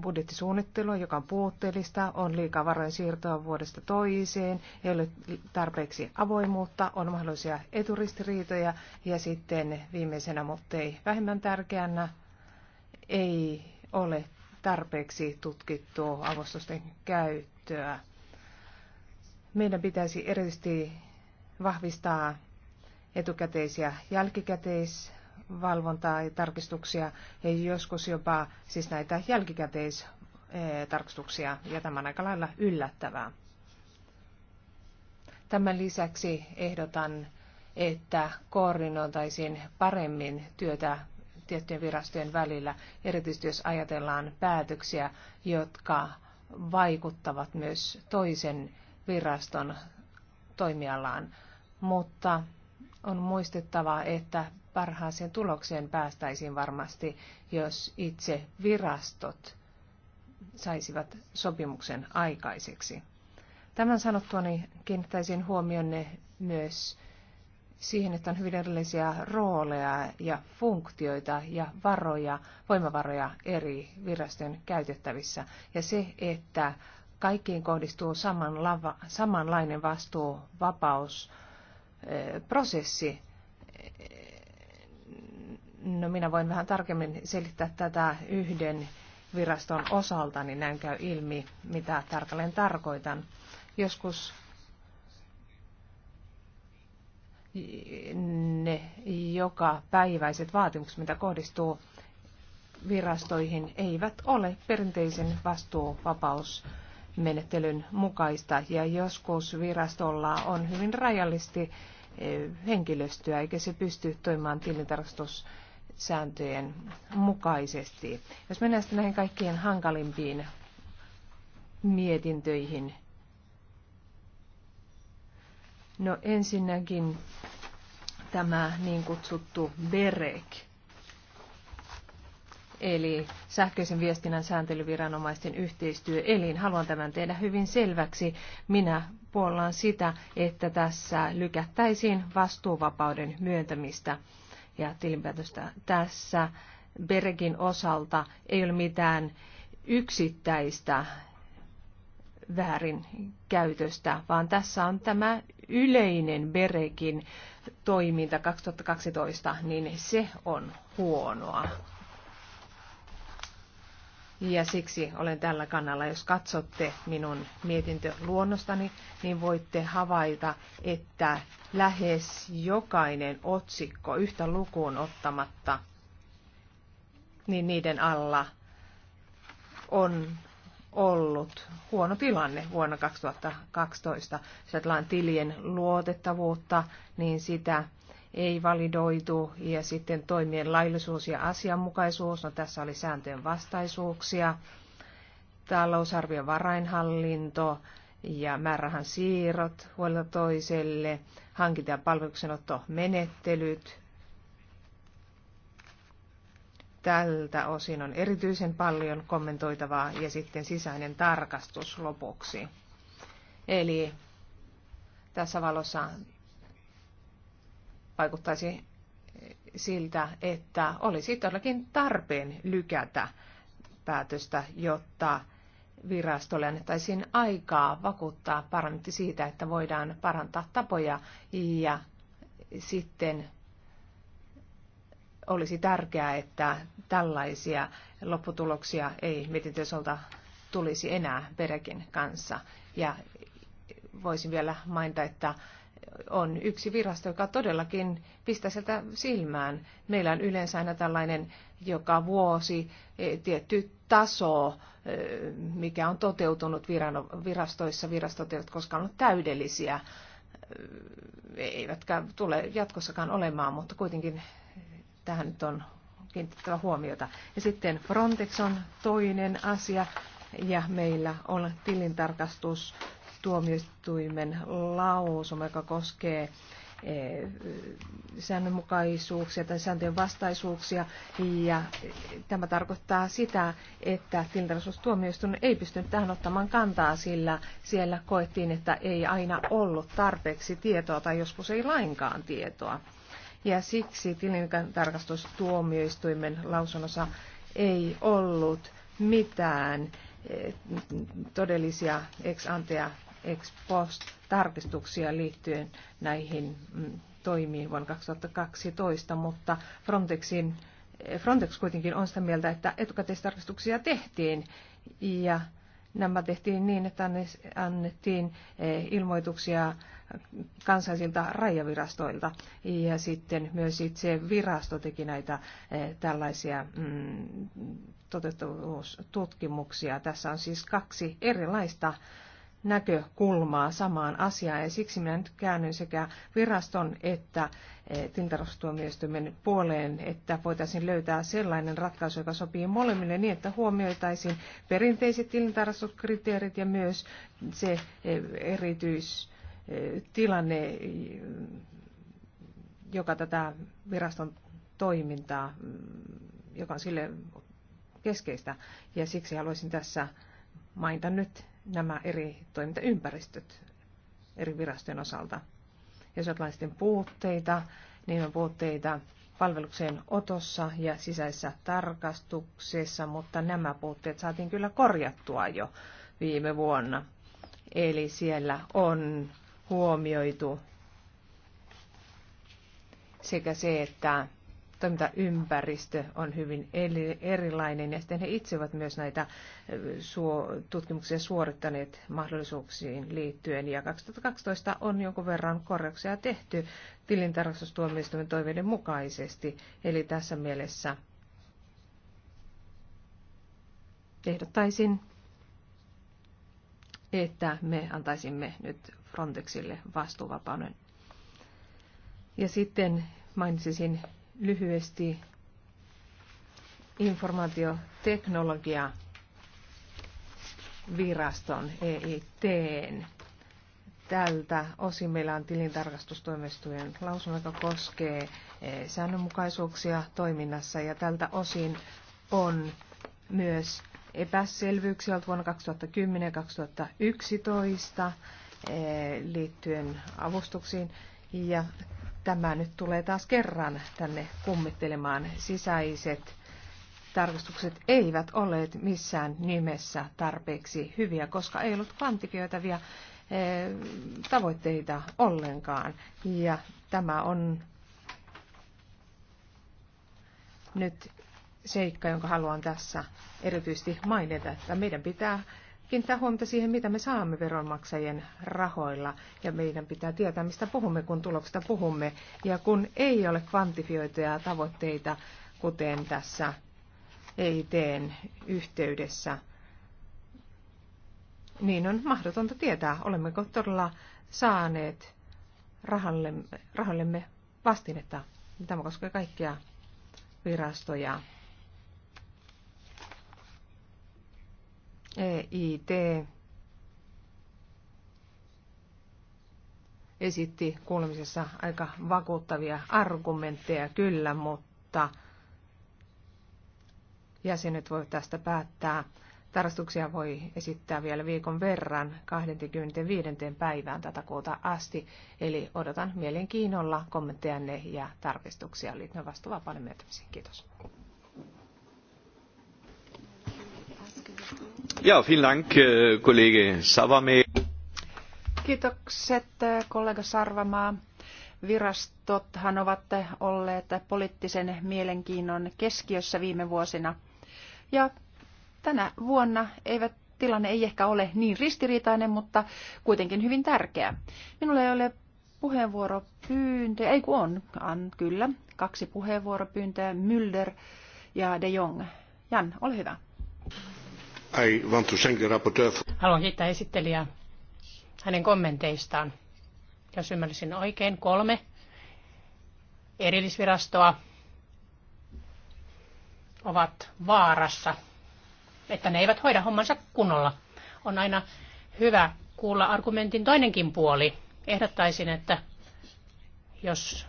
budjettisuunnittelu, joka on puutteellista, on liikaa varojen siirtoa vuodesta toiseen, ei ole tarpeeksi avoimuutta, on mahdollisia eturistiriitoja ja sitten viimeisenä, mutta ei vähemmän tärkeänä, ei ole tarpeeksi tutkittua avustusten käyttöä. Meidän pitäisi erityisesti vahvistaa etukäteisiä ja jälkikäteisvalvontaa ja tarkistuksia ja joskus jopa siis näitä jälkikäteistarkistuksia ja tämä on aika lailla yllättävää. Tämän lisäksi ehdotan, että koordinoitaisiin paremmin työtä tiettyjen virastojen välillä, erityisesti jos ajatellaan päätöksiä, jotka vaikuttavat myös toisen viraston toimialaan. Mutta on muistettava, että parhaaseen tulokseen päästäisiin varmasti, jos itse virastot saisivat sopimuksen aikaiseksi. Tämän sanottuani kiinnittäisin huomionne myös siihen, että on hyvin erilaisia rooleja ja funktioita ja varoja, voimavaroja eri virastojen käytettävissä. Ja se, että kaikkiin kohdistuu samanlainen vastuu, vapaus, eh, prosessi. No minä voin vähän tarkemmin selittää tätä yhden viraston osalta, niin näin käy ilmi, mitä tarkalleen tarkoitan. Joskus ne joka päiväiset vaatimukset, mitä kohdistuu virastoihin, eivät ole perinteisen vastuuvapaus menettelyn mukaista ja joskus virastolla on hyvin rajallisesti eh, henkilöstöä eikä se pysty toimimaan tilintarkastussääntöjen mukaisesti. Jos mennään sitten näihin kaikkien hankalimpiin mietintöihin, No ensinnäkin tämä niin kutsuttu BEREC, eli sähköisen viestinnän sääntelyviranomaisten yhteistyöelin. Haluan tämän tehdä hyvin selväksi. Minä puollaan sitä, että tässä lykättäisiin vastuuvapauden myöntämistä ja tilinpäätöstä. Tässä Berekin osalta ei ole mitään yksittäistä väärinkäytöstä, vaan tässä on tämä yleinen Berekin toiminta 2012, niin se on huonoa. Ja siksi olen tällä kannalla. Jos katsotte minun mietintöluonnostani, niin voitte havaita, että lähes jokainen otsikko yhtä lukuun ottamatta, niin niiden alla on ollut huono tilanne vuonna 2012. Sillä tilien luotettavuutta, niin sitä ei validoitu. Ja sitten toimien laillisuus ja asianmukaisuus, no tässä oli sääntöjen vastaisuuksia. Talousarvion varainhallinto ja määrähän siirrot huolta toiselle, hankinta- ja palveluksenottomenettelyt, tältä osin on erityisen paljon kommentoitavaa ja sitten sisäinen tarkastus lopuksi. Eli tässä valossa vaikuttaisi siltä, että olisi todellakin tarpeen lykätä päätöstä, jotta virastolle annettaisiin aikaa vakuuttaa parlamentti siitä, että voidaan parantaa tapoja ja sitten olisi tärkeää, että tällaisia lopputuloksia ei mietintösolta tulisi enää Berekin kanssa. Ja voisin vielä mainita, että on yksi virasto, joka todellakin pistää sieltä silmään. Meillä on yleensä aina tällainen joka vuosi e, tietty taso, e, mikä on toteutunut virastoissa. Virastot eivät koskaan ole täydellisiä, e, eivätkä tule jatkossakaan olemaan, mutta kuitenkin tähän nyt on kiinnitettävä huomiota. Ja sitten Frontex on toinen asia ja meillä on tilintarkastus tuomioistuimen lausuma, joka koskee e, säännönmukaisuuksia tai sääntöjen vastaisuuksia. Ja tämä tarkoittaa sitä, että tilintarkastustuomioistuin ei pystynyt tähän ottamaan kantaa, sillä siellä koettiin, että ei aina ollut tarpeeksi tietoa tai joskus ei lainkaan tietoa ja siksi tilintarkastustuomioistuimen lausunnossa ei ollut mitään eh, todellisia ex ante ja ex post tarkistuksia liittyen näihin mm, toimiin vuonna 2012, mutta Frontexin, eh, Frontex kuitenkin on sitä mieltä, että etukäteistarkistuksia tehtiin ja nämä tehtiin niin, että annettiin eh, ilmoituksia kansallisilta rajavirastoilta. Ja sitten myös itse virasto teki näitä eh, tällaisia mm, toteuttavuustutkimuksia. Tässä on siis kaksi erilaista näkökulmaa samaan asiaan. Ja siksi minä nyt käännyn sekä viraston että eh, tintarustuomioistuimen puoleen, että voitaisiin löytää sellainen ratkaisu, joka sopii molemmille niin, että huomioitaisiin perinteiset tilintarkastuskriteerit ja myös se eh, erityis tilanne, joka tätä viraston toimintaa, mm, joka on sille keskeistä. Ja siksi haluaisin tässä mainita nyt nämä eri toimintaympäristöt eri virastojen osalta. Jos jotain puutteita, niin on puutteita palvelukseen otossa ja sisäisessä tarkastuksessa, mutta nämä puutteet saatiin kyllä korjattua jo viime vuonna. Eli siellä on huomioitu sekä se, että toimintaympäristö on hyvin erilainen ja sitten he itse ovat myös näitä tutkimuksia suorittaneet mahdollisuuksiin liittyen ja 2012 on jonkun verran korjauksia tehty tilintarkastustuomioistuimen toiveiden mukaisesti, eli tässä mielessä ehdottaisin että me antaisimme nyt Frontexille vastuuvapauden. Ja sitten mainitsisin lyhyesti informaatioteknologia viraston EITn. Tältä osin meillä on tilintarkastustoimistojen lausunto, joka koskee eh, säännönmukaisuuksia toiminnassa ja tältä osin on myös epäselvyyksiä vuonna 2010 ja 2011 eh, liittyen avustuksiin. Ja tämä nyt tulee taas kerran tänne kummittelemaan. Sisäiset tarkastukset eivät olleet missään nimessä tarpeeksi hyviä, koska ei ollut kvantifioitavia eh, tavoitteita ollenkaan. Ja tämä on nyt seikka, jonka haluan tässä erityisesti mainita, että meidän pitää kiinnittää huomiota siihen, mitä me saamme veronmaksajien rahoilla. Ja meidän pitää tietää, mistä puhumme, kun tuloksista puhumme. Ja kun ei ole kvantifioituja tavoitteita, kuten tässä EITn yhteydessä, niin on mahdotonta tietää, olemmeko todella saaneet rahallemme, rahallemme vastinetta. Tämä koskee kaikkia virastoja. EIT esitti kuulemisessa aika vakuuttavia argumentteja kyllä, mutta jäsenet voivat tästä päättää. Tarkastuksia voi esittää vielä viikon verran 25. päivään tätä kuuta asti, eli odotan mielenkiinnolla kommenttejanne ja tarkistuksia liittyen vastuvapauden myöntämiseen. Kiitos. Ja, äh, Kiitokset, äh, kollega Sarvamaa. Virastothan ovat olleet poliittisen mielenkiinnon keskiössä viime vuosina. Ja tänä vuonna eivät tilanne ei ehkä ole niin ristiriitainen, mutta kuitenkin hyvin tärkeä. Minulla ei ole puheenvuoropyyntöjä, ei kun on, on, kyllä, kaksi puheenvuoropyyntöä, Mylder ja De Jong. Jan, ole hyvä. I want to thank the rapporteur. Haluan kiittää esittelijää hänen kommenteistaan. Jos ymmärsin oikein, kolme erillisvirastoa ovat vaarassa, että ne eivät hoida hommansa kunnolla. On aina hyvä kuulla argumentin toinenkin puoli. Ehdottaisin, että jos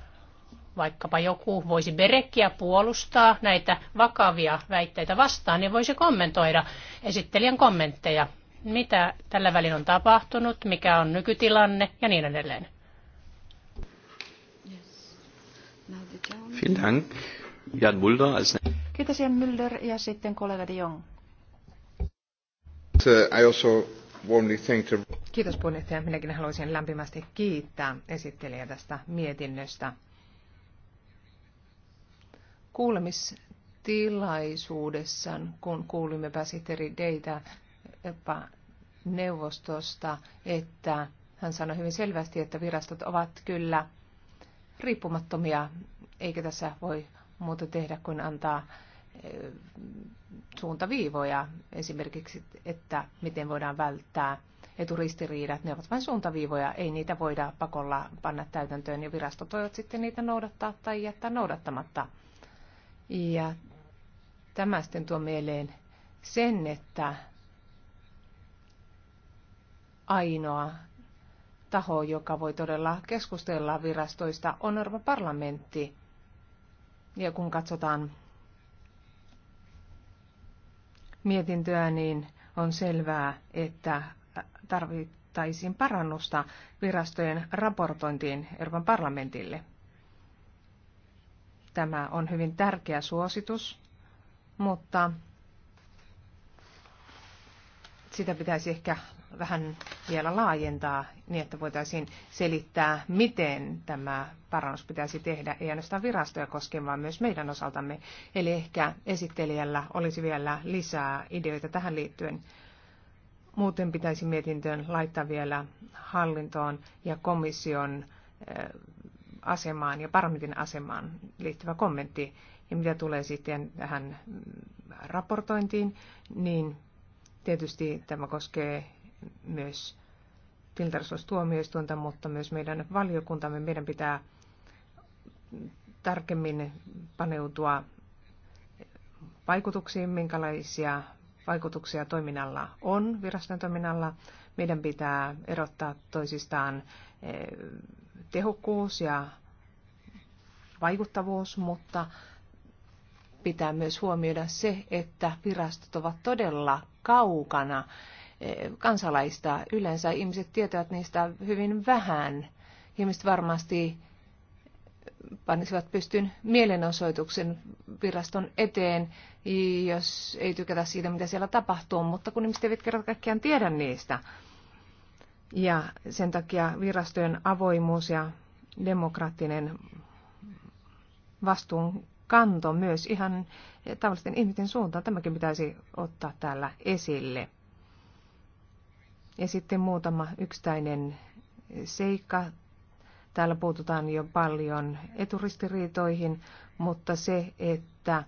vaikkapa joku voisi Berekkiä puolustaa näitä vakavia väitteitä vastaan, niin voisi kommentoida esittelijän kommentteja, mitä tällä välin on tapahtunut, mikä on nykytilanne ja niin edelleen. Vielen Dank. Jan Mulder als Kiitos Jan Mulder ja sitten kollega de Jong. Uh, I also warmly thank the... Kiitos puheenjohtaja. Minäkin haluaisin lämpimästi kiittää esittelijä tästä mietinnöstä kuulemistilaisuudessaan, kun kuulimme pääsihteeri Deitä neuvostosta, että hän sanoi hyvin selvästi, että virastot ovat kyllä riippumattomia, eikä tässä voi muuta tehdä kuin antaa eh, suuntaviivoja esimerkiksi, että miten voidaan välttää eturistiriidat. Ne ovat vain suuntaviivoja, ei niitä voida pakolla panna täytäntöön ja virastot voivat sitten niitä noudattaa tai jättää noudattamatta. Ja tämä sitten tuo mieleen sen, että ainoa taho, joka voi todella keskustella virastoista, on Euroopan parlamentti. Ja kun katsotaan mietintöä, niin on selvää, että tarvittaisiin parannusta virastojen raportointiin Euroopan parlamentille. Tämä on hyvin tärkeä suositus, mutta sitä pitäisi ehkä vähän vielä laajentaa niin, että voitaisiin selittää, miten tämä parannus pitäisi tehdä, ei ainoastaan virastoja koskien, vaan myös meidän osaltamme. Eli ehkä esittelijällä olisi vielä lisää ideoita tähän liittyen. Muuten pitäisi mietintöön laittaa vielä hallintoon ja komission eh, asemaan ja parlamentin asemaan liittyvä kommentti. Ja mitä tulee sitten tähän raportointiin, niin tietysti tämä koskee myös tilintarkastustuomioistuinta, mutta myös meidän valiokuntamme. Meidän pitää tarkemmin paneutua vaikutuksiin, minkälaisia vaikutuksia toiminnalla on, viraston toiminnalla. Meidän pitää erottaa toisistaan eh, tehokkuus ja vaikuttavuus, mutta pitää myös huomioida se, että virastot ovat todella kaukana eh, kansalaista. Yleensä ihmiset tietävät niistä hyvin vähän. Ihmiset varmasti panisivat pystyn mielenosoituksen viraston eteen, jos ei tykätä siitä, mitä siellä tapahtuu, mutta kun ihmiset eivät kerta kaikkiaan tiedä niistä. Ja sen takia virastojen avoimuus ja demokraattinen vastuunkanto myös ihan tavallisten ihmisten suuntaan. Tämäkin pitäisi ottaa täällä esille. Ja sitten muutama yksittäinen seikka. Täällä puututaan jo paljon eturistiriitoihin, mutta se, että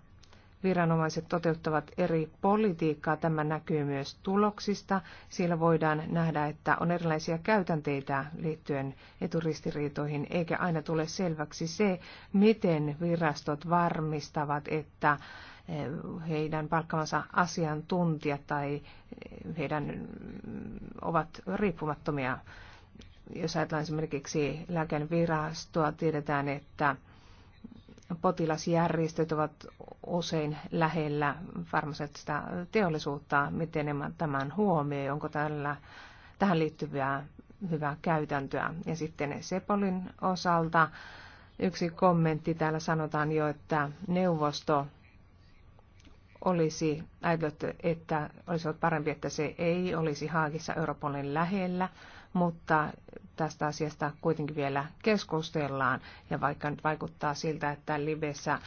viranomaiset toteuttavat eri politiikkaa. Tämä näkyy myös tuloksista. Siellä voidaan nähdä, että on erilaisia käytänteitä liittyen eturistiriitoihin, eikä aina tule selväksi se, miten virastot varmistavat, että eh, heidän palkkamansa asiantuntijat tai eh, heidän mm, ovat riippumattomia. Jos ajatellaan esimerkiksi lääkevirastoa, tiedetään, että potilasjärjestöt ovat usein lähellä farmaseuttista teollisuutta. Miten tämän huomioi? Onko tällä tähän liittyvää hyvää käytäntöä? Ja sitten Sepolin osalta yksi kommentti. Täällä sanotaan jo, että neuvosto olisi ajatellut, että olisi ollut parempi, että se ei olisi Haagissa Euroopan lähellä mutta tästä asiasta kuitenkin vielä keskustellaan. Ja vaikka nyt vaikuttaa siltä, että Libessä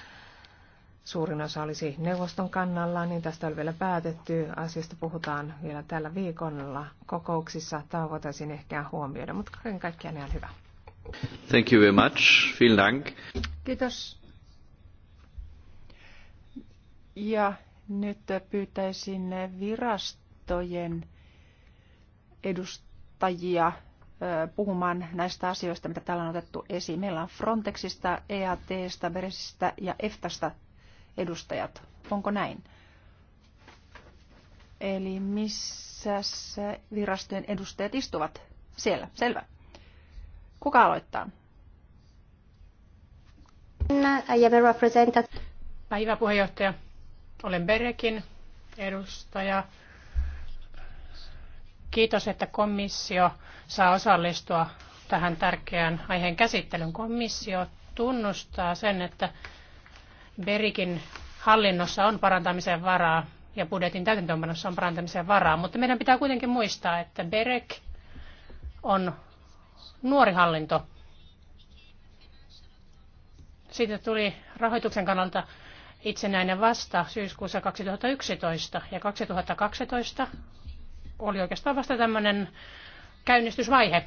suurin osa olisi neuvoston kannalla, niin tästä on vielä päätetty. Asiasta puhutaan vielä tällä viikolla kokouksissa. Tämä voitaisiin ehkä huomioida, mutta kaiken kaikkiaan ihan hyvä. Thank you very much. Vielen Dank. Kiitos. Ja nyt pyytäisin virastojen edustajia johtajia puhumaan näistä asioista, mitä täällä on otettu esiin. Meillä on Frontexista, EATstä, Beresistä ja EFTasta edustajat. Onko näin? Eli missä virastojen edustajat istuvat? Siellä, selvä. Kuka aloittaa? Päiväpuheenjohtaja. Olen Berekin edustaja Kiitos, että komissio saa osallistua tähän tärkeään aiheen käsittelyyn. Komissio tunnustaa sen, että Berikin hallinnossa on parantamisen varaa ja budjetin täytäntöönpanossa on parantamisen varaa, mutta meidän pitää kuitenkin muistaa, että Berek on nuori hallinto. Siitä tuli rahoituksen kannalta itsenäinen vasta syyskuussa 2011 ja 2012 oli oikeastaan vasta tämmöinen käynnistysvaihe.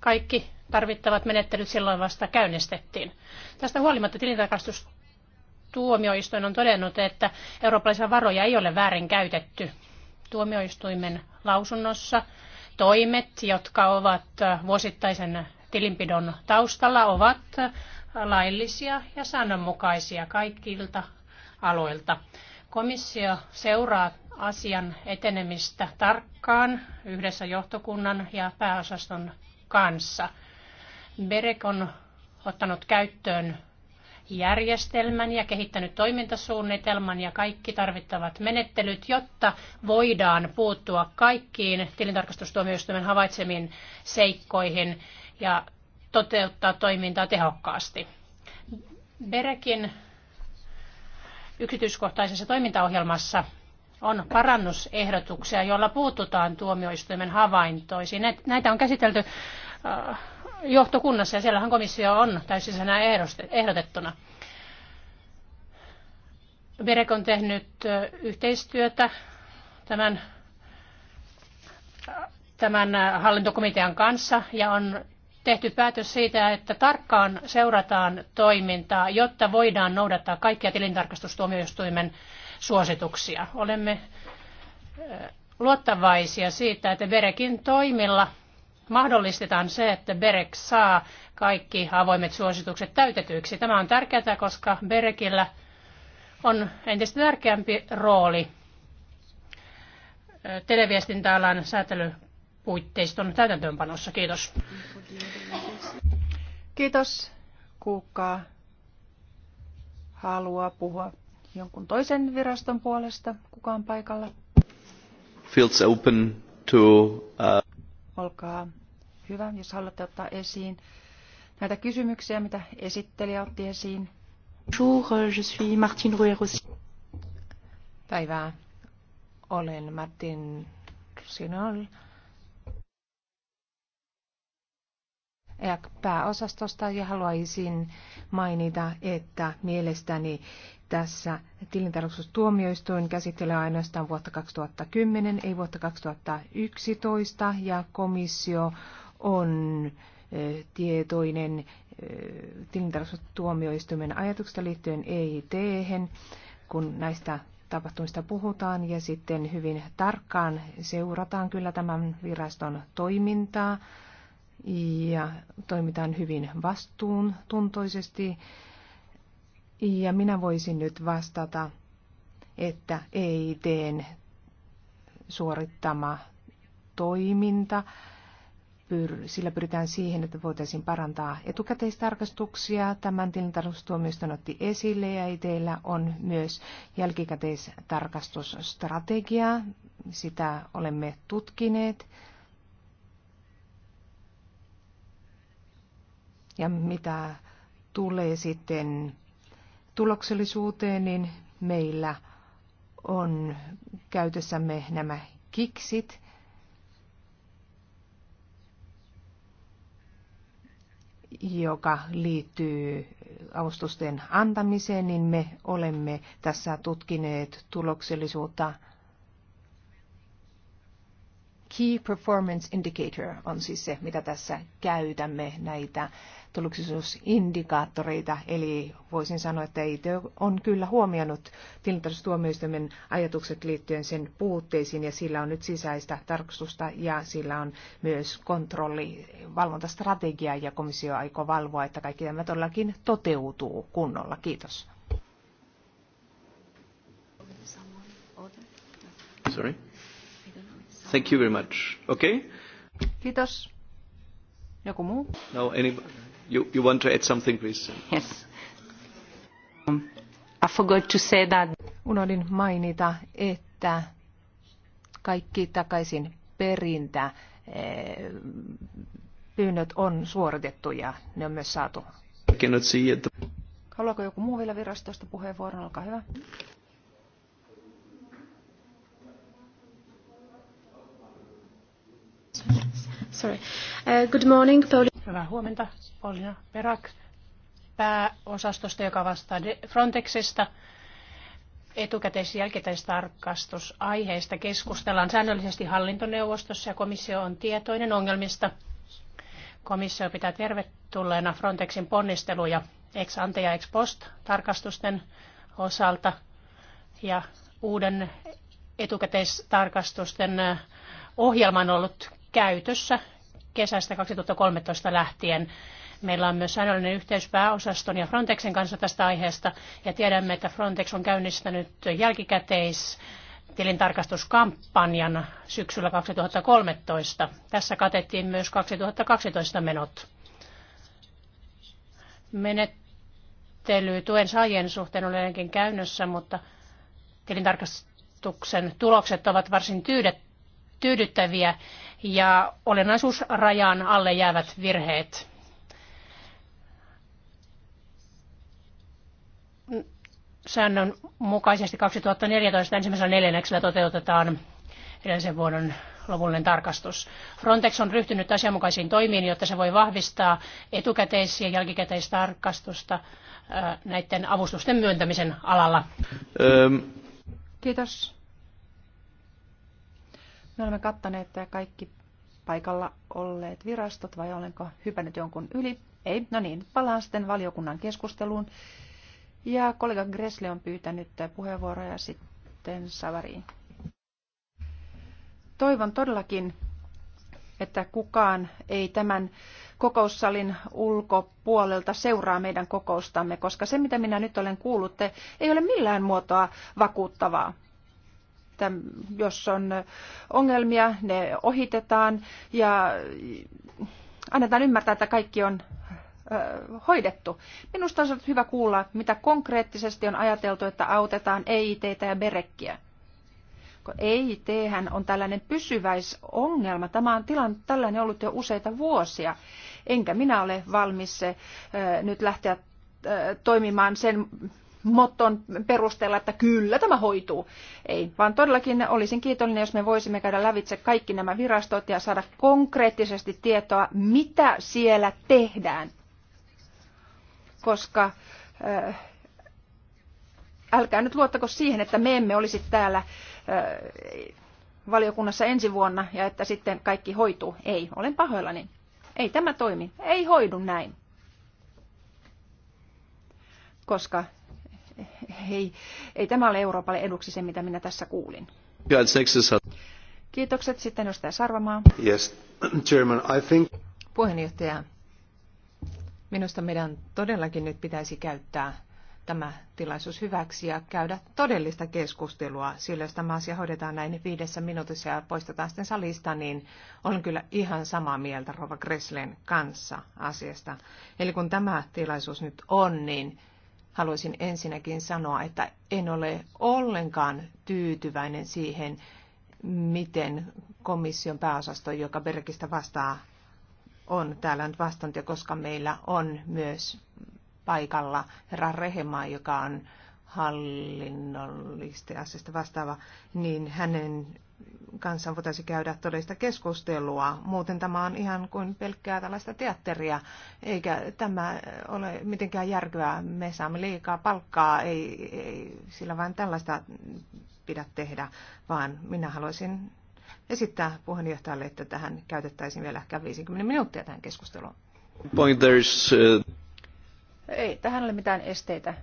Kaikki tarvittavat menettelyt silloin vasta käynnistettiin. Tästä huolimatta tilintarkastustuomioistuin on todennut, että eurooppalaisia varoja ei ole väärin käytetty. Tuomioistuimen lausunnossa toimet, jotka ovat vuosittaisen tilinpidon taustalla, ovat laillisia ja sananmukaisia kaikilta aloilta. Komissio seuraa asian etenemistä tarkkaan yhdessä johtokunnan ja pääosaston kanssa. Berek on ottanut käyttöön järjestelmän ja kehittänyt toimintasuunnitelman ja kaikki tarvittavat menettelyt, jotta voidaan puuttua kaikkiin tilintarkastustuomioistuimen havaitsemiin seikkoihin ja toteuttaa toimintaa tehokkaasti. Berekin yksityiskohtaisessa toimintaohjelmassa on parannusehdotuksia, joilla puututaan tuomioistuimen havaintoisiin. Näitä on käsitelty äh, johtokunnassa ja siellähän komissio on täysisänä ehdotettuna. Berek on tehnyt äh, yhteistyötä tämän, äh, tämän hallintokomitean kanssa ja on tehty päätös siitä, että tarkkaan seurataan toimintaa, jotta voidaan noudattaa kaikkia tilintarkastustuomioistuimen suosituksia. Olemme luottavaisia siitä, että Berekin toimilla mahdollistetaan se, että Berek saa kaikki avoimet suositukset täytetyiksi. Tämä on tärkeää, koska Berekillä on entistä tärkeämpi rooli televiestintäalan säätely puitteiston täytäntöönpanossa. Kiitos. Kiitos. Kuka haluaa puhua jonkun toisen viraston puolesta? Kuka on paikalla? Fields open to, uh... Olkaa hyvä, jos haluatte ottaa esiin näitä kysymyksiä, mitä esittelijä otti esiin. Bonjour, euh, je suis Martine Ruerosi. Päivää. Olen Martin Rusinol E pääosastosta ja haluaisin mainita, että mielestäni tässä tilintarkastustuomioistuin käsittelee ainoastaan vuotta 2010, ei vuotta 2011 ja komissio on tietoinen tilintarkastustuomioistuimen ajatuksesta liittyen eit kun näistä tapahtumista puhutaan ja sitten hyvin tarkkaan seurataan kyllä tämän viraston toimintaa ja toimitaan hyvin vastuuntuntoisesti. Ja minä voisin nyt vastata, että ei teen suorittama toiminta, sillä pyritään siihen, että voitaisiin parantaa etukäteistarkastuksia. Tämän tilintarkastustuomioistuin otti esille ja teillä on myös jälkikäteistarkastusstrategia. Sitä olemme tutkineet Ja mitä tulee sitten tuloksellisuuteen, niin meillä on käytössämme nämä kiksit. joka liittyy avustusten antamiseen, niin me olemme tässä tutkineet tuloksellisuutta key performance indicator on siis se, mitä tässä käytämme näitä tuloksisuusindikaattoreita. Eli voisin sanoa, että IT on kyllä huomioinut tilintarkastustuomioistuimen ajatukset liittyen sen puutteisiin ja sillä on nyt sisäistä tarkastusta ja sillä on myös kontrolli, valvontastrategia ja komissio aikoo valvoa, että kaikki tämä todellakin toteutuu kunnolla. Kiitos. Sorry? Thank you very much. Okay? Kiitos. Joku muu? No, any, you, you want to add something, please? Yes. I forgot to say that. Unohdin mainita, että kaikki takaisin perintä eh, pyynnöt on suoritettu ja ne on myös saatu. Haluaako joku muu vielä virastosta puheenvuoron? Olkaa hyvä. Sorry. Uh, good morning, Pauli. Hyvää huomenta, Paulina Perak pääosastosta, joka vastaa Frontexista. Etukäteis- ja jälkikäteistarkastusaiheista keskustellaan säännöllisesti hallintoneuvostossa ja komissio on tietoinen ongelmista. Komissio pitää tervetulleena Frontexin ponnisteluja ex ante ja ex post tarkastusten osalta ja uuden etukäteistarkastusten eh, ohjelma on ollut käytössä kesästä 2013 lähtien. Meillä on myös säännöllinen yhteys pääosaston ja Frontexin kanssa tästä aiheesta ja tiedämme, että Frontex on käynnistänyt jälkikäteis tilintarkastuskampanjan syksyllä 2013. Tässä katettiin myös 2012 menot. Menettely tuen saajien suhteen on edelleenkin käynnössä, mutta tilintarkastuksen tulokset ovat varsin tyydet, tyydyttäviä ja olennaisuusrajaan alle jäävät virheet. Säännön mukaisesti 2014 ensimmäisellä neljänneksellä toteutetaan edellisen vuoden lopullinen tarkastus. Frontex on ryhtynyt asianmukaisiin toimiin, jotta se voi vahvistaa etukäteis- ja jälkikäteistarkastusta äh, näiden avustusten myöntämisen alalla. Ähm. Kiitos. Me olemme kattaneet kaikki paikalla olleet virastot vai olenko hypännyt jonkun yli? Ei, no niin, palaan sitten valiokunnan keskusteluun. Ja kollega Gressle on pyytänyt puheenvuoroja sitten Savariin. Toivon todellakin, että kukaan ei tämän kokoussalin ulkopuolelta seuraa meidän kokoustamme, koska se mitä minä nyt olen kuullut ei ole millään muotoa vakuuttavaa että jos on ongelmia, ne ohitetaan ja annetaan ymmärtää, että kaikki on hoidettu. Minusta on hyvä kuulla, mitä konkreettisesti on ajateltu, että autetaan EIT ja Berekkiä. EIT on tällainen pysyväisongelma. Tämä on tilan, tällainen ollut jo useita vuosia. Enkä minä ole valmis nyt lähteä toimimaan sen motton perusteella, että kyllä tämä hoituu. Ei, vaan todellakin olisin kiitollinen, jos me voisimme käydä lävitse kaikki nämä virastot ja saada konkreettisesti tietoa, mitä siellä tehdään. Koska äh, älkää nyt luottako siihen, että me emme olisi täällä äh, valiokunnassa ensi vuonna ja että sitten kaikki hoituu. Ei, olen pahoillani. Ei tämä toimi. Ei hoidu näin. Koska ei, ei tämä ole Euroopalle eduksi se, mitä minä tässä kuulin. Kiitokset. Sitten edustaja Sarvamaa. Yes, Chairman, I think... Puheenjohtaja, minusta meidän todellakin nyt pitäisi käyttää tämä tilaisuus hyväksi ja käydä todellista keskustelua, sillä jos tämä asia hoidetaan näin viidessä minuutissa ja poistetaan sitten salista, niin olen kyllä ihan samaa mieltä Rova Greslen kanssa asiasta. Eli kun tämä tilaisuus nyt on, niin haluaisin ensinnäkin sanoa, että en ole ollenkaan tyytyväinen siihen, miten komission pääosasto, joka Berkistä vastaa, on täällä nyt vastannut, ja koska meillä on myös paikalla herra Rehema, joka on hallinnollista asiasta vastaava, niin hänen kanssa voitaisiin käydä todellista keskustelua. Muuten tämä on ihan kuin pelkkää tällaista teatteria, eikä tämä ole mitenkään järkyä. Me saamme liikaa palkkaa, ei, ei sillä vain tällaista pidä tehdä, vaan minä haluaisin esittää puheenjohtajalle, että tähän käytettäisiin vielä ehkä 50 minuuttia tähän keskusteluun. Pointers. Uh, ei, tähän ole mitään esteitä.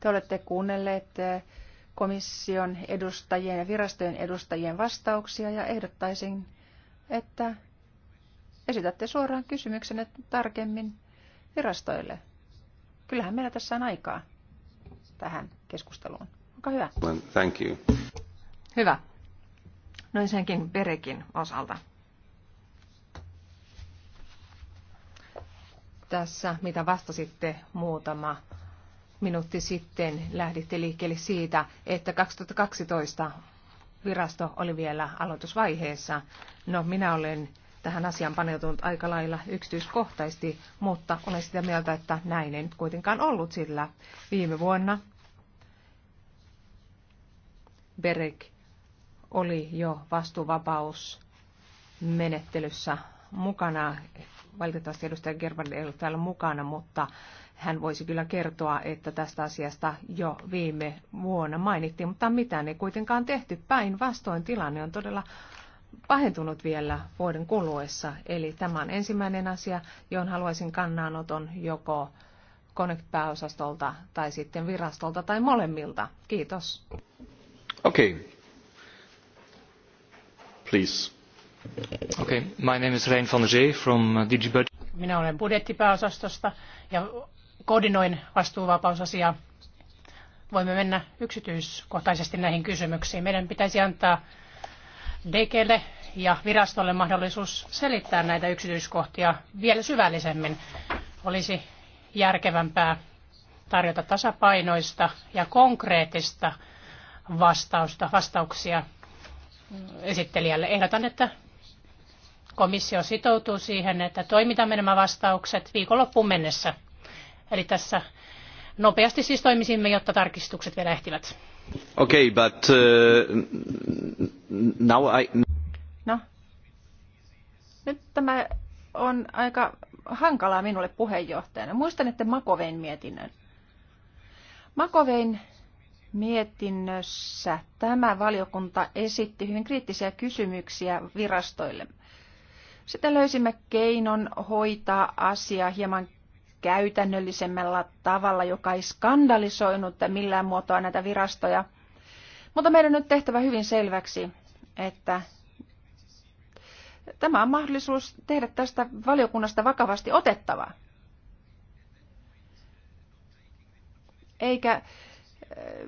Te olette kuunnelleet komission edustajien ja virastojen edustajien vastauksia ja ehdottaisin, että esitätte suoraan kysymyksenne tarkemmin virastoille. Kyllähän meillä tässä on aikaa tähän keskusteluun. Onko hyvä. Thank you. Hyvä. No senkin Berekin osalta. Tässä, mitä vastasitte muutama minuutti sitten lähditte liikkeelle siitä, että 2012 virasto oli vielä aloitusvaiheessa. No, minä olen tähän asiaan paneutunut aika lailla yksityiskohtaisesti, mutta olen sitä mieltä, että näin ei nyt kuitenkaan ollut, sillä viime vuonna Berek oli jo vastuuvapaus menettelyssä mukana. Valitettavasti edustaja Gerber ei ollut täällä mukana, mutta hän voisi kyllä kertoa, että tästä asiasta jo viime vuonna mainittiin, mutta mitään ei kuitenkaan tehty. Päinvastoin tilanne on todella pahentunut vielä vuoden kuluessa. Eli tämä on ensimmäinen asia, johon haluaisin kannanoton joko Connect-pääosastolta tai sitten virastolta tai molemmilta. Kiitos. Okei. Okay. Please. Okay, my name is Rein van der Zee from uh, Digibudget. Minä olen budjettipääosastosta ja koordinoin vastuuvapausasiaa. Voimme mennä yksityiskohtaisesti näihin kysymyksiin. Meidän pitäisi antaa DGlle ja virastolle mahdollisuus selittää näitä yksityiskohtia vielä syvällisemmin. Olisi järkevämpää tarjota tasapainoista ja konkreettista vastausta, vastauksia esittelijälle. Ehdotan, että komissio sitoutuu siihen, että toimitamme nämä vastaukset viikonloppuun mennessä. Eli tässä nopeasti siis toimisimme, jotta tarkistukset vielä ehtivät. Okei, okay, but uh, now I... No. Nyt tämä on aika hankalaa minulle puheenjohtajana. Muistan, että Makovein mietinnön. Makovein mietinnössä tämä valiokunta esitti hyvin kriittisiä kysymyksiä virastoille. Sitten löysimme keinon hoitaa asia hieman käytännöllisemmällä tavalla, joka ei skandalisoinut millään muotoa näitä virastoja. Mutta meidän on nyt tehtävä hyvin selväksi, että tämä on mahdollisuus tehdä tästä valiokunnasta vakavasti otettavaa. Eikä eh,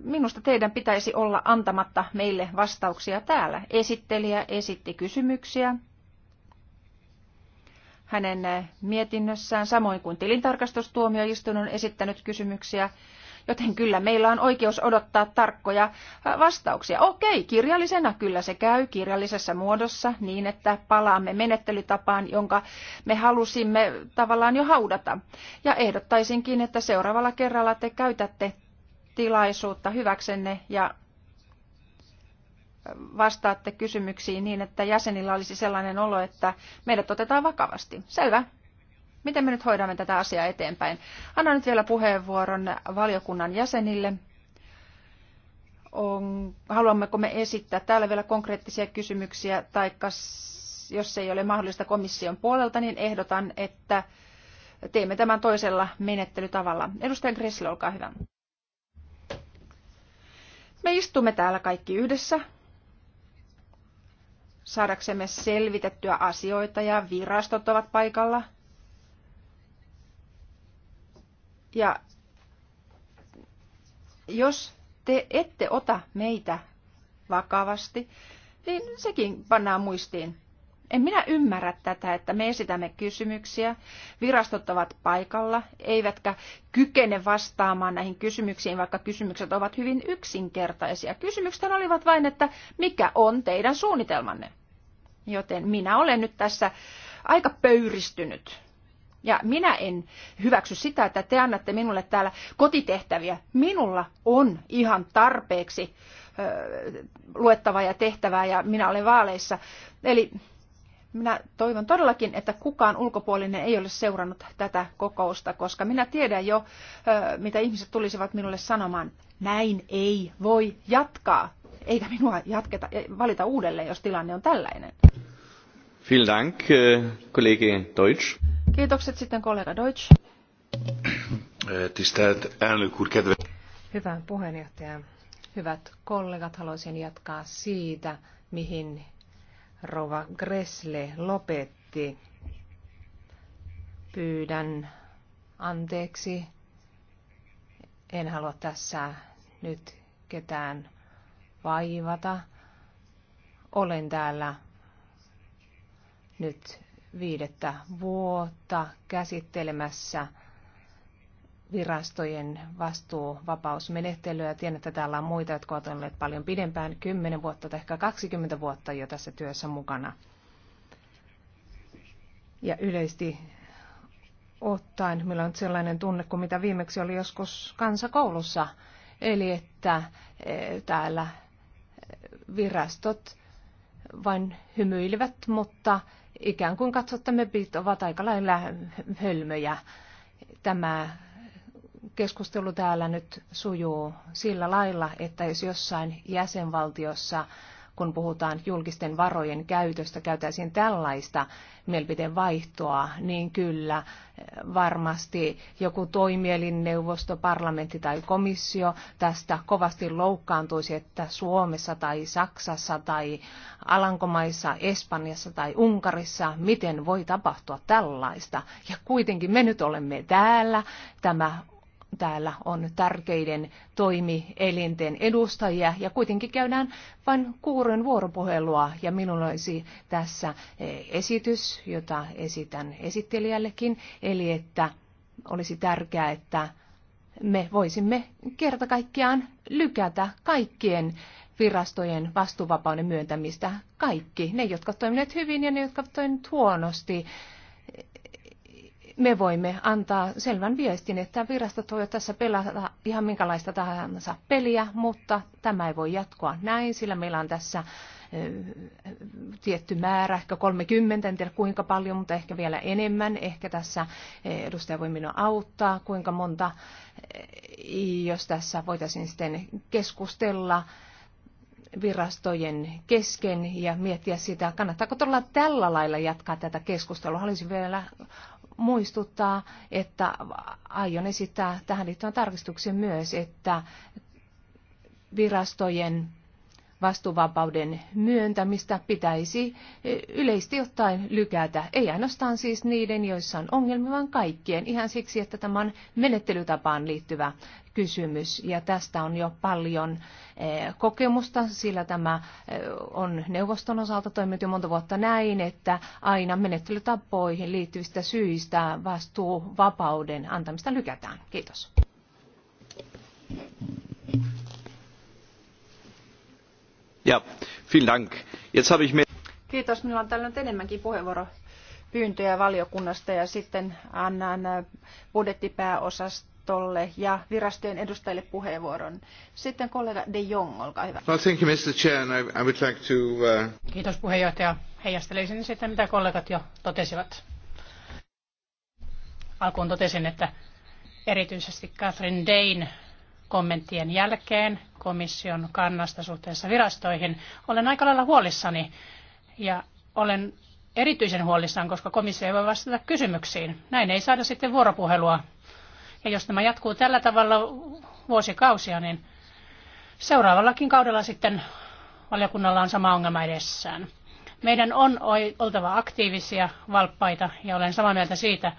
minusta teidän pitäisi olla antamatta meille vastauksia täällä. Esittelijä esitti kysymyksiä, hänen eh, mietinnössään, samoin kuin tilintarkastustuomioistuin on esittänyt kysymyksiä, joten kyllä meillä on oikeus odottaa tarkkoja eh, vastauksia. Okei, kirjallisena kyllä se käy kirjallisessa muodossa niin, että palaamme menettelytapaan, jonka me halusimme tavallaan jo haudata. Ja ehdottaisinkin, että seuraavalla kerralla te käytätte tilaisuutta hyväksenne ja vastaatte kysymyksiin niin, että jäsenillä olisi sellainen olo, että meidät otetaan vakavasti. Selvä. Miten me nyt hoidamme tätä asiaa eteenpäin? Anna nyt vielä puheenvuoron valiokunnan jäsenille. On, haluammeko me esittää täällä vielä konkreettisia kysymyksiä, tai jos ei ole mahdollista komission puolelta, niin ehdotan, että teemme tämän toisella menettelytavalla. Edustaja Gressel, olkaa hyvä. Me istumme täällä kaikki yhdessä saadaksemme selvitettyä asioita ja virastot ovat paikalla. Ja jos te ette ota meitä vakavasti, niin sekin pannaan muistiin. En minä ymmärrä tätä, että me esitämme kysymyksiä, virastot ovat paikalla, eivätkä kykene vastaamaan näihin kysymyksiin, vaikka kysymykset ovat hyvin yksinkertaisia. Kysymykset olivat vain, että mikä on teidän suunnitelmanne? Joten minä olen nyt tässä aika pöyristynyt. Ja minä en hyväksy sitä, että te annatte minulle täällä kotitehtäviä. Minulla on ihan tarpeeksi ö, luettavaa ja tehtävää ja minä olen vaaleissa. Eli minä toivon todellakin, että kukaan ulkopuolinen ei ole seurannut tätä kokousta, koska minä tiedän jo, mitä ihmiset tulisivat minulle sanomaan. Näin ei voi jatkaa, eikä minua jatketa, valita uudelleen, jos tilanne on tällainen. Vielen Dank, äh, kollegi Deutsch. Kiitokset sitten kollega Deutsch. Äh, Hyvä puheenjohtaja. Hyvät kollegat, haluaisin jatkaa siitä, mihin Rova Gresle lopetti. Pyydän anteeksi. En halua tässä nyt ketään vaivata. Olen täällä nyt viidettä vuotta käsittelemässä virastojen vastuuvapausmenettelyä. Tiedän, että täällä on muita, jotka ovat olleet paljon pidempään, 10 vuotta tai ehkä 20 vuotta jo tässä työssä mukana. Ja yleisesti ottaen meillä on sellainen tunne kuin mitä viimeksi oli joskus kansakoulussa. Eli että eh, täällä eh, virastot vain hymyilivät, mutta ikään kuin katsottamme ovat aika lailla hölmöjä. Tämä keskustelu täällä nyt sujuu sillä lailla, että jos jossain jäsenvaltiossa kun puhutaan julkisten varojen käytöstä, käytäisiin tällaista mielipiteen vaihtoa, niin kyllä varmasti joku toimielinneuvosto, parlamentti tai komissio tästä kovasti loukkaantuisi, että Suomessa tai Saksassa tai Alankomaissa, Espanjassa tai Unkarissa, miten voi tapahtua tällaista. Ja kuitenkin me nyt olemme täällä, tämä täällä on tärkeiden toimielinten edustajia ja kuitenkin käydään vain kuuren vuoropuhelua ja minulla olisi tässä eh, esitys, jota esitän esittelijällekin, eli että olisi tärkeää, että me voisimme kerta kaikkiaan lykätä kaikkien virastojen vastuuvapauden myöntämistä kaikki, ne jotka toimivat toimineet hyvin ja ne jotka toimivat toimineet huonosti me voimme antaa selvän viestin, että virastot voivat tässä pelata ihan minkälaista tahansa peliä, mutta tämä ei voi jatkoa näin, sillä meillä on tässä tietty määrä, ehkä 30, en tiedä kuinka paljon, mutta ehkä vielä enemmän. Ehkä tässä edustaja voi minua auttaa, kuinka monta, jos tässä voitaisiin sitten keskustella virastojen kesken ja miettiä sitä, kannattaako todella tällä lailla jatkaa tätä keskustelua. Haluaisin vielä muistuttaa, että aion esittää tähän liittyvän tarkistuksen myös, että virastojen vastuuvapauden myöntämistä pitäisi eh, yleisesti ottaen lykätä. Ei ainoastaan siis niiden, joissa on ongelmia, vaan kaikkien. Ihan siksi, että tämä on menettelytapaan liittyvä kysymys. Ja tästä on jo paljon eh, kokemusta, sillä tämä eh, on neuvoston osalta toiminut jo monta vuotta näin, että aina menettelytapoihin liittyvistä syistä vastuuvapauden antamista lykätään. Kiitos. Mm. Kiitos. Minulla on täällä nyt enemmänkin puheenvuoropyyntöjä valiokunnasta ja sitten annan äh, budjettipääosastolle ja virastojen edustajille puheenvuoron. Sitten kollega De Jong, olkaa hyvä. thank you, Mr. I, would like to, uh, Kiitos puheenjohtaja. Heijastelisin sitä, mitä kollegat jo totesivat. Alkuun totesin, että erityisesti Catherine dayn kommenttien jälkeen komission kannasta suhteessa virastoihin. Olen aika lailla huolissani ja olen erityisen huolissaan, koska komissio ei voi vastata kysymyksiin. Näin ei saada sitten vuoropuhelua. Ja jos tämä jatkuu tällä tavalla vuosikausia, niin seuraavallakin kaudella sitten valiokunnalla on sama ongelma edessään. Meidän on oltava aktiivisia, valppaita ja olen samaa mieltä siitä,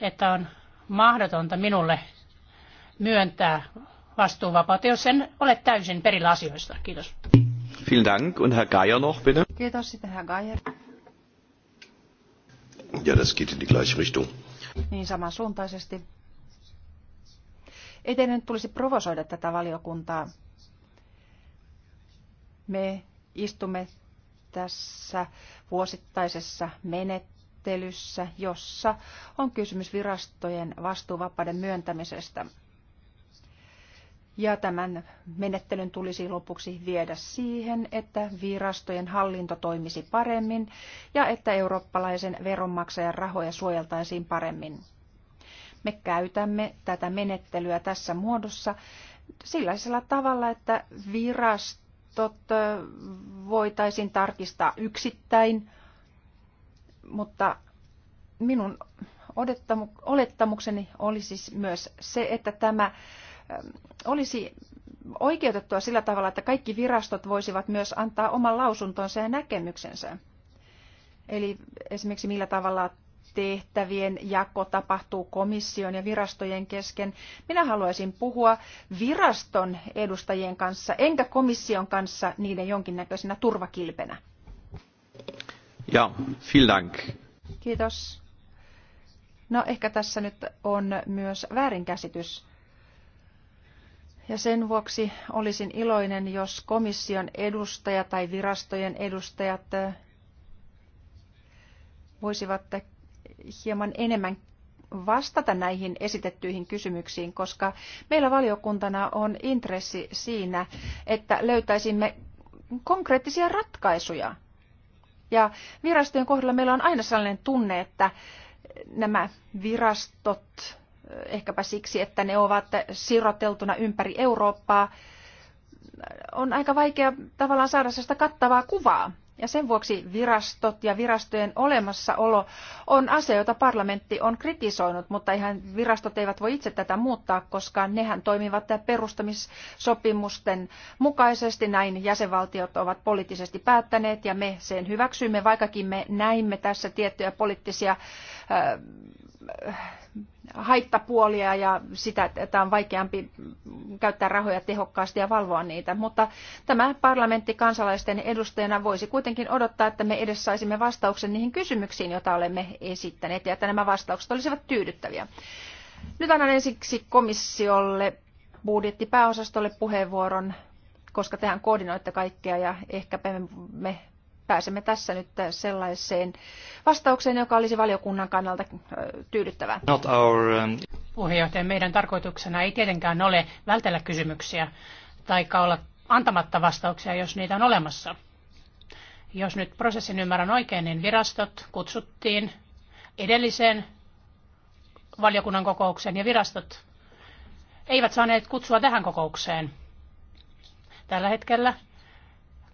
että on mahdotonta minulle myöntää vastuuvapautta, jos en ole täysin perillä asioista. Kiitos. Vielen Dank. Und Herr Geier noch, bitte. Kiitos. Sitten Herr Geier. Ja, das geht in die gleiche Richtung. Niin samansuuntaisesti. Ei teidän nyt tulisi provosoida tätä valiokuntaa. Me istumme tässä vuosittaisessa menettelyssä, jossa on kysymys virastojen vastuuvapauden myöntämisestä. Ja tämän menettelyn tulisi lopuksi viedä siihen, että virastojen hallinto toimisi paremmin ja että eurooppalaisen veronmaksajan rahoja suojeltaisiin paremmin. Me käytämme tätä menettelyä tässä muodossa sellaisella tavalla, että virastot voitaisiin tarkistaa yksittäin, mutta minun olettamukseni olisi siis myös se, että tämä olisi oikeutettua sillä tavalla, että kaikki virastot voisivat myös antaa oman lausuntonsa ja näkemyksensä. Eli esimerkiksi millä tavalla tehtävien jako tapahtuu komission ja virastojen kesken. Minä haluaisin puhua viraston edustajien kanssa, enkä komission kanssa niiden jonkinnäköisenä turvakilpenä. Ja, vielen dank. Kiitos. No ehkä tässä nyt on myös väärinkäsitys ja sen vuoksi olisin iloinen, jos komission edustaja tai virastojen edustajat voisivat hieman enemmän vastata näihin esitettyihin kysymyksiin, koska meillä valiokuntana on intressi siinä, että löytäisimme konkreettisia ratkaisuja. Ja virastojen kohdalla meillä on aina sellainen tunne, että nämä virastot ehkäpä siksi, että ne ovat siroteltuna ympäri Eurooppaa, on aika vaikea tavallaan saada sitä kattavaa kuvaa. Ja sen vuoksi virastot ja virastojen olemassaolo on asia, jota parlamentti on kritisoinut, mutta ihan virastot eivät voi itse tätä muuttaa, koska nehän toimivat perustamissopimusten mukaisesti. Näin jäsenvaltiot ovat poliittisesti päättäneet ja me sen hyväksymme, vaikkakin me näimme tässä tiettyjä poliittisia äh, haittapuolia ja sitä, että on vaikeampi käyttää rahoja tehokkaasti ja valvoa niitä. Mutta tämä parlamentti kansalaisten edustajana voisi kuitenkin odottaa, että me edes saisimme vastauksen niihin kysymyksiin, joita olemme esittäneet ja että nämä vastaukset olisivat tyydyttäviä. Nyt annan ensiksi komissiolle budjettipääosastolle puheenvuoron, koska tehän koordinoitte kaikkea ja ehkäpä me pääsemme tässä nyt sellaiseen vastaukseen, joka olisi valiokunnan kannalta tyydyttävää. Not our, um... Puheenjohtaja, meidän tarkoituksena ei tietenkään ole vältellä kysymyksiä tai olla antamatta vastauksia, jos niitä on olemassa. Jos nyt prosessin ymmärrän oikein, niin virastot kutsuttiin edelliseen valiokunnan kokoukseen ja virastot eivät saaneet kutsua tähän kokoukseen. Tällä hetkellä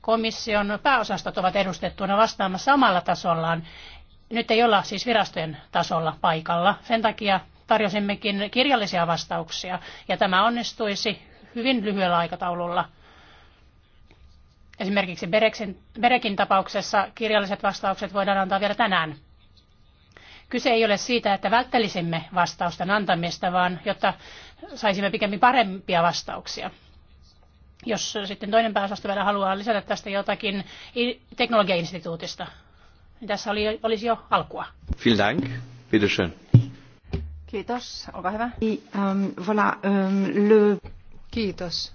komission pääosastot ovat edustettuina vastaamassa samalla tasollaan. Nyt ei olla siis virastojen tasolla paikalla. Sen takia tarjosimmekin kirjallisia vastauksia ja tämä onnistuisi hyvin lyhyellä aikataululla. Esimerkiksi Berekin tapauksessa kirjalliset vastaukset voidaan antaa vielä tänään. Kyse ei ole siitä, että välttelisimme vastausten antamista, vaan jotta saisimme pikemmin parempia vastauksia. Jos sitten toinen pääosasto vielä haluaa lisätä tästä jotakin teknologiainstituutista, niin tässä oli, olisi jo alkua. Vielen Dank. Bitteschön. Kiitos. Olkaa hyvä. Ähm, voilà, ähm, le... Kiitos.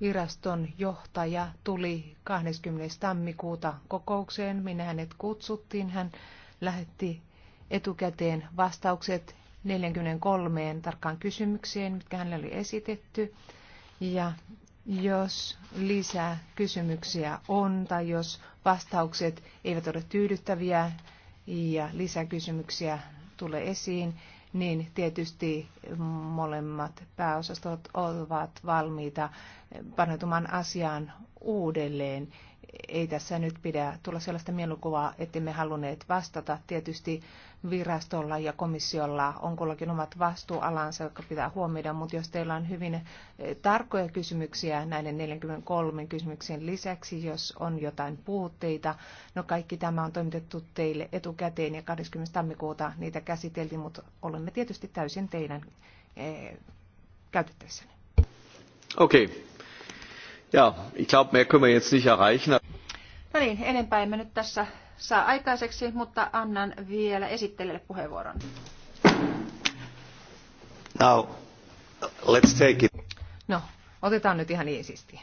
Viraston johtaja tuli 20. tammikuuta kokoukseen, minne hänet kutsuttiin. Hän lähetti etukäteen vastaukset 43 tarkkaan kysymykseen, mitkä hänelle oli esitetty. Ja jos lisää kysymyksiä on tai jos vastaukset eivät ole tyydyttäviä ja lisäkysymyksiä tulee esiin, niin tietysti molemmat pääosastot ovat valmiita paneutumaan asiaan uudelleen. Ei tässä nyt pidä tulla sellaista mielikuvaa, että me halunneet vastata. Tietysti virastolla ja komissiolla on kullakin omat vastuualansa, jotka pitää huomioida, mutta jos teillä on hyvin eh, tarkkoja kysymyksiä näiden 43 kysymyksen lisäksi, jos on jotain puutteita, no kaikki tämä on toimitettu teille etukäteen ja 20. tammikuuta niitä käsiteltiin, mutta olemme tietysti täysin teidän eh, käytettävissänne. Okei. Okay. Ja, ich glaube, mehr können wir jetzt nicht erreichen. No niin, enempää emme nyt tässä saa aikaiseksi, mutta annan vielä esittelijälle puheenvuoron. Now, let's take it. No, otetaan nyt ihan iisisti.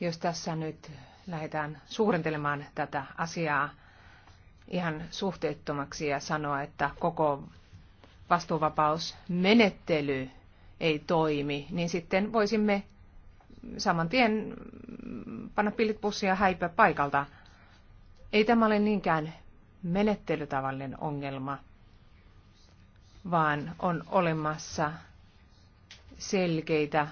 Jos tässä nyt lähdetään suurentelemaan tätä asiaa ihan suhteettomaksi ja sanoa, että koko vastuuvapausmenettely menettely ei toimi, niin sitten voisimme saman tien panna pillit pussia ja häipyä paikalta. Ei tämä ole niinkään menettelytavallinen ongelma, vaan on olemassa selkeitä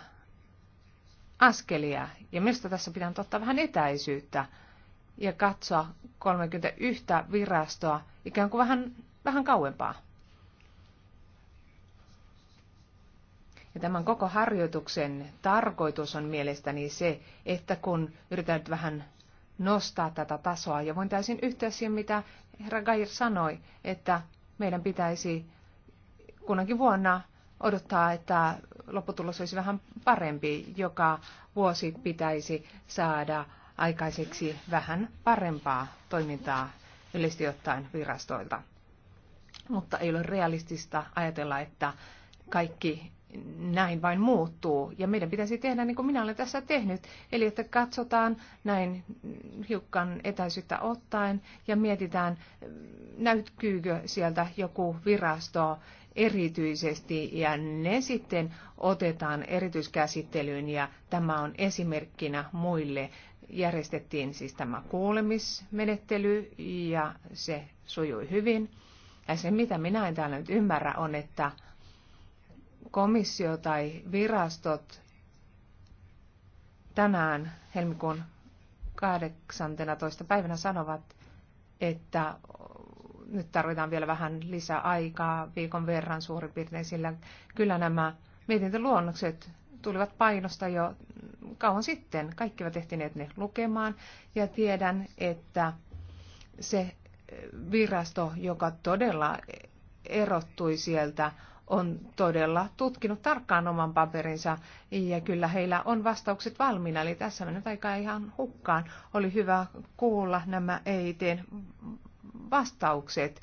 askelia. Ja minusta tässä pitää ottaa vähän etäisyyttä ja katsoa 31 virastoa ikään kuin vähän, vähän kauempaa. Ja tämän koko harjoituksen tarkoitus on mielestäni se, että kun yritän nyt vähän nostaa tätä tasoa, ja voin täysin yhtyä siihen, mitä herra Gair sanoi, että meidän pitäisi kunnakin vuonna odottaa, että lopputulos olisi vähän parempi. Joka vuosi pitäisi saada aikaiseksi vähän parempaa toimintaa yleisesti ottaen virastoilta. Mutta ei ole realistista ajatella, että kaikki näin vain muuttuu. Ja meidän pitäisi tehdä niin kuin minä olen tässä tehnyt. Eli että katsotaan näin hiukan etäisyyttä ottaen ja mietitään, näytkyykö sieltä joku virasto erityisesti ja ne sitten otetaan erityiskäsittelyyn ja tämä on esimerkkinä muille. Järjestettiin siis tämä kuulemismenettely ja se sujui hyvin. Ja se mitä minä en täällä nyt ymmärrä on, että komissio tai virastot tänään helmikuun 18. päivänä sanovat, että nyt tarvitaan vielä vähän lisää aikaa viikon verran suurin piirtein, sillä kyllä nämä mietintöluonnokset tulivat painosta jo kauan sitten. Kaikki ovat ehtineet ne lukemaan ja tiedän, että se virasto, joka todella erottui sieltä on todella tutkinut tarkkaan oman paperinsa ja kyllä heillä on vastaukset valmiina, eli tässä mennyt aika ihan hukkaan. Oli hyvä kuulla nämä EITn vastaukset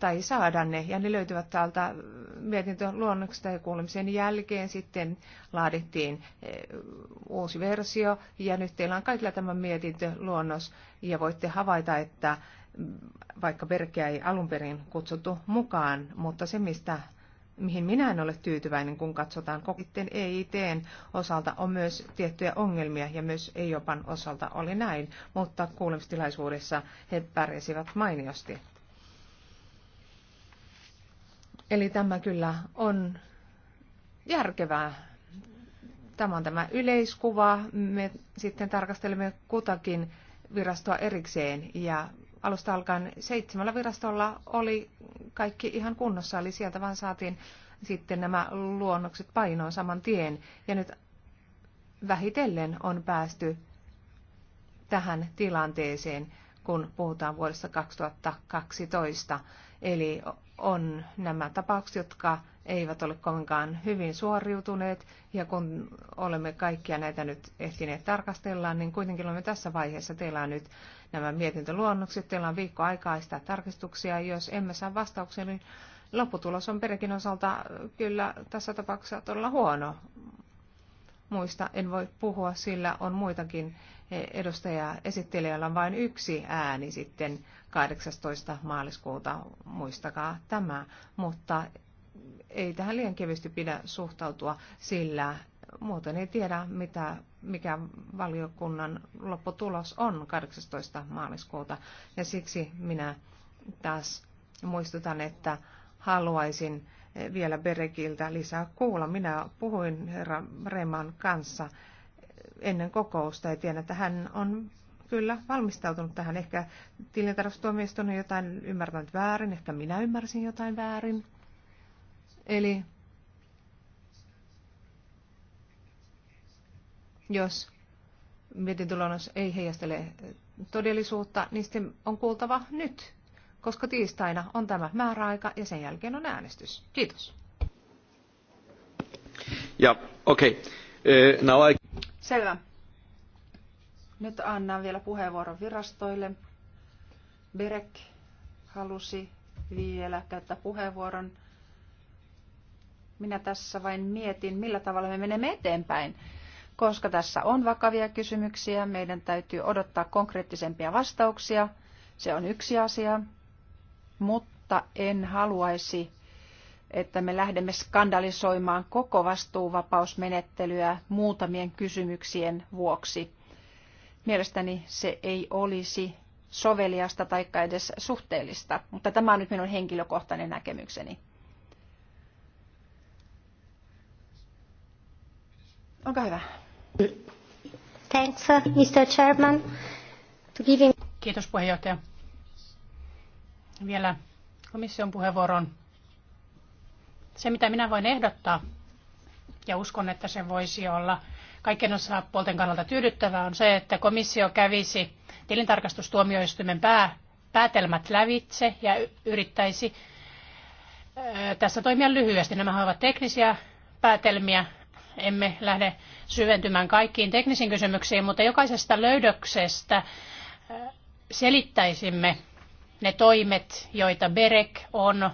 tai saada ne, ja ne löytyvät täältä luonnoksesta ja kuulemisen jälkeen sitten laadittiin eh, uusi versio, ja nyt teillä on kaikilla tämä luonnos ja voitte havaita, että vaikka Berkeä ei alun perin kutsuttu mukaan, mutta se mistä mihin minä en ole tyytyväinen, kun katsotaan. Sitten EITn osalta on myös tiettyjä ongelmia ja myös EIOPan osalta oli näin, mutta kuulemistilaisuudessa he pärjäsivät mainiosti. Eli tämä kyllä on järkevää. Tämä on tämä yleiskuva. Me sitten tarkastelemme kutakin virastoa erikseen ja alusta alkaen seitsemällä virastolla oli kaikki ihan kunnossa, eli sieltä vaan saatiin sitten nämä luonnokset painoon saman tien. Ja nyt vähitellen on päästy tähän tilanteeseen, kun puhutaan vuodesta 2012. Eli on nämä tapaukset, jotka eivät ole kovinkaan hyvin suoriutuneet, ja kun olemme kaikkia näitä nyt ehtineet tarkastella, niin kuitenkin olemme tässä vaiheessa, teillä on nyt nämä mietintöluonnokset. Teillä on viikko aikaa sitä tarkistuksia. Jos emme saa vastauksia, niin lopputulos on perekin osalta kyllä tässä tapauksessa todella huono. Muista en voi puhua, sillä on muitakin e, edustajia. Esittelijällä on vain yksi ääni sitten 18. maaliskuuta, muistakaa tämä. Mutta ei tähän liian kevyesti pidä suhtautua, sillä muuten ei tiedä, mitä, mikä valiokunnan lopputulos on 18. maaliskuuta. Ja siksi minä taas muistutan, että haluaisin eh, vielä Berekiltä lisää kuulla. Minä puhuin herra Reman kanssa eh, ennen kokousta ja tiedän, että hän on kyllä valmistautunut tähän. Ehkä tilintarvostuomioistuin on jotain ymmärtänyt väärin, ehkä minä ymmärsin jotain väärin. Eli jos mietintöluonnos ei heijastele todellisuutta, niin sitten on kuultava nyt, koska tiistaina on tämä määräaika ja sen jälkeen on äänestys. Kiitos. Ja, okei. Okay. Uh, I... Selvä. Nyt annan vielä puheenvuoron virastoille. Berek halusi vielä käyttää puheenvuoron. Minä tässä vain mietin, millä tavalla me menemme eteenpäin koska tässä on vakavia kysymyksiä. Meidän täytyy odottaa konkreettisempia vastauksia. Se on yksi asia, mutta en haluaisi, että me lähdemme skandalisoimaan koko vastuuvapausmenettelyä muutamien kysymyksien vuoksi. Mielestäni se ei olisi soveliasta tai edes suhteellista, mutta tämä on nyt minun henkilökohtainen näkemykseni. Olkaa hyvä. Thanks, uh, Mr. Chairman. To give him... Kiitos puheenjohtaja. Vielä komission puheenvuoron. Se, mitä minä voin ehdottaa, ja uskon, että se voisi olla kaikkien osapuolten kannalta tyydyttävää, on se, että komissio kävisi tilintarkastustuomioistuimen pää, päätelmät lävitse ja yrittäisi tässä toimia lyhyesti. Nämä ovat teknisiä päätelmiä, emme lähde syventymään kaikkiin teknisiin kysymyksiin, mutta jokaisesta löydöksestä äh, selittäisimme ne toimet, joita BEREC on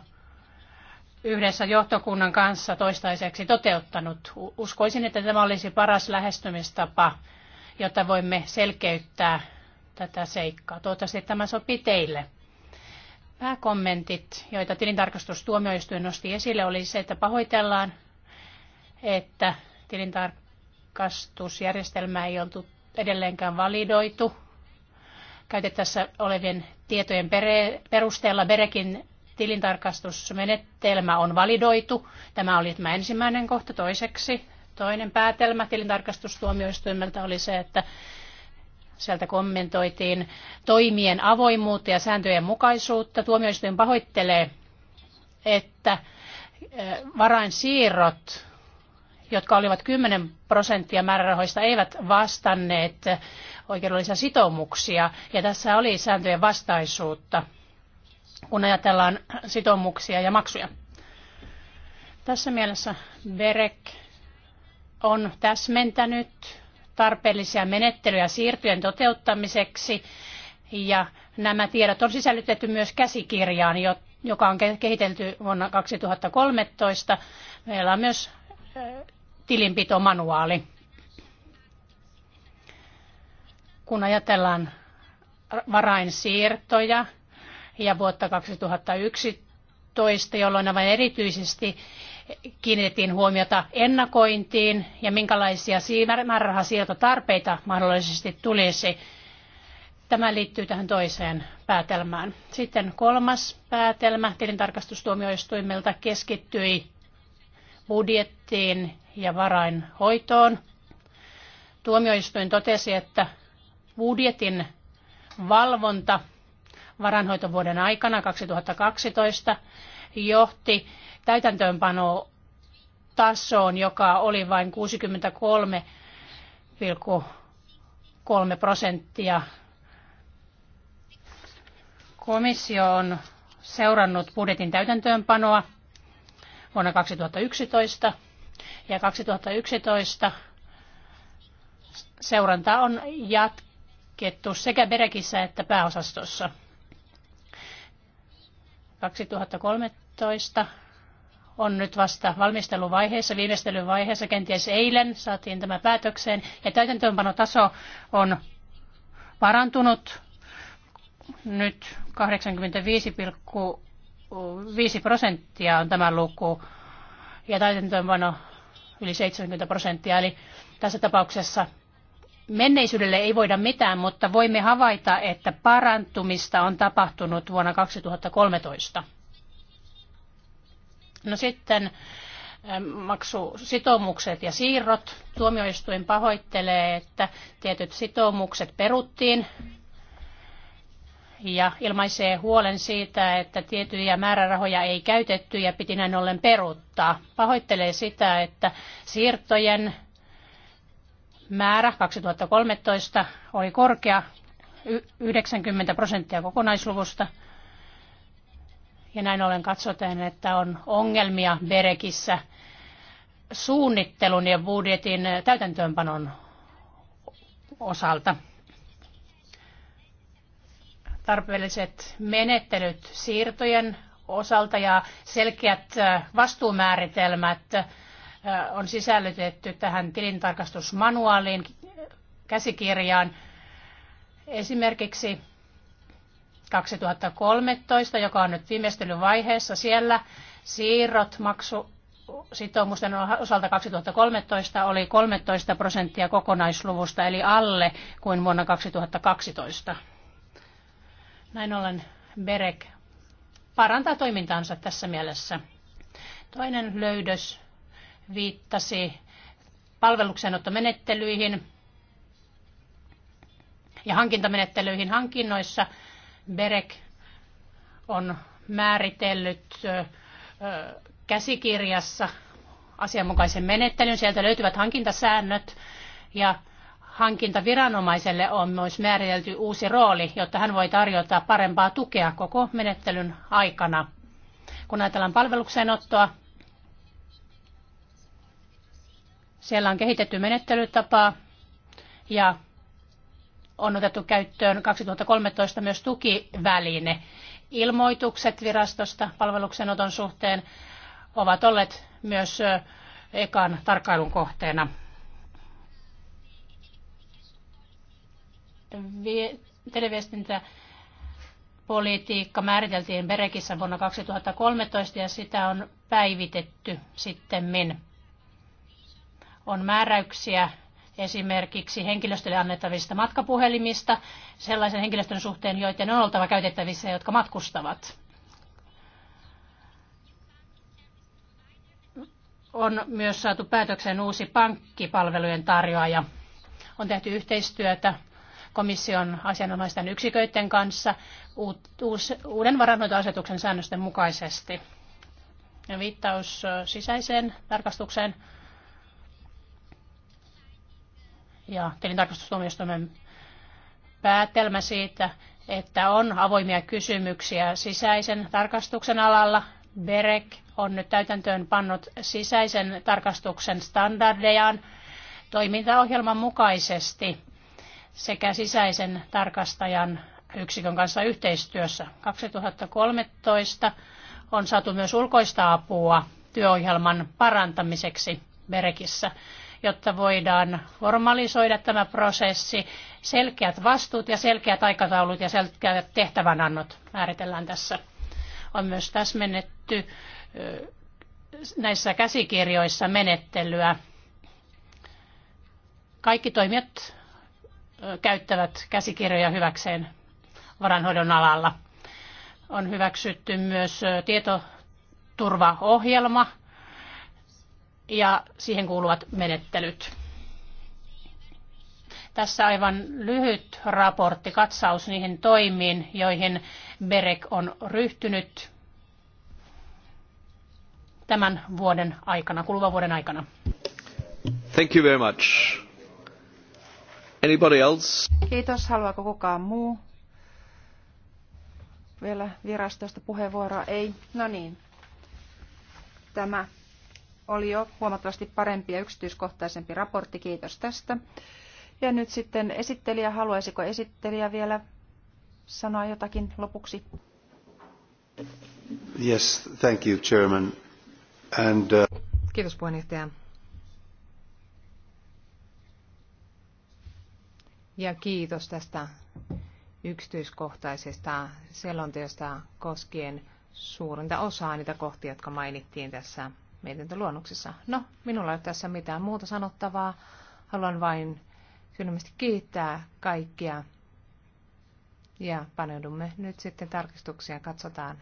yhdessä johtokunnan kanssa toistaiseksi toteuttanut. Uskoisin, että tämä olisi paras lähestymistapa, jotta voimme selkeyttää tätä seikkaa. Toivottavasti tämä sopii teille. Pääkommentit, joita tilintarkastustuomioistuin nosti esille, oli se, että pahoitellaan, että tilintarkastusjärjestelmää ei oltu edelleenkään validoitu. käytettävissä olevien tietojen perusteella Berekin tilintarkastusmenetelmä on validoitu. Tämä oli tämä ensimmäinen kohta. Toiseksi toinen päätelmä tilintarkastustuomioistuimelta oli se, että sieltä kommentoitiin toimien avoimuutta ja sääntöjen mukaisuutta. Tuomioistuin pahoittelee, että eh, varainsiirrot jotka olivat 10 prosenttia määrärahoista, eivät vastanneet oikeudellisia sitoumuksia. Ja tässä oli sääntöjen vastaisuutta, kun ajatellaan sitoumuksia ja maksuja. Tässä mielessä Verek on täsmentänyt tarpeellisia menettelyjä siirtyjen toteuttamiseksi ja nämä tiedot on sisällytetty myös käsikirjaan, joka on kehitelty vuonna 2013. Meillä on myös tilinpitomanuaali. Kun ajatellaan varainsiirtoja ja vuotta 2011, jolloin aivan erityisesti kiinnitettiin huomiota ennakointiin ja minkälaisia määrärahasiirtotarpeita mahdollisesti tulisi. Tämä liittyy tähän toiseen päätelmään. Sitten kolmas päätelmä tilintarkastustuomioistuimelta keskittyi budjettiin konfliktiin ja varainhoitoon. Tuomioistuin totesi, että budjetin valvonta varainhoitovuoden aikana 2012 johti täytäntöönpano tasoon, joka oli vain 63,3 prosenttia. Komissio on seurannut budjetin täytäntöönpanoa vuonna 2011 ja 2011 seuranta on jatkettu sekä Berekissä että pääosastossa. 2013 on nyt vasta valmisteluvaiheessa, viimeistelyvaiheessa, kenties eilen saatiin tämä päätökseen. Ja täytäntöönpanotaso on parantunut nyt 85,5 prosenttia on tämä luku. Ja täytäntöönpano yli 70 prosenttia. Eli tässä tapauksessa menneisyydelle ei voida mitään, mutta voimme havaita, että parantumista on tapahtunut vuonna 2013. No sitten ähm, maksusitoumukset ja siirrot. Tuomioistuin pahoittelee, että tietyt sitoumukset peruttiin ja ilmaisee huolen siitä, että tiettyjä määrärahoja ei käytetty ja piti näin ollen peruuttaa. Pahoittelee sitä, että siirtojen määrä 2013 oli korkea, 90 prosenttia kokonaisluvusta. Ja näin ollen katsotaan, että on ongelmia Berekissä suunnittelun ja budjetin täytäntöönpanon osalta tarpeelliset menettelyt siirtojen osalta ja selkeät vastuumääritelmät on sisällytetty tähän tilintarkastusmanuaaliin käsikirjaan. Esimerkiksi 2013, joka on nyt viimeistelyvaiheessa siellä, siirrot maksu osalta 2013 oli 13 prosenttia kokonaisluvusta, eli alle kuin vuonna 2012. Näin ollen Berek parantaa toimintaansa tässä mielessä. Toinen löydös viittasi palveluksenottomenettelyihin ja hankintamenettelyihin hankinnoissa. Berek on määritellyt käsikirjassa asianmukaisen menettelyn. Sieltä löytyvät hankintasäännöt ja hankintaviranomaiselle on myös määritelty uusi rooli, jotta hän voi tarjota parempaa tukea koko menettelyn aikana. Kun ajatellaan palvelukseenottoa, siellä on kehitetty menettelytapaa ja on otettu käyttöön 2013 myös tukiväline. Ilmoitukset virastosta palveluksenoton suhteen ovat olleet myös ekan tarkkailun kohteena. politiikka määriteltiin Berekissä vuonna 2013 ja sitä on päivitetty sitten. On määräyksiä esimerkiksi henkilöstölle annettavista matkapuhelimista sellaisen henkilöstön suhteen, joiden on oltava käytettävissä, jotka matkustavat. On myös saatu päätökseen uusi pankkipalvelujen tarjoaja. On tehty yhteistyötä komission asianomaisten yksiköiden kanssa uuden varainhoitoasetuksen säännösten mukaisesti. Ja viittaus sisäiseen tarkastukseen ja tilintarkastustuomioistuimen päätelmä siitä, että on avoimia kysymyksiä sisäisen tarkastuksen alalla. BEREC on nyt täytäntöön pannut sisäisen tarkastuksen standardejaan toimintaohjelman mukaisesti sekä sisäisen tarkastajan yksikön kanssa yhteistyössä. 2013 on saatu myös ulkoista apua työohjelman parantamiseksi Berekissä, jotta voidaan formalisoida tämä prosessi. Selkeät vastuut ja selkeät aikataulut ja selkeät tehtävänannot määritellään tässä. On myös täsmennetty näissä käsikirjoissa menettelyä. Kaikki toimijat käyttävät käsikirjoja hyväkseen varanhoidon alalla. On hyväksytty myös tietoturvaohjelma ja siihen kuuluvat menettelyt. Tässä aivan lyhyt raportti, katsaus niihin toimiin, joihin BEREC on ryhtynyt tämän vuoden aikana, kuluvan vuoden aikana. Thank you very much. Kiitos. Haluaako kukaan muu? Vielä virastosta puheenvuoroa? Ei. No niin. Tämä oli jo huomattavasti parempi ja yksityiskohtaisempi raportti. Kiitos tästä. Ja nyt sitten esittelijä. Haluaisiko esittelijä vielä sanoa jotakin lopuksi? Yes, thank you, Chairman. And, uh... Kiitos puheenjohtaja. ja kiitos tästä yksityiskohtaisesta selonteosta koskien suurinta osaa niitä kohtia, jotka mainittiin tässä mietintöluonnoksessa. No, minulla ei ole tässä mitään muuta sanottavaa. Haluan vain sydämestä kiittää kaikkia ja paneudumme nyt sitten tarkistuksia. Katsotaan,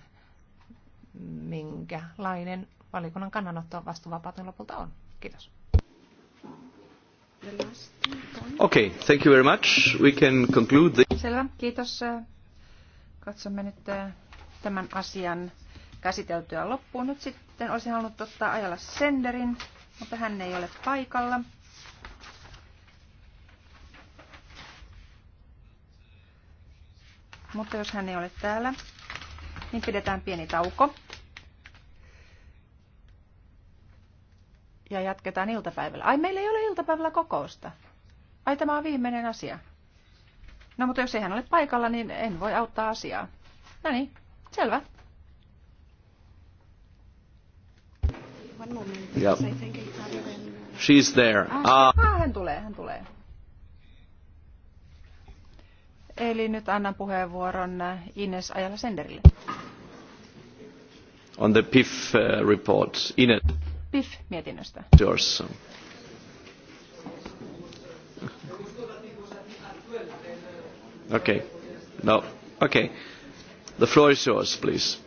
minkälainen valikunnan kannanotto vastuuvapauden lopulta on. Kiitos. Okay, thank you very much. We can conclude the... Selvä, kiitos. Katsomme nyt äh, tämän asian käsiteltyä loppuun. Nyt sitten olisin halunnut ottaa ajalla senderin, mutta hän ei ole paikalla. Mutta jos hän ei ole täällä, niin pidetään pieni tauko. ja jatketaan iltapäivällä. Ai, meillä ei ole iltapäivällä kokousta. Ai, tämä on viimeinen asia. No, mutta jos ei hän ole paikalla, niin en voi auttaa asiaa. No niin, selvä. She's there. Ah, ah. ah, hän tulee, hän tulee. Eli nyt annan puheenvuoron äh, Ines Ajala-Senderille. On the PIF äh, report, Ines. PIF-mietinnöstä. Okay. No. Okay. The floor is yours, please.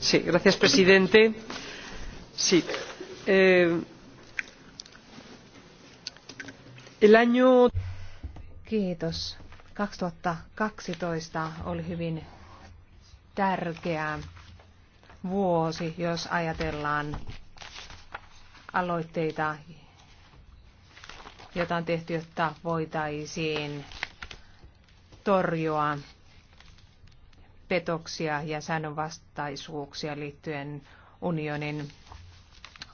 Sí, gracias, presidente. Sí. Eh, el año. Kiitos. 2012 oli hyvin tärkeä vuosi, jos ajatellaan aloitteita, joita on tehty, jotta voitaisiin torjua petoksia ja säännönvastaisuuksia liittyen unionin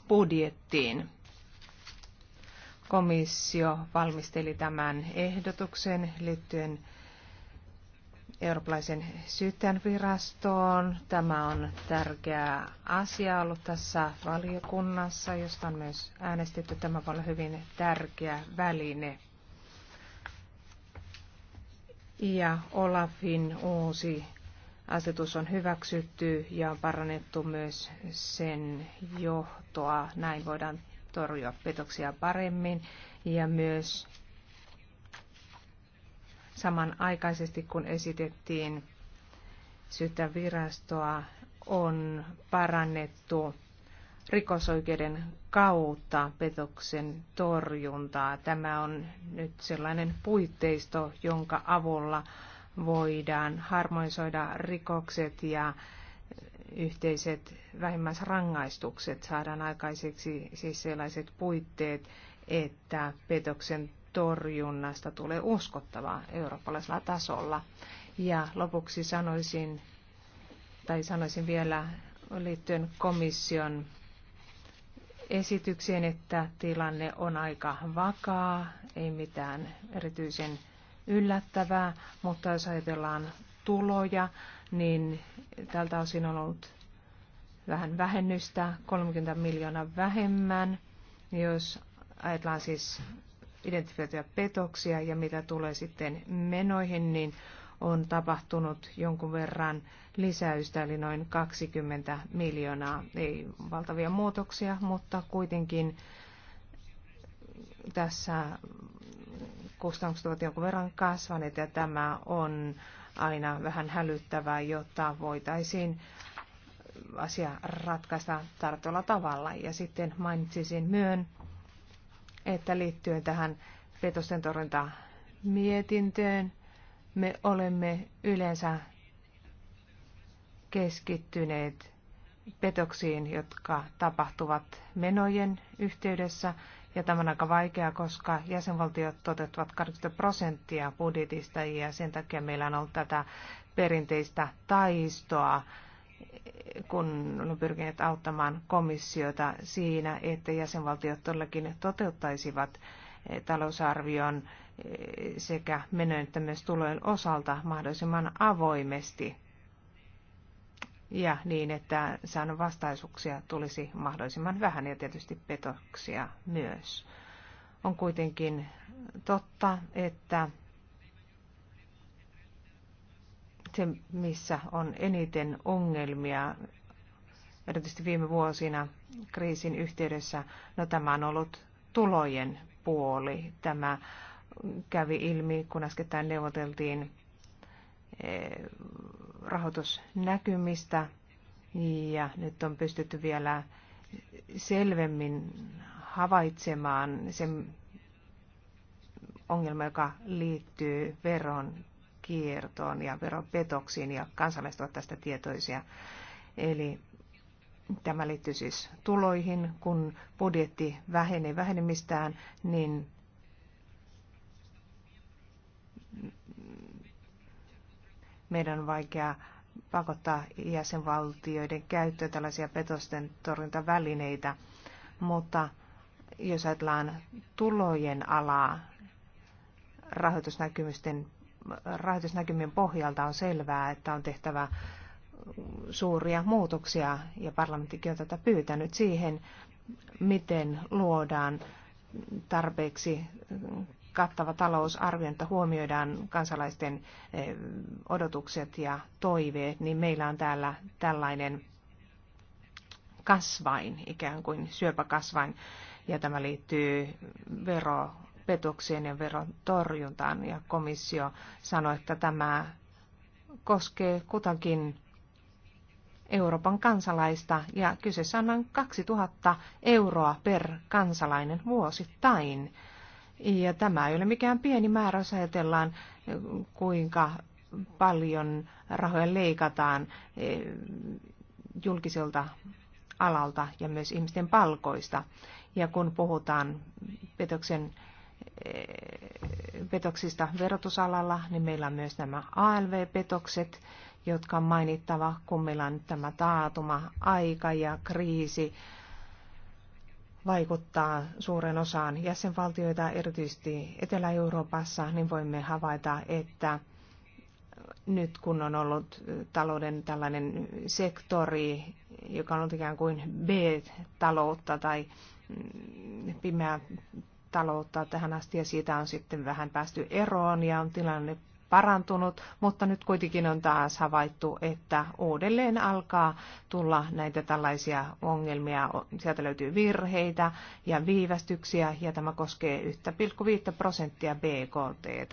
budjettiin. Komissio valmisteli tämän ehdotuksen liittyen eurooppalaisen syyttäjän virastoon. Tämä on tärkeä asia ollut tässä valiokunnassa, josta on myös äänestetty. Tämä voi olla hyvin tärkeä väline. Ja Olafin uusi asetus on hyväksytty ja on parannettu myös sen johtoa. Näin voidaan torjua petoksia paremmin ja myös samanaikaisesti kun esitettiin syyttävirastoa, on parannettu rikosoikeuden kautta petoksen torjuntaa. Tämä on nyt sellainen puitteisto, jonka avulla voidaan harmonisoida rikokset ja yhteiset vähimmäisrangaistukset, saadaan aikaiseksi siis sellaiset puitteet, että petoksen torjunnasta tulee uskottavaa eurooppalaisella tasolla. Ja lopuksi sanoisin, tai sanoisin vielä liittyen komission esitykseen, että tilanne on aika vakaa, ei mitään erityisen yllättävää, mutta jos ajatellaan tuloja, niin tältä osin on ollut vähän vähennystä, 30 miljoonaa vähemmän. Jos ajatellaan siis identifioituja petoksia ja mitä tulee sitten menoihin, niin on tapahtunut jonkun verran lisäystä, eli noin 20 miljoonaa. Ei valtavia muutoksia, mutta kuitenkin tässä kustannukset ovat jonkun verran kasvaneet ja tämä on aina vähän hälyttävää, jotta voitaisiin asia ratkaista tartolla tavalla. Ja sitten mainitsisin myön, että liittyen tähän petosten mietintöön me olemme yleensä keskittyneet petoksiin, jotka tapahtuvat menojen yhteydessä. Ja tämä on aika vaikeaa, koska jäsenvaltiot toteuttavat 80 prosenttia budjetista ja sen takia meillä on ollut tätä perinteistä taistoa kun on pyrkineet auttamaan komissiota siinä, että jäsenvaltiot todellakin toteuttaisivat eh, talousarvion eh, sekä menojen että myös tulojen osalta mahdollisimman avoimesti ja niin, että säännön vastaisuuksia tulisi mahdollisimman vähän ja tietysti petoksia myös. On kuitenkin totta, että se, missä on eniten ongelmia, erityisesti viime vuosina kriisin yhteydessä, no tämä on ollut tulojen puoli. Tämä kävi ilmi, kun äskettäin neuvoteltiin eh, rahoitusnäkymistä ja nyt on pystytty vielä selvemmin havaitsemaan sen ongelma, joka liittyy veron veronkiertoon ja veropetoksiin ja kansalaiset ovat tästä tietoisia. Eli tämä liittyy siis tuloihin, kun budjetti vähenee vähenemistään, niin meidän on vaikea pakottaa jäsenvaltioiden käyttöön tällaisia petosten torjuntavälineitä, mutta jos ajatellaan tulojen alaa rahoitusnäkymysten rahoitusnäkymien pohjalta on selvää, että on tehtävä suuria muutoksia, ja parlamenttikin on tätä pyytänyt siihen, miten luodaan tarpeeksi kattava talousarvio, että huomioidaan kansalaisten eh, odotukset ja toiveet, niin meillä on täällä tällainen kasvain, ikään kuin syöpäkasvain, ja tämä liittyy vero petoksien ja veron torjuntaan. Ja komissio sanoi, että tämä koskee kutakin Euroopan kansalaista ja kyseessä on noin 2000 euroa per kansalainen vuosittain. Ja tämä ei ole mikään pieni määrä, jos ajatellaan kuinka paljon rahoja leikataan e, julkiselta alalta ja myös ihmisten palkoista. Ja kun puhutaan petoksen petoksista verotusalalla, niin meillä on myös nämä ALV-petokset, jotka on mainittava, kun meillä on tämä taatuma, aika ja kriisi vaikuttaa suuren osaan jäsenvaltioita, erityisesti Etelä-Euroopassa, niin voimme havaita, että nyt kun on ollut talouden tällainen sektori, joka on ollut ikään kuin B-taloutta tai pimeää taloutta tähän asti ja siitä on sitten vähän päästy eroon ja on tilanne parantunut, mutta nyt kuitenkin on taas havaittu, että uudelleen alkaa tulla näitä tällaisia ongelmia. Sieltä löytyy virheitä ja viivästyksiä ja tämä koskee 1,5 prosenttia BKT.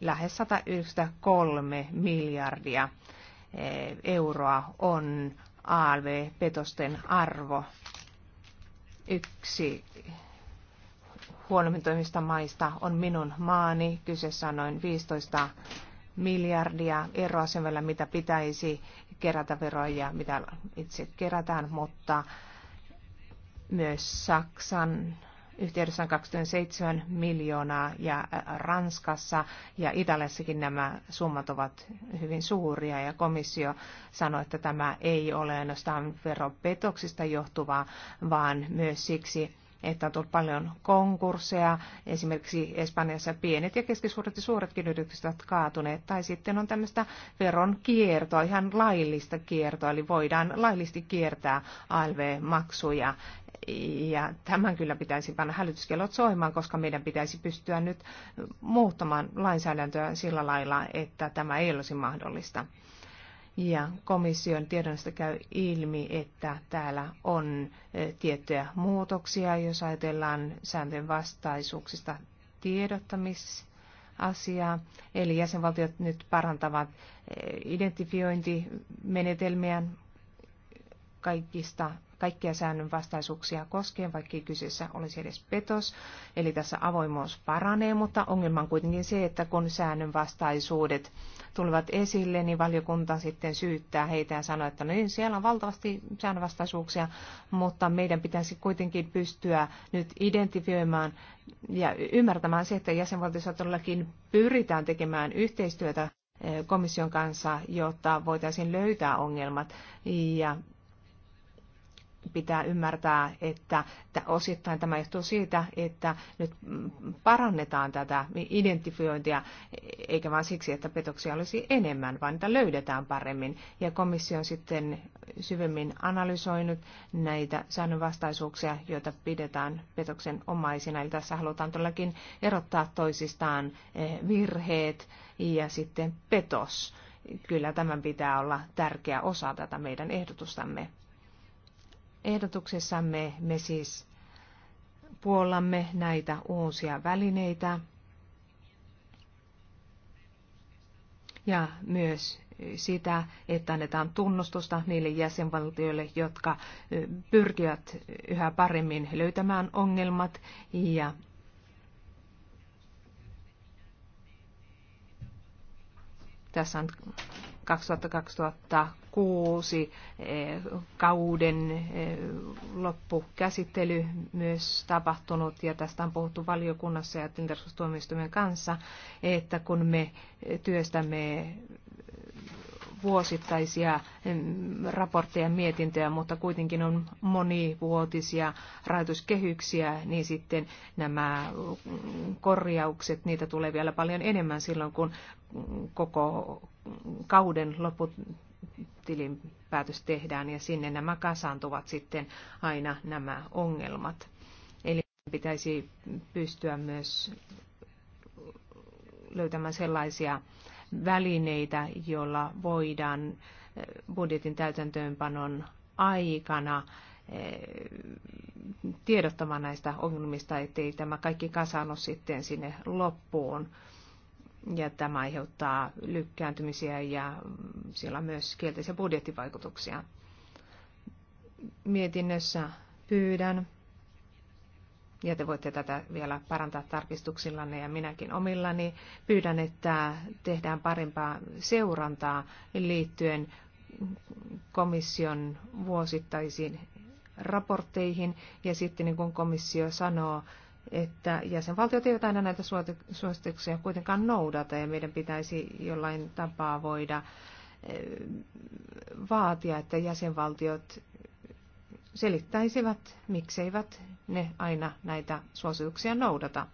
Lähes 193 miljardia eh, euroa on ALV-petosten arvo yksi huonommin toimista maista on minun maani. Kyseessä on noin 15 miljardia eroa sen välillä, mitä pitäisi kerätä veroja ja mitä itse kerätään, mutta myös Saksan yhteydessä on 27 miljoonaa ja Ranskassa ja Italiassakin nämä summat ovat hyvin suuria ja komissio sanoi, että tämä ei ole ainoastaan veropetoksista johtuvaa, vaan myös siksi, että on tullut paljon konkursseja. Esimerkiksi Espanjassa pienet ja keskisuuret ja suuretkin yritykset ovat kaatuneet. Tai sitten on tämmöistä veron kiertoa, ihan laillista kiertoa, eli voidaan laillisesti kiertää ALV-maksuja. Ja tämän kyllä pitäisi panna hälytyskellot soimaan, koska meidän pitäisi pystyä nyt muuttamaan lainsäädäntöä sillä lailla, että tämä ei olisi mahdollista. Ja komission tiedonnosta käy ilmi, että täällä on e, tiettyjä muutoksia, jos ajatellaan sääntöjen vastaisuuksista tiedottamisasiaa. Eli jäsenvaltiot nyt parantavat e, identifiointimenetelmiä kaikista, kaikkia säännönvastaisuuksia koskien, vaikka kyseessä olisi edes petos. Eli tässä avoimuus paranee, mutta ongelma on kuitenkin se, että kun säännönvastaisuudet tulevat esille, niin valiokunta sitten syyttää heitä ja sanoo, että no niin, siellä on valtavasti säännönvastaisuuksia, mutta meidän pitäisi kuitenkin pystyä nyt identifioimaan ja ymmärtämään se, että jäsenvaltiossa todellakin pyritään tekemään yhteistyötä eh, komission kanssa, jotta voitaisiin löytää ongelmat ja pitää ymmärtää, että, että osittain tämä johtuu siitä, että nyt parannetaan tätä identifiointia, eikä vain siksi, että petoksia olisi enemmän, vaan niitä löydetään paremmin. Ja komissio on sitten syvemmin analysoinut näitä säännönvastaisuuksia, joita pidetään petoksen omaisina. Eli tässä halutaan todellakin erottaa toisistaan eh, virheet ja sitten petos. Kyllä tämän pitää olla tärkeä osa tätä meidän ehdotustamme. Ehdotuksessamme me siis puollamme näitä uusia välineitä ja myös sitä, että annetaan tunnustusta niille jäsenvaltioille, jotka pyrkivät yhä paremmin löytämään ongelmat ja tässä on 2006 eh, kauden eh, loppukäsittely myös tapahtunut ja tästä on puhuttu valiokunnassa ja tintarkastustuomioistuimen kanssa, että kun me työstämme vuosittaisia raportteja ja mietintöjä, mutta kuitenkin on monivuotisia rahoituskehyksiä, niin sitten nämä korjaukset, niitä tulee vielä paljon enemmän silloin, kun koko kauden loput tilinpäätös tehdään ja sinne nämä kasaantuvat sitten aina nämä ongelmat. Eli pitäisi pystyä myös löytämään sellaisia välineitä, joilla voidaan eh, budjetin täytäntöönpanon aikana eh, tiedottamaan näistä ongelmista, ettei tämä kaikki kasannu sitten sinne loppuun. Ja tämä aiheuttaa lykkääntymisiä ja siellä on myös kielteisiä budjettivaikutuksia. Mietinnössä pyydän ja te voitte tätä vielä parantaa tarkistuksillanne ja minäkin omillani. Pyydän, että tehdään parempaa seurantaa liittyen komission vuosittaisiin raportteihin ja sitten niin kuin komissio sanoo, että jäsenvaltiot eivät aina näitä suosituksia kuitenkaan noudata ja meidän pitäisi jollain tapaa voida eh, vaatia, että jäsenvaltiot selittäisivät, mikseivät ne aina näitä suosituksia noudata.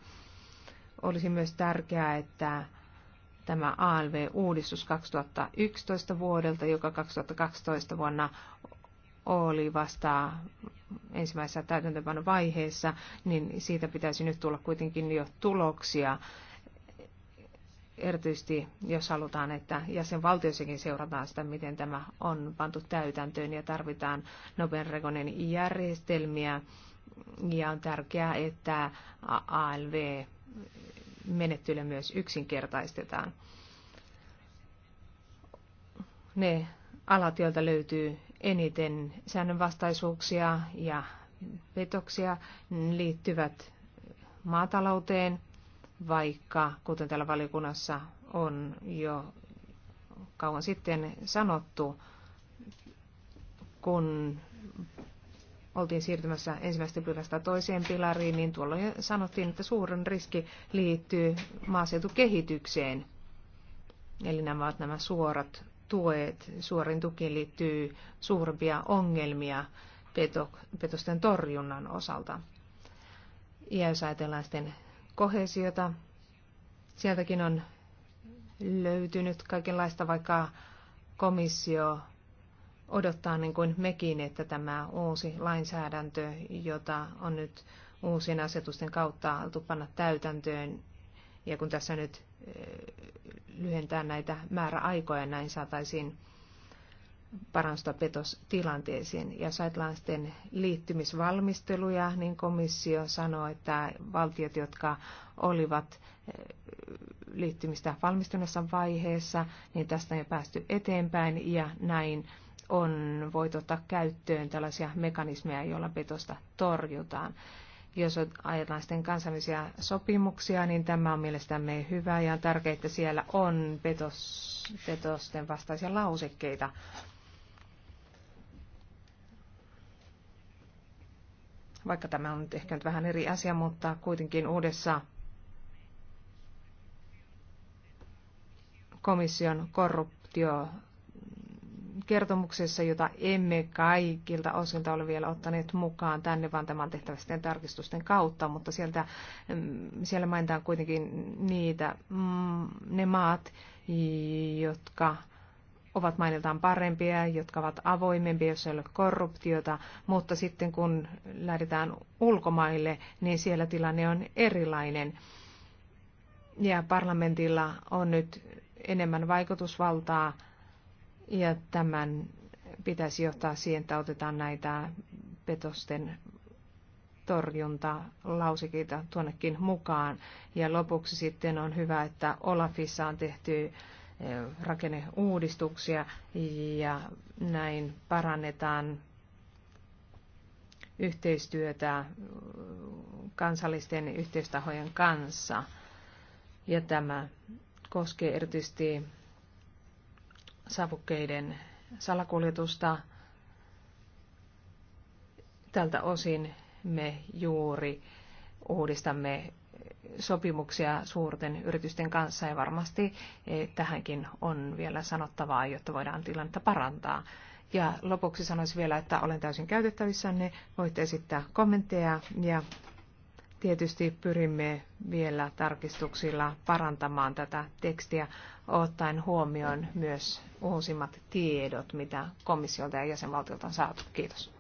Olisi myös tärkeää, että tämä ALV-uudistus 2011 vuodelta, joka 2012 vuonna oli vasta ensimmäisessä täytäntöpanon vaiheessa, niin siitä pitäisi nyt tulla kuitenkin jo tuloksia erityisesti jos halutaan, että jäsenvaltioissakin seurataan sitä, miten tämä on pantu täytäntöön ja tarvitaan nopean järjestelmiä. Ja on tärkeää, että ALV menettelyä myös yksinkertaistetaan. Ne alat, joilta löytyy eniten säännönvastaisuuksia ja petoksia, liittyvät maatalouteen, vaikka kuten täällä valiokunnassa on jo kauan sitten sanottu, kun oltiin siirtymässä ensimmäisestä pilasta toiseen pilariin, niin tuolloin sanottiin, että suurin riski liittyy maaseutukehitykseen. Eli nämä ovat nämä suorat tuet. Suorin tukiin liittyy suurimpia ongelmia petosten torjunnan osalta. Ja jos ajatellaan sitten kohesiota. Sieltäkin on löytynyt kaikenlaista, vaikka komissio odottaa niin kuin mekin, että tämä uusi lainsäädäntö, jota on nyt uusien asetusten kautta oltu panna täytäntöön, ja kun tässä nyt eh, lyhentää näitä määräaikoja, näin saataisiin parannusta petostilanteeseen. Ja jos ajatellaan sitten liittymisvalmisteluja, niin komissio sanoi, että valtiot, jotka olivat eh, liittymistä valmistuneessa vaiheessa, niin tästä on jo päästy eteenpäin ja näin on voitu ottaa käyttöön tällaisia mekanismeja, joilla petosta torjutaan jos ajatellaan sitten kansainvälisiä sopimuksia, niin tämä on mielestämme hyvä ja on tärkeää, että siellä on petos, petosten vastaisia lausekkeita vaikka tämä on nyt ehkä nyt vähän eri asia, mutta kuitenkin uudessa komission korruptio kertomuksessa, jota emme kaikilta osilta ole vielä ottaneet mukaan tänne, vaan tämän tehtävästen tarkistusten kautta, mutta sieltä, mm, siellä mainitaan kuitenkin niitä, mm, ne maat, jotka ovat mainiltaan parempia, jotka ovat avoimempia, jos ei ole korruptiota, mutta sitten kun lähdetään ulkomaille, niin siellä tilanne on erilainen. Ja parlamentilla on nyt enemmän vaikutusvaltaa ja tämän pitäisi johtaa siihen, että otetaan näitä petosten torjuntalausekita tuonnekin mukaan. Ja lopuksi sitten on hyvä, että Olafissa on tehty rakenneuudistuksia ja näin parannetaan yhteistyötä kansallisten yhteistahojen kanssa. Ja tämä koskee erityisesti savukkeiden salakuljetusta. Tältä osin me juuri uudistamme sopimuksia suurten yritysten kanssa ja varmasti eh, tähänkin on vielä sanottavaa, jotta voidaan tilannetta parantaa. Ja lopuksi sanoisin vielä, että olen täysin käytettävissänne, voitte esittää kommentteja ja tietysti pyrimme vielä tarkistuksilla parantamaan tätä tekstiä, ottaen huomioon myös uusimmat tiedot, mitä komissiolta ja jäsenvaltiolta on saatu. Kiitos.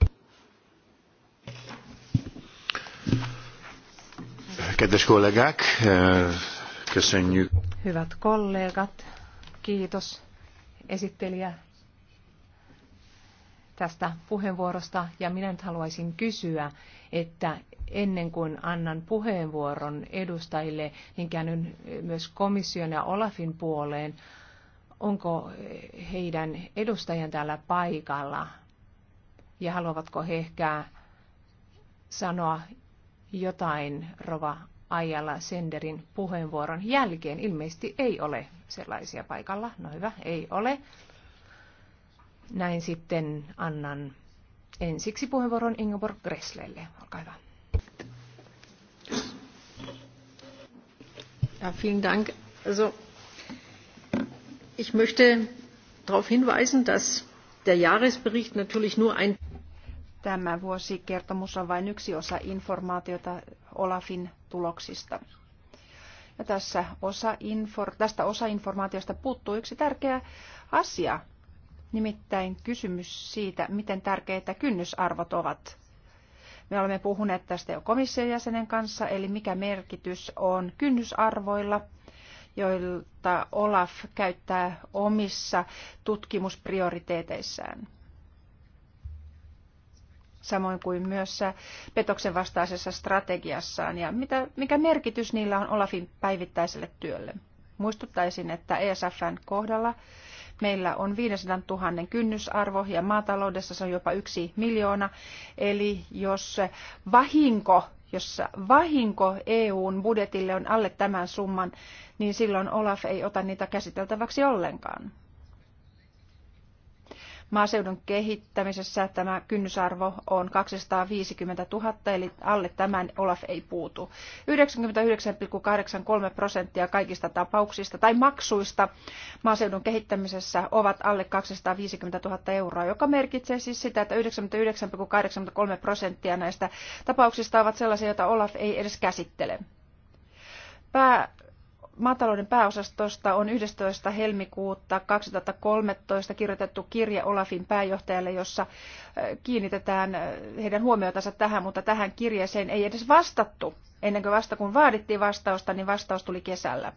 Kedves eh, köszönjük. Hyvät kollegat, kiitos esittelijä tästä puheenvuorosta ja minä nyt haluaisin kysyä, että ennen kuin annan puheenvuoron edustajille, niin käännyn myös komission ja Olafin puoleen, onko heidän edustajan täällä paikalla ja haluavatko he ehkä sanoa jotain Rova Ajalla Senderin puheenvuoron jälkeen. Ilmeisesti ei ole sellaisia paikalla. No hyvä, ei ole. Näin sitten annan ensiksi puheenvuoron Ingeborg Gresslelle. Olkaa hyvä. Ja, vielen Dank. Also, ich möchte darauf hinweisen, dass der Jahresbericht natürlich nur ein Tämä vuosikertomus on vain yksi osa informaatiota Olafin tuloksista. Ja tässä osa infor, tästä osainformaatiosta puuttuu yksi tärkeä asia, nimittäin kysymys siitä, miten tärkeitä kynnysarvot ovat. Me olemme puhuneet tästä jo komission jäsenen kanssa, eli mikä merkitys on kynnysarvoilla, joilta Olaf käyttää omissa tutkimusprioriteeteissaan samoin kuin myös petoksen vastaisessa strategiassaan ja mitä, mikä merkitys niillä on Olafin päivittäiselle työlle. Muistuttaisin, että ESFn kohdalla meillä on 500 000 kynnysarvo ja maataloudessa se on jopa yksi miljoona. Eli jos vahinko, jos vahinko EUn budjetille on alle tämän summan, niin silloin Olaf ei ota niitä käsiteltäväksi ollenkaan. Maaseudun kehittämisessä tämä kynnysarvo on 250 000, eli alle tämän Olaf ei puutu. 99,83 prosenttia kaikista tapauksista tai maksuista maaseudun kehittämisessä ovat alle 250 000 euroa, joka merkitsee siis sitä, että 99,83 prosenttia näistä tapauksista ovat sellaisia, joita Olaf ei edes käsittele. Pää maatalouden pääosastosta on 11. helmikuuta 2013 kirjoitettu kirje Olafin pääjohtajalle, jossa kiinnitetään heidän huomiotansa tähän, mutta tähän kirjeeseen ei edes vastattu. Ennen kuin vasta kun vaadittiin vastausta, niin vastaus tuli kesällä.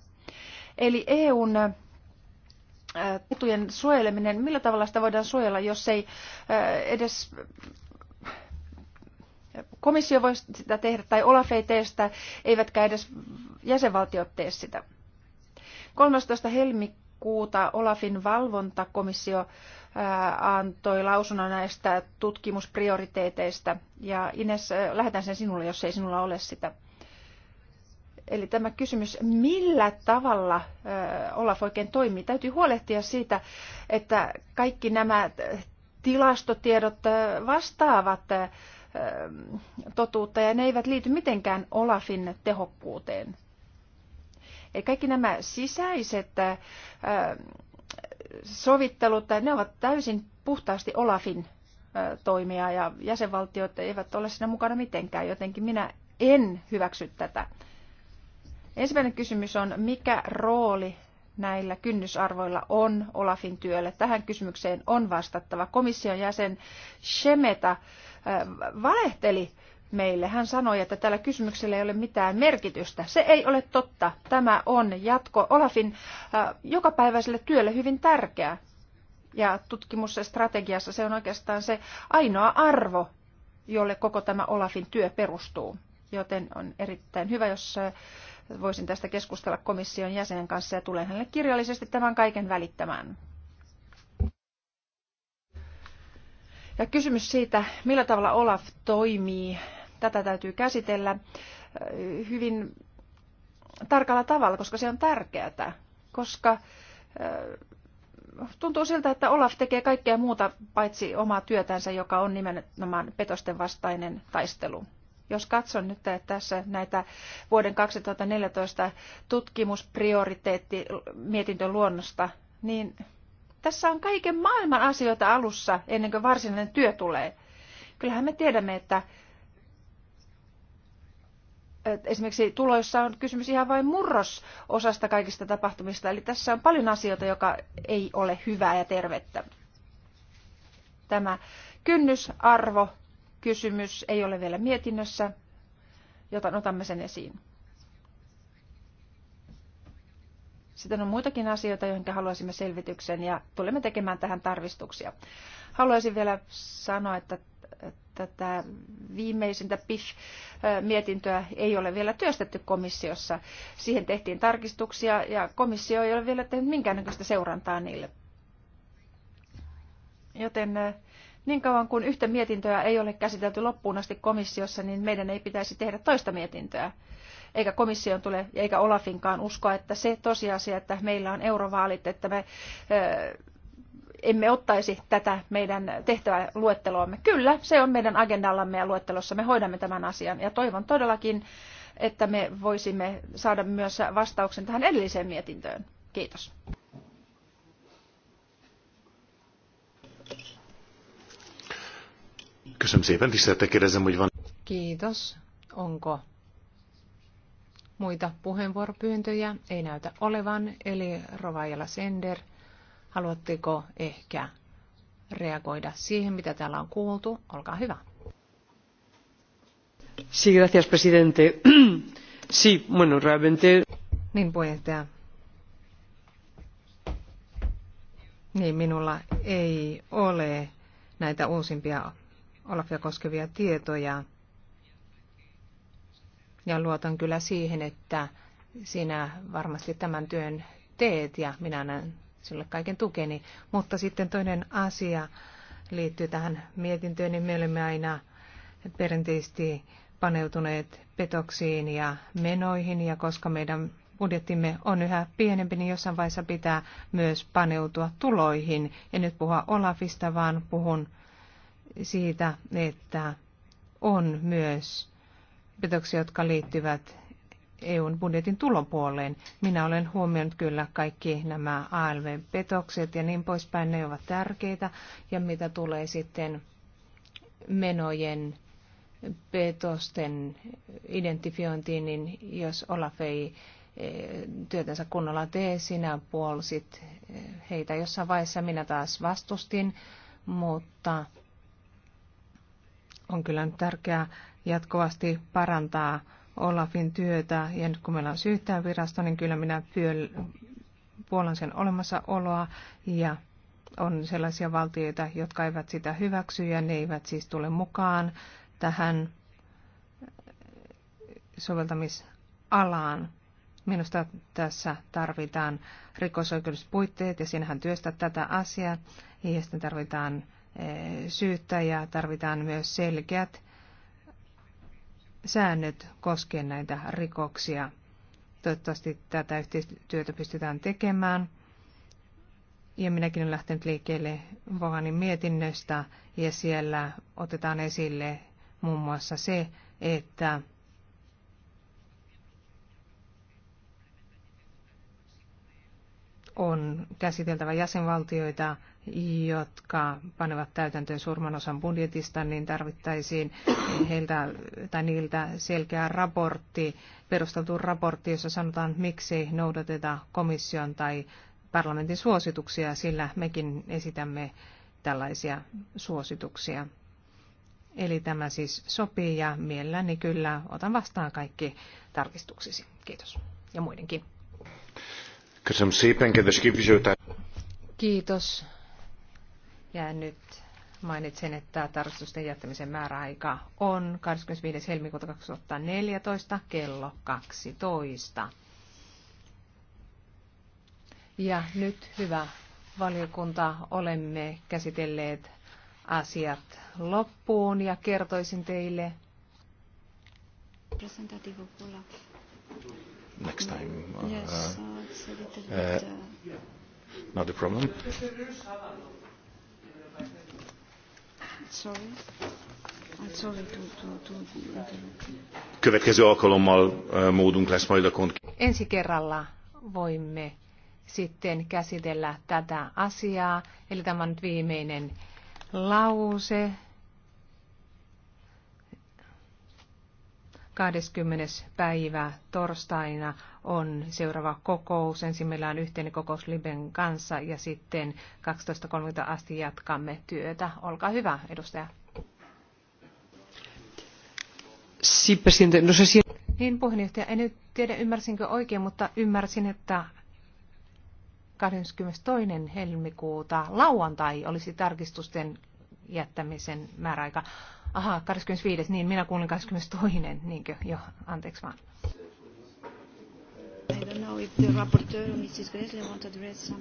Eli EUn etujen suojeleminen, millä tavalla sitä voidaan suojella, jos ei edes komissio voi sitä tehdä tai Olaf ei tee sitä, eivätkä edes jäsenvaltiot tee sitä. 13. helmikuuta Olafin valvontakomissio antoi lausunnon näistä tutkimusprioriteeteista. Ja Ines, lähetän sen sinulle, jos ei sinulla ole sitä. Eli tämä kysymys, millä tavalla Olaf oikein toimii, täytyy huolehtia siitä, että kaikki nämä tilastotiedot vastaavat totuutta ja ne eivät liity mitenkään Olafin tehokkuuteen. Eli kaikki nämä sisäiset sovittelut, ne ovat täysin puhtaasti Olafin toimia ja jäsenvaltiot eivät ole siinä mukana mitenkään, jotenkin minä en hyväksy tätä. Ensimmäinen kysymys on, mikä rooli näillä kynnysarvoilla on Olafin työlle? Tähän kysymykseen on vastattava. Komission jäsen Shemeta valehteli meille. Hän sanoi, että tällä kysymyksellä ei ole mitään merkitystä. Se ei ole totta. Tämä on jatko Olafin jokapäiväiselle työlle hyvin tärkeä. Ja tutkimusstrategiassa se on oikeastaan se ainoa arvo, jolle koko tämä Olafin työ perustuu. Joten on erittäin hyvä, jos voisin tästä keskustella komission jäsenen kanssa ja tulen hänelle kirjallisesti tämän kaiken välittämään. Ja kysymys siitä, millä tavalla Olaf toimii, tätä täytyy käsitellä äh, hyvin tarkalla tavalla, koska se on tärkeää, koska äh, tuntuu siltä, että Olaf tekee kaikkea muuta paitsi omaa työtänsä, joka on nimenomaan petosten vastainen taistelu. Jos katson nyt tässä näitä vuoden 2014 tutkimusprioriteetti mietintön luonnosta, niin tässä on kaiken maailman asioita alussa ennen kuin varsinainen työ tulee. Kyllähän me tiedämme, että esimerkiksi tuloissa on kysymys ihan vain murrososasta kaikista tapahtumista. Eli tässä on paljon asioita, joka ei ole hyvää ja tervettä. Tämä kynnysarvo kysymys ei ole vielä mietinnössä, joten otamme sen esiin. Sitten on muitakin asioita, joihin haluaisimme selvityksen ja tulemme tekemään tähän tarvistuksia. Haluaisin vielä sanoa, että tätä viimeisintä PIF-mietintöä ei ole vielä työstetty komissiossa. Siihen tehtiin tarkistuksia ja komissio ei ole vielä tehnyt minkäännäköistä seurantaa niille. Joten eh, niin kauan kuin yhtä mietintöä ei ole käsitelty loppuun asti komissiossa, niin meidän ei pitäisi tehdä toista mietintöä eikä komission tule, eikä Olafinkaan uskoa, että se tosiasia, että meillä on eurovaalit, että me emme ottaisi tätä meidän tehtäväluetteloamme. Kyllä, se on meidän agendallamme ja luettelossa. Me hoidamme tämän asian ja toivon todellakin, että me voisimme saada myös vastauksen tähän edelliseen mietintöön. Kiitos. Kysymys ei, tisztelettel kérdezem, hogy Kiitos. Onko Muita puheenvuoropyyntöjä ei näytä olevan, eli Rovajala Sender, haluatteko ehkä reagoida siihen, mitä täällä on kuultu? Olkaa hyvä. Sí, gracias, presidente. sí, bueno, realmente... Niin, puheenjohtaja. Niin, minulla ei ole näitä uusimpia Olafia koskevia tietoja ja luotan kyllä siihen, että sinä varmasti tämän työn teet ja minä annan sille kaiken tukeni. Mutta sitten toinen asia liittyy tähän mietintöön, niin me olemme aina perinteisesti paneutuneet petoksiin ja menoihin ja koska meidän budjettimme on yhä pienempi, niin jossain vaiheessa pitää myös paneutua tuloihin. En nyt puhua Olafista, vaan puhun siitä, että on myös petoksia, jotka liittyvät EUn budjetin tulopuoleen. Minä olen huomioinut kyllä kaikki nämä ALV-petokset ja niin poispäin, ne ovat tärkeitä. Ja mitä tulee sitten menojen petosten identifiointiin, niin jos Olaf ei eh, työtänsä kunnolla tee, sinä puolsit eh, heitä jossain vaiheessa, minä taas vastustin, mutta on kyllä tärkeää jatkuvasti parantaa Olafin työtä. Ja nyt kun meillä on syyttäjän virasto, niin kyllä minä puolan sen olemassaoloa ja on sellaisia valtioita, jotka eivät sitä hyväksy ja ne eivät siis tule mukaan tähän soveltamisalaan. Minusta tässä tarvitaan rikosoikeudelliset puitteet ja sinähän työstää tätä asiaa. Ja sitten tarvitaan eh, syyttäjä, tarvitaan myös selkeät säännöt koskien näitä rikoksia. Toivottavasti tätä yhteistyötä pystytään tekemään. Ja minäkin olen lähtenyt liikkeelle Vohanin mietinnöstä ja siellä otetaan esille muun muassa se, että on käsiteltävä jäsenvaltioita jotka panevat täytäntöön suurman osan budjetista, niin tarvittaisiin heiltä, tai niiltä selkeä raportti, perusteltu raportti, jossa sanotaan, miksi noudateta komission tai parlamentin suosituksia, sillä mekin esitämme tällaisia suosituksia. Eli tämä siis sopii ja mielelläni kyllä otan vastaan kaikki tarkistuksesi. Kiitos. Ja muidenkin. Kiitos ja nyt mainitsen, että tarkastusten jättämisen määräaika on 25. helmikuuta 2014 kello 12. Ja nyt, hyvä valiokunta, olemme käsitelleet asiat loppuun ja kertoisin teille. Next time. Uh, yes, uh, uh, not a problem. Következő alkalommal módunk lesz majd a kont. Ensi kerralla voimme sitten käsitellä tätä asiaa, eli tämä on nyt viimeinen lause. 20. päivä torstaina on seuraava kokous. Ensin meillä on yhteinen kokous Liben kanssa ja sitten 12.30 asti jatkamme työtä. Olkaa hyvä, edustaja. Sí, presidente. No sé si... Niin, puheenjohtaja. En nyt tiedä, ymmärsinkö oikein, mutta ymmärsin, että 22. helmikuuta lauantai olisi tarkistusten jättämisen määräaika. Aha, 25. Niin, minä kuulin 22. Niinkö? jo anteeksi vaan.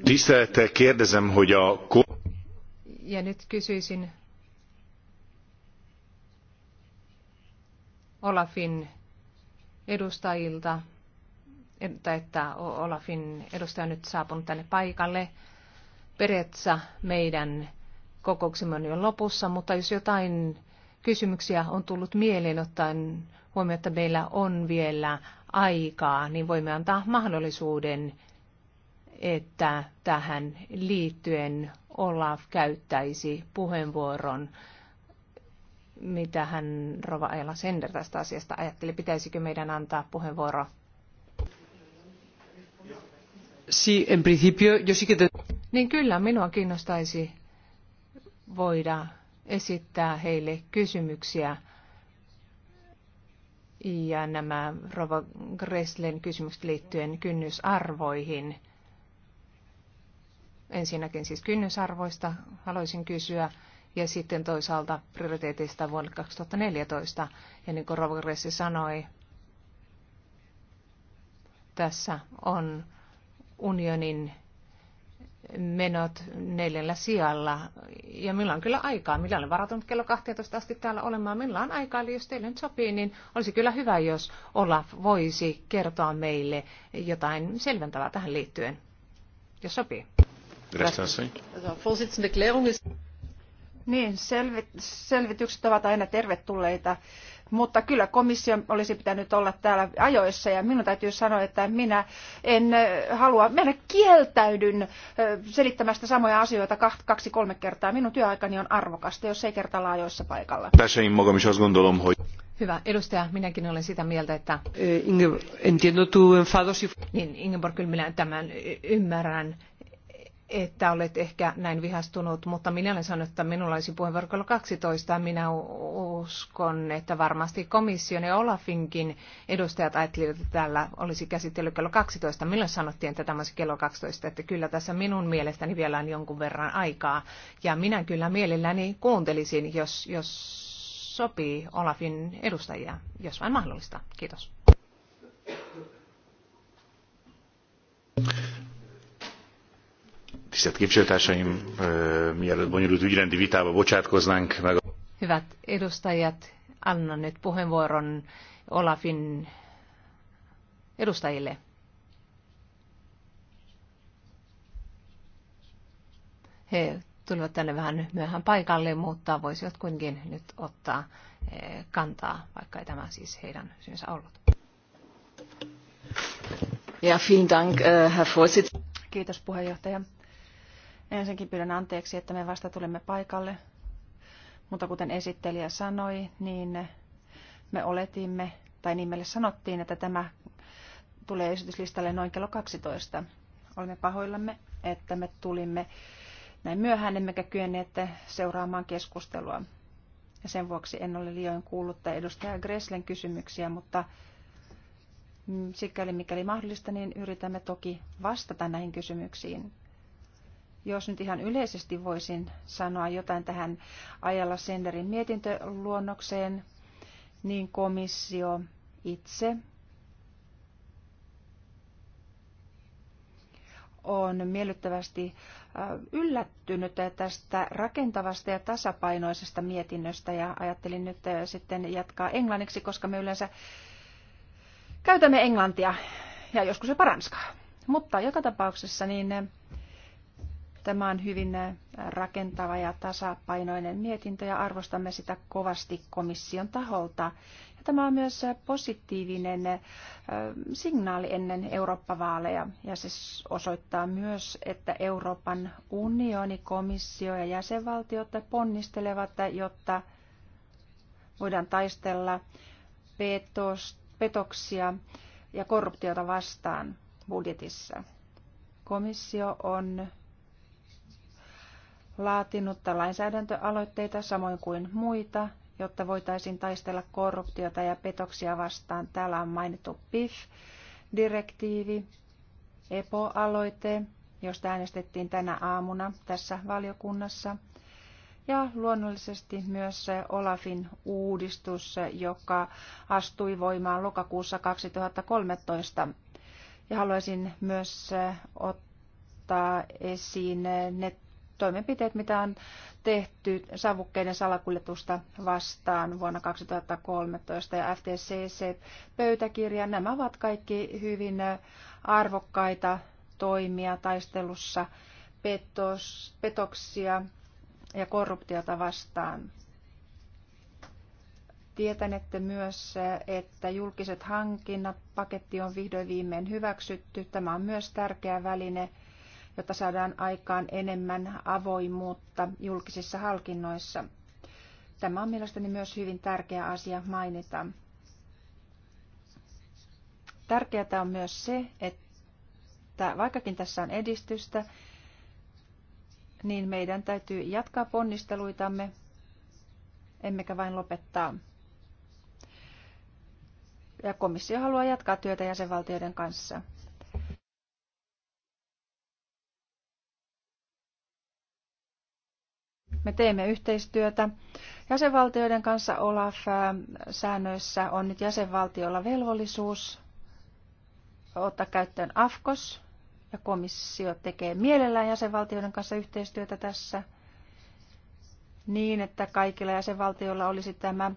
Tisztelt kérdezem, hogy a... Ja nyt kysyisin Olafin edustajilta, että, että Olafin edustaja on nyt saapunut tänne paikalle. Periaatteessa meidän kokouksemme on jo lopussa, mutta jos jotain kysymyksiä on tullut mieleen ottaen huomioon, että meillä on vielä aikaa, niin voimme antaa mahdollisuuden, että tähän liittyen Olaf käyttäisi puheenvuoron, mitä hän Rova Ajala Sender tästä asiasta ajatteli. Pitäisikö meidän antaa puheenvuoro? Sí, en principio, yo sí que te... Niin kyllä, minua kiinnostaisi voida esittää heille kysymyksiä. Ja nämä Rova Greslen kysymykset liittyen kynnysarvoihin. Ensinnäkin siis kynnysarvoista haluaisin kysyä ja sitten toisaalta prioriteeteista vuonna 2014. Ja niin kuin Rova Gressi sanoi, tässä on unionin menot neljällä sijalla. Ja meillä on kyllä aikaa. Millä olen varatunut kello 12 asti täällä olemaan. Millä on aikaa, eli jos teille nyt sopii, niin olisi kyllä hyvä, jos Olaf voisi kertoa meille jotain selventävää tähän liittyen. Jos sopii. Niin, selvitykset ovat aina tervetulleita mutta kyllä komissio olisi pitänyt olla täällä ajoissa ja minun täytyy sanoa, että minä en halua, minä kieltäydyn selittämästä samoja asioita kaksi kolme kertaa. Minun työaikani on arvokasta, jos ei kerta olla ajoissa paikalla. Hyvä. Edustaja, minäkin olen sitä mieltä, että... Eh, Ingeborg, entiendo tu enfado si... Niin, Ingeborg, kyllä minä tämän ymmärrän että olet ehkä näin vihastunut, mutta minä olen sanonut, että minulla olisi puheenvuoro kello 12. Minä uskon, että varmasti komission ja Olafinkin edustajat ajattelivat, että täällä olisi käsittely kello 12. Milloin sanottiin, että tämä olisi kello 12? Että kyllä tässä minun mielestäni vielä on jonkun verran aikaa. Ja minä kyllä mielelläni kuuntelisin, jos, jos sopii Olafin edustajia, jos vain mahdollista. Kiitos. Tisztelt képviselőtársaim, mielőtt bonyolult ügyrendi vitába bocsátkoznánk meg. Hyvät edustajat, annan nyt puheenvuoron Olafin edustajille. He tulivat tänne vähän myöhään paikalle, mutta voisivat kuitenkin nyt ottaa eh, kantaa, vaikka ei tämä siis heidän syynsä ollut. Ja, vielen Dank, äh, Herr Kiitos puheenjohtaja. Ensinnäkin pyydän anteeksi, että me vasta tulemme paikalle, mutta kuten esittelijä sanoi, niin me oletimme, tai niin meille sanottiin, että tämä tulee esityslistalle noin kello 12. Olemme pahoillamme, että me tulimme näin myöhään, emmekä kyenneet seuraamaan keskustelua. Ja sen vuoksi en ole liioin kuullut tai edustaja Greslen kysymyksiä, mutta mm, sikäli mikäli mahdollista, niin yritämme toki vastata näihin kysymyksiin. Jos nyt ihan yleisesti voisin sanoa jotain tähän ajalla Senderin mietintöluonnokseen, niin komissio itse on miellyttävästi äh, yllättynyt tästä rakentavasta ja tasapainoisesta mietinnöstä ja ajattelin nyt äh, sitten jatkaa englanniksi, koska me yleensä käytämme englantia ja joskus jopa ranskaa. Mutta joka tapauksessa niin äh, Tämä on hyvin rakentava ja tasapainoinen mietintö ja arvostamme sitä kovasti komission taholta. Ja tämä on myös positiivinen signaali ennen Eurooppa-vaaleja ja se osoittaa myös, että Euroopan unioni, komissio ja jäsenvaltiot ponnistelevat, jotta voidaan taistella petos, petoksia ja korruptiota vastaan budjetissa. Komissio on laatinutta lainsäädäntöaloitteita samoin kuin muita, jotta voitaisiin taistella korruptiota ja petoksia vastaan. Täällä on mainittu PIF-direktiivi, EPO-aloite, josta äänestettiin tänä aamuna tässä valiokunnassa. Ja luonnollisesti myös Olafin uudistus, joka astui voimaan lokakuussa 2013. Ja haluaisin myös ottaa esiin ne toimenpiteet, mitä on tehty savukkeiden salakuljetusta vastaan vuonna 2013 ja FTCC-pöytäkirja. Nämä ovat kaikki hyvin arvokkaita toimia taistelussa petos, petoksia ja korruptiota vastaan. Tietänette myös, että julkiset hankinnat paketti on vihdoin viimein hyväksytty. Tämä on myös tärkeä väline jotta saadaan aikaan enemmän avoimuutta julkisissa halkinnoissa. Tämä on mielestäni myös hyvin tärkeä asia mainita. Tärkeää on myös se, että vaikkakin tässä on edistystä, niin meidän täytyy jatkaa ponnisteluitamme, emmekä vain lopettaa. Ja komissio haluaa jatkaa työtä jäsenvaltioiden kanssa. Me teemme yhteistyötä jäsenvaltioiden kanssa. OLAF-säännöissä on nyt jäsenvaltiolla velvollisuus ottaa käyttöön AFKOS, ja komissio tekee mielellään jäsenvaltioiden kanssa yhteistyötä tässä niin, että kaikilla jäsenvaltioilla olisi tämä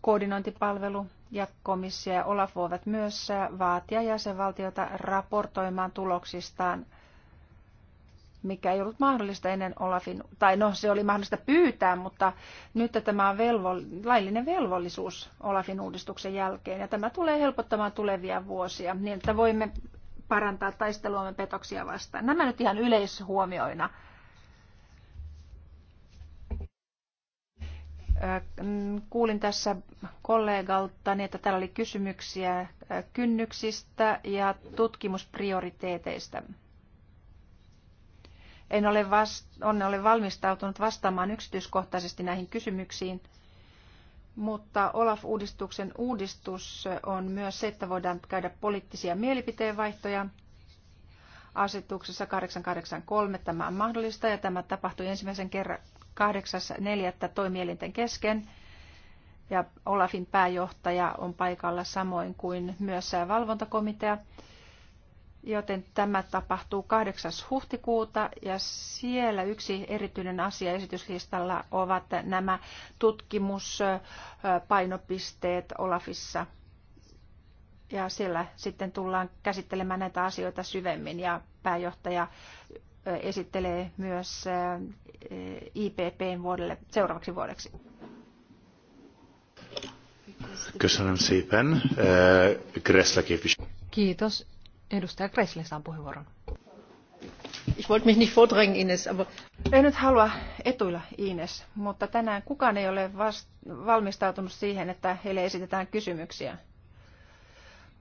koordinointipalvelu ja komissio ja Olaf voivat myös vaatia jäsenvaltiota raportoimaan tuloksistaan mikä ei ollut mahdollista ennen Olafin, tai no se oli mahdollista pyytää, mutta nyt tämä on velvo, laillinen velvollisuus Olafin uudistuksen jälkeen. Ja tämä tulee helpottamaan tulevia vuosia niin, että voimme parantaa taisteluamme petoksia vastaan. Nämä nyt ihan yleishuomioina. Mm, kuulin tässä kollegalta, että täällä oli kysymyksiä kynnyksistä ja tutkimusprioriteeteista. En ole, vast, on, ole valmistautunut vastaamaan yksityiskohtaisesti näihin kysymyksiin, mutta Olaf-uudistuksen uudistus on myös se, että voidaan käydä poliittisia mielipiteenvaihtoja. Asetuksessa 883 tämä on mahdollista ja tämä tapahtui ensimmäisen kerran 8.4. toimielinten kesken. Ja Olafin pääjohtaja on paikalla samoin kuin myös valvontakomitea joten tämä tapahtuu 8. huhtikuuta ja siellä yksi erityinen asia esityslistalla ovat nämä tutkimuspainopisteet Olafissa. Ja siellä sitten tullaan käsittelemään näitä asioita syvemmin ja pääjohtaja esittelee myös IPP vuodelle, seuraavaksi vuodeksi. Köszönöm szépen. Kiitos. Edustaja Gressle saa puheenvuoron. Ich wollte mich nicht vordrängen, Ines, aber... En nyt halua etuilla Ines, mutta tänään kukaan ei ole vast- valmistautunut siihen, että heille esitetään kysymyksiä.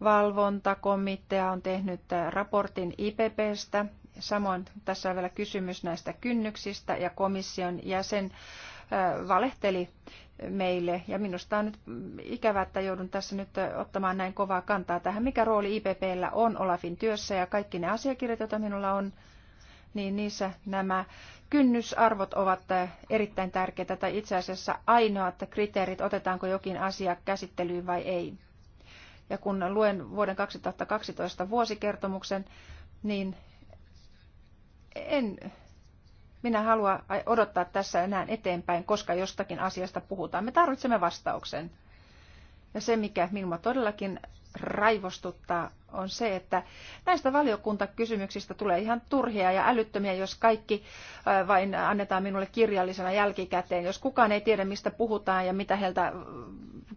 Valvontakomitea on tehnyt äh, raportin IPPstä. Samoin tässä on vielä kysymys näistä kynnyksistä ja komission jäsen valehteli meille. Ja minusta on nyt ikävä, että joudun tässä nyt ottamaan näin kovaa kantaa tähän, mikä rooli IPPllä on Olafin työssä ja kaikki ne asiakirjat, joita minulla on, niin niissä nämä kynnysarvot ovat erittäin tärkeitä tai itse asiassa ainoat kriteerit, otetaanko jokin asia käsittelyyn vai ei. Ja kun luen vuoden 2012 vuosikertomuksen, niin en minä halua odottaa tässä enää eteenpäin, koska jostakin asiasta puhutaan. Me tarvitsemme vastauksen. Ja se, mikä minua todellakin raivostuttaa, on se, että näistä valiokuntakysymyksistä tulee ihan turhia ja älyttömiä, jos kaikki vain annetaan minulle kirjallisena jälkikäteen, jos kukaan ei tiedä, mistä puhutaan ja mitä heiltä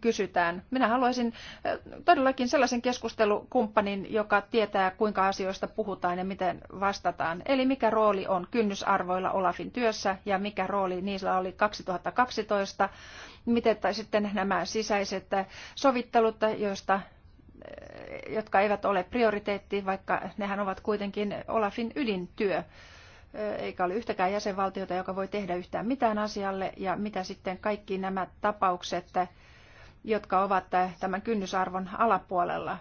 kysytään. Minä haluaisin todellakin sellaisen keskustelukumppanin, joka tietää, kuinka asioista puhutaan ja miten vastataan. Eli mikä rooli on kynnysarvoilla Olafin työssä ja mikä rooli niillä oli 2012, miten tai sitten nämä sisäiset sovittelut, joista jotka eivät ole prioriteetti, vaikka nehän ovat kuitenkin Olafin ydintyö. Eikä ole yhtäkään jäsenvaltiota, joka voi tehdä yhtään mitään asialle, ja mitä sitten kaikki nämä tapaukset, jotka ovat tämän kynnysarvon alapuolella,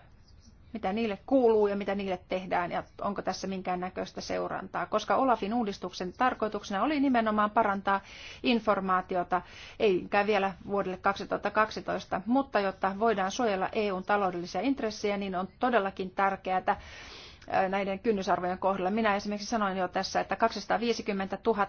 mitä niille kuuluu ja mitä niille tehdään ja onko tässä minkäännäköistä seurantaa. Koska Olafin uudistuksen tarkoituksena oli nimenomaan parantaa informaatiota, eikä vielä vuodelle 2012, mutta jotta voidaan suojella EUn taloudellisia intressejä, niin on todellakin tärkeää, näiden kynnysarvojen kohdalla. Minä esimerkiksi sanoin jo tässä, että 250 000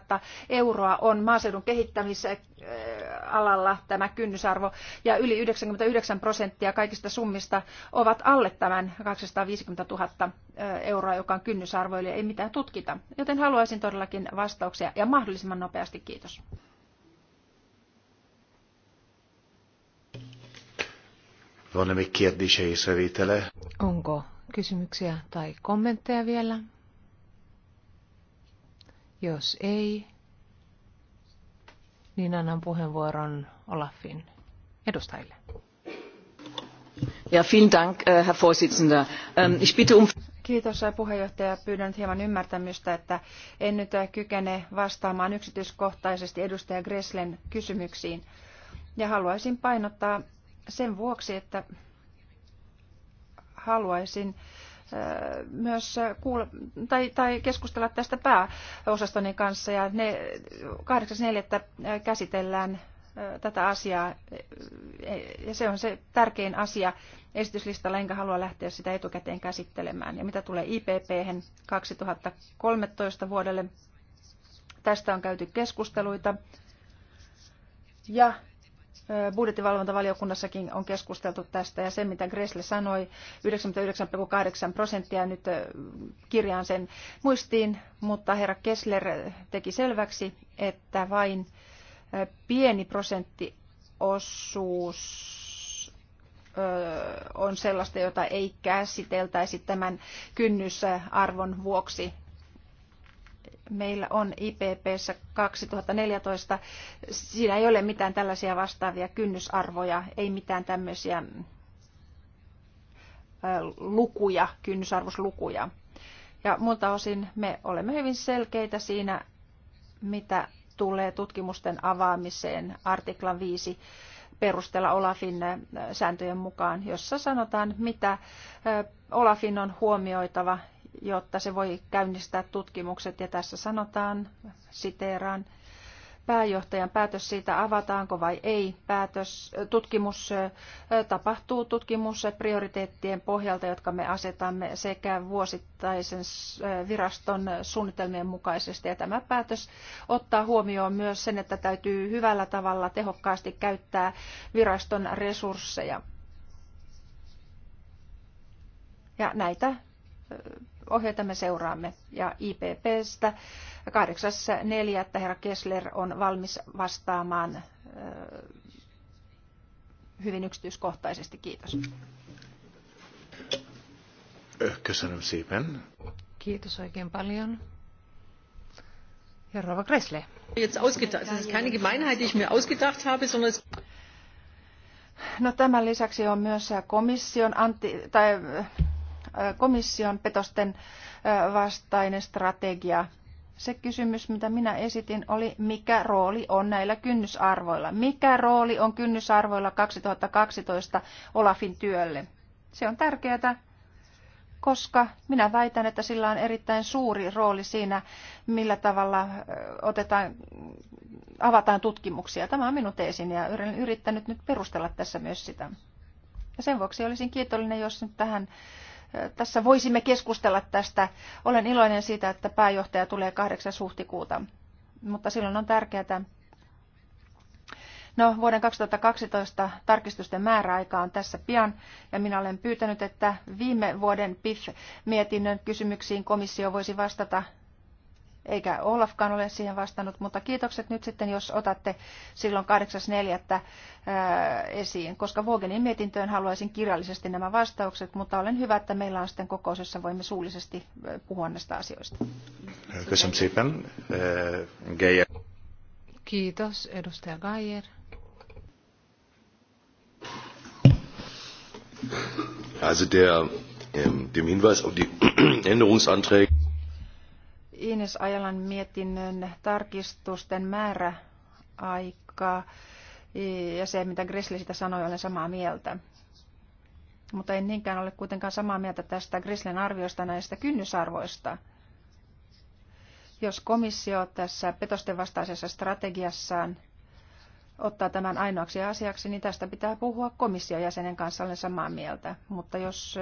euroa on maaseudun kehittämisalalla tämä kynnysarvo ja yli 99 prosenttia kaikista summista ovat alle tämän 250 000 euroa, joka on kynnysarvo, eli ei mitään tutkita. Joten haluaisin todellakin vastauksia ja mahdollisimman nopeasti. Kiitos. Van-e még kérdése észrevétele? Onko kysymyksiä tai kommentteja vielä? Jos ei, niin annan puheenvuoron Olafin edustajille. Ja, vielen Dank, äh, Herr Vorsitzender. Ähm, ich bitte um... Kiitos äh, puheenjohtaja. Pyydän nyt hieman ymmärtämystä, että en nyt äh, kykene vastaamaan yksityiskohtaisesti edustaja Greslen kysymyksiin. Ja haluaisin painottaa sen vuoksi, että haluaisin äh, myös kuule- tai, tai keskustella tästä pääosastoni kanssa ja ne 8.4. Äh, käsitellään äh, tätä asiaa ja se on se tärkein asia esityslistalla, enkä halua lähteä sitä etukäteen käsittelemään. Ja mitä tulee IPP 2013 vuodelle, tästä on käyty keskusteluita ja budjettivalvontavaliokunnassakin on keskusteltu tästä ja se, mitä Gressle sanoi, 99,8 prosenttia nyt kirjaan sen muistiin, mutta herra Kessler teki selväksi, että vain pieni prosenttiosuus on sellaista, jota ei käsiteltäisi tämän kynnysarvon vuoksi meillä on IPPssä 2014, siinä ei ole mitään tällaisia vastaavia kynnysarvoja, ei mitään tämmöisiä lukuja, kynnysarvoslukuja. Ja muilta osin me olemme hyvin selkeitä siinä, mitä tulee tutkimusten avaamiseen artiklan 5 perustella Olafin sääntöjen mukaan, jossa sanotaan, mitä Olafin on huomioitava jotta se voi käynnistää tutkimukset. Ja tässä sanotaan, siteeraan, pääjohtajan päätös siitä, avataanko vai ei päätös, tutkimus tapahtuu tutkimus prioriteettien pohjalta, jotka me asetamme sekä vuosittaisen viraston suunnitelmien mukaisesti. Ja tämä päätös ottaa huomioon myös sen, että täytyy hyvällä tavalla tehokkaasti käyttää viraston resursseja. Ja näitä ohjeita me seuraamme. Ja IPPstä 8.4. herra Kessler on valmis vastaamaan hyvin yksityiskohtaisesti. Kiitos. Köszönöm szépen. Kiitos oikein paljon. Herra Rova Kressle. No, tämän lisäksi on myös komission anti, tai komission petosten vastainen strategia. Se kysymys, mitä minä esitin, oli mikä rooli on näillä kynnysarvoilla. Mikä rooli on kynnysarvoilla 2012 Olafin työlle? Se on tärkeää, koska minä väitän, että sillä on erittäin suuri rooli siinä, millä tavalla otetaan, avataan tutkimuksia. Tämä on minun teesini ja olen yrittänyt nyt perustella tässä myös sitä. Ja sen vuoksi olisin kiitollinen, jos nyt tähän tässä voisimme keskustella tästä. Olen iloinen siitä, että pääjohtaja tulee 8. huhtikuuta, mutta silloin on tärkeää. No, vuoden 2012 tarkistusten määräaika on tässä pian, ja minä olen pyytänyt, että viime vuoden PIF-mietinnön kysymyksiin komissio voisi vastata eikä Olafkaan ole siihen vastannut, mutta kiitokset nyt sitten, jos otatte silloin 8.4. Äh, esiin, koska Vogenin mietintöön haluaisin kirjallisesti nämä vastaukset, mutta olen hyvä, että meillä on sitten kokous, jossa voimme suullisesti äh, puhua näistä asioista. Kiitos, edustaja Geier. Also der, ähm, dem Hinweis auf die Änderungsanträge. Ines Ajalan mietinnön tarkistusten määrä aikaa ja se, mitä Grisli sitä sanoi, olen samaa mieltä. Mutta en niinkään ole kuitenkaan samaa mieltä tästä Grislen arviosta näistä kynnysarvoista. Jos komissio tässä petosten vastaisessa strategiassaan ottaa tämän ainoaksi asiaksi, niin tästä pitää puhua komission jäsenen kanssa, olen samaa mieltä. Mutta jos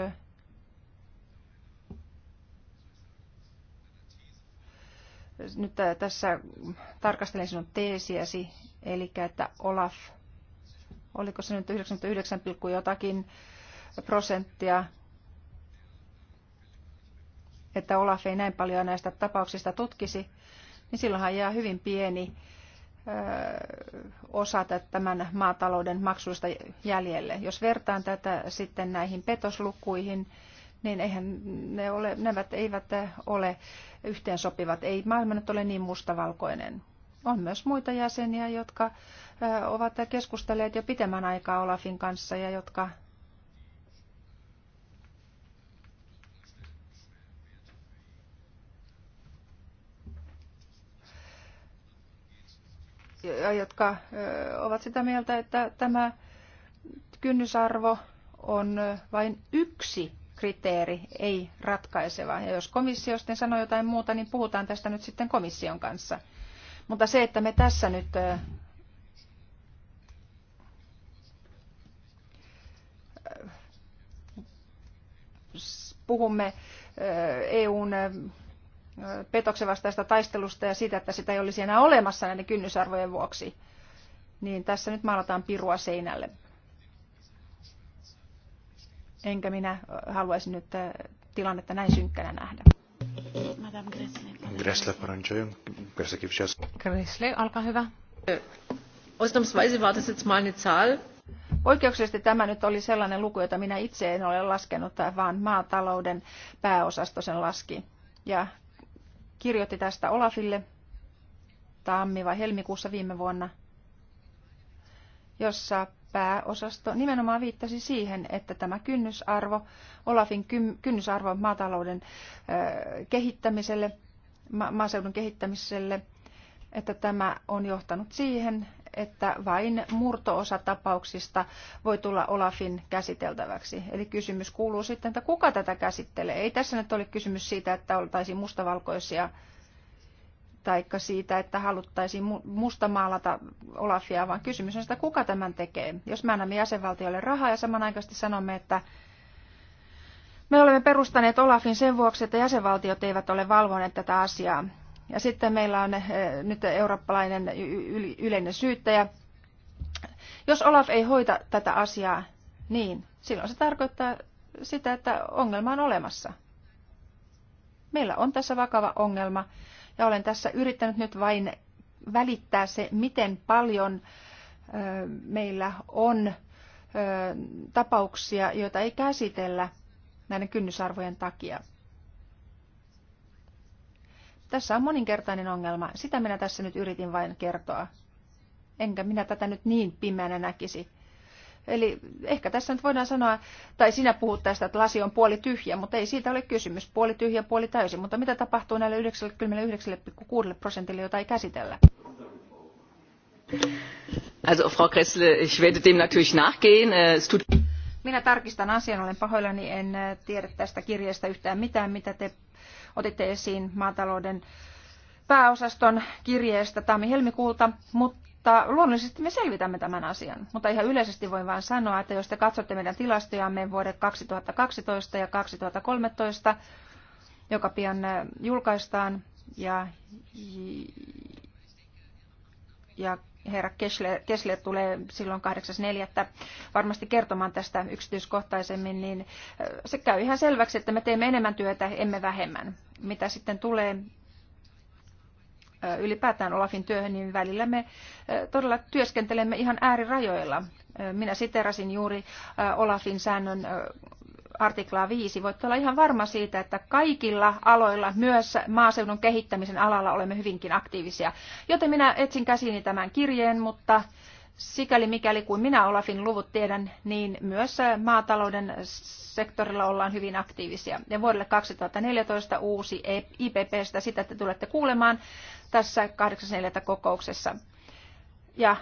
nyt tässä tarkastelen sinun teesiäsi, eli että Olaf, oliko se nyt 99, jotakin prosenttia, että Olaf ei näin paljon näistä tapauksista tutkisi, niin silloinhan jää hyvin pieni osa tämän maatalouden maksuista jäljelle. Jos vertaan tätä sitten näihin petoslukuihin, niin eihän ne ole, nämä eivät ole yhteensopivat. Ei maailma nyt ole niin mustavalkoinen. On myös muita jäseniä, jotka ovat keskustelleet jo pitemmän aikaa Olafin kanssa ja jotka jotka ovat sitä mieltä, että tämä kynnysarvo on vain yksi kriteeri, ei ratkaiseva. Ja jos komissio sitten sanoo jotain muuta, niin puhutaan tästä nyt sitten komission kanssa. Mutta se, että me tässä nyt puhumme EUn petoksen vastaista taistelusta ja siitä, että sitä ei olisi enää olemassa näiden kynnysarvojen vuoksi, niin tässä nyt maalataan pirua seinälle enkä minä haluaisi nyt tilannetta näin synkkänä nähdä. Madame Gressle. Gressle, alkaa hyvä. Äh, ausnahmsweise war das jetzt mal eine Zahl. Poikkeuksellisesti tämä nyt oli sellainen luku, jota minä itse en ole laskenut, vaan maatalouden pääosasto sen laski. Ja kirjoitti tästä Olafille tammi- vai helmikuussa viime vuonna, jossa pääosasto nimenomaan viittasi siihen, että tämä kynnysarvo, Olafin kynnysarvo maatalouden kehittämiselle, maaseudun kehittämiselle, että tämä on johtanut siihen, että vain murtoosa tapauksista voi tulla Olafin käsiteltäväksi. Eli kysymys kuuluu sitten, että kuka tätä käsittelee. Ei tässä nyt ole kysymys siitä, että oltaisiin mustavalkoisia tai siitä, että haluttaisiin mustamaalata Olafia, vaan kysymys on sitä, kuka tämän tekee. Jos me annamme jäsenvaltiolle rahaa ja samanaikaisesti sanomme, että me olemme perustaneet Olafin sen vuoksi, että jäsenvaltiot eivät ole valvoneet tätä asiaa. Ja sitten meillä on eh, nyt eurooppalainen yleinen syyttäjä. Jos Olaf ei hoita tätä asiaa, niin silloin se tarkoittaa sitä, että ongelma on olemassa. Meillä on tässä vakava ongelma ja olen tässä yrittänyt nyt vain välittää se, miten paljon meillä on tapauksia, joita ei käsitellä näiden kynnysarvojen takia. Tässä on moninkertainen ongelma. Sitä minä tässä nyt yritin vain kertoa. Enkä minä tätä nyt niin pimeänä näkisi. Eli ehkä tässä nyt voidaan sanoa, tai sinä puhut tästä, että lasi on puoli tyhjä, mutta ei siitä ole kysymys. Puoli tyhjä, puoli täysi. Mutta mitä tapahtuu näille 99,6 prosentille, jota ei käsitellä? Also Frau Kressle, ich werde dem natürlich nachgehen. Äh, minä tarkistan asian, olen pahoillani, en äh, tiedä tästä kirjeestä yhtään mitään, mitä te otitte esiin maatalouden pääosaston kirjeestä tammi-helmikuulta, mutta mutta luonnollisesti me selvitämme tämän asian. Mutta ihan yleisesti voin vain sanoa, että jos te katsotte meidän tilastojamme vuodet 2012 ja 2013, joka pian julkaistaan, ja, ja herra Kessler, Kessler tulee silloin 8.4. varmasti kertomaan tästä yksityiskohtaisemmin, niin se käy ihan selväksi, että me teemme enemmän työtä, emme vähemmän. Mitä sitten tulee ylipäätään Olafin työhön, niin välillä me todella työskentelemme ihan äärirajoilla. Minä siterasin juuri Olafin säännön artiklaa 5. Voitte olla ihan varma siitä, että kaikilla aloilla, myös maaseudun kehittämisen alalla, olemme hyvinkin aktiivisia. Joten minä etsin käsiini tämän kirjeen, mutta sikäli mikäli kuin minä Olafin luvut tiedän, niin myös maatalouden sektorilla ollaan hyvin aktiivisia. Ja vuodelle 2014 uusi e IPPstä, sitä te tulette kuulemaan, tässä 8.4. kokouksessa. Ja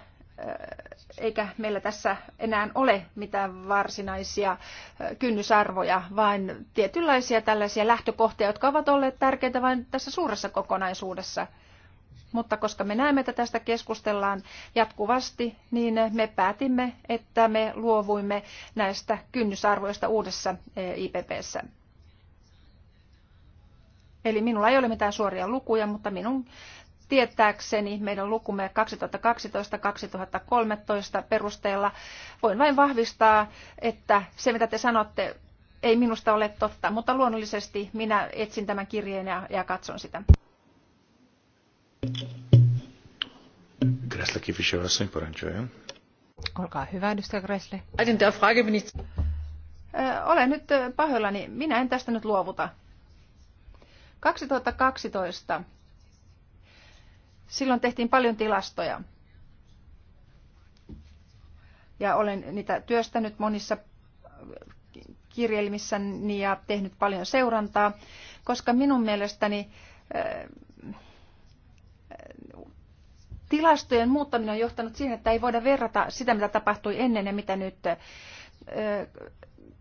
eikä meillä tässä enää ole mitään varsinaisia kynnysarvoja, vaan tietynlaisia tällaisia lähtökohtia, jotka ovat olleet tärkeitä vain tässä suuressa kokonaisuudessa. Mutta koska me näemme, että tästä keskustellaan jatkuvasti, niin me päätimme, että me luovuimme näistä kynnysarvoista uudessa IPPssä. Eli minulla ei ole mitään suoria lukuja, mutta minun tietääkseni meidän lukumme 2012-2013 perusteella voin vain vahvistaa, että se mitä te sanotte ei minusta ole totta, mutta luonnollisesti minä etsin tämän kirjeen ja, ja katson sitä. Eh? Olkaa hyvä, edustaja Gressle. Olen nyt pahoillani. Minä en tästä nyt luovuta. 2012 silloin tehtiin paljon tilastoja. Ja olen niitä työstänyt monissa kirjelmissä ja tehnyt paljon seurantaa, koska minun mielestäni eh, tilastojen muuttaminen on johtanut siihen, että ei voida verrata sitä, mitä tapahtui ennen ja mitä nyt.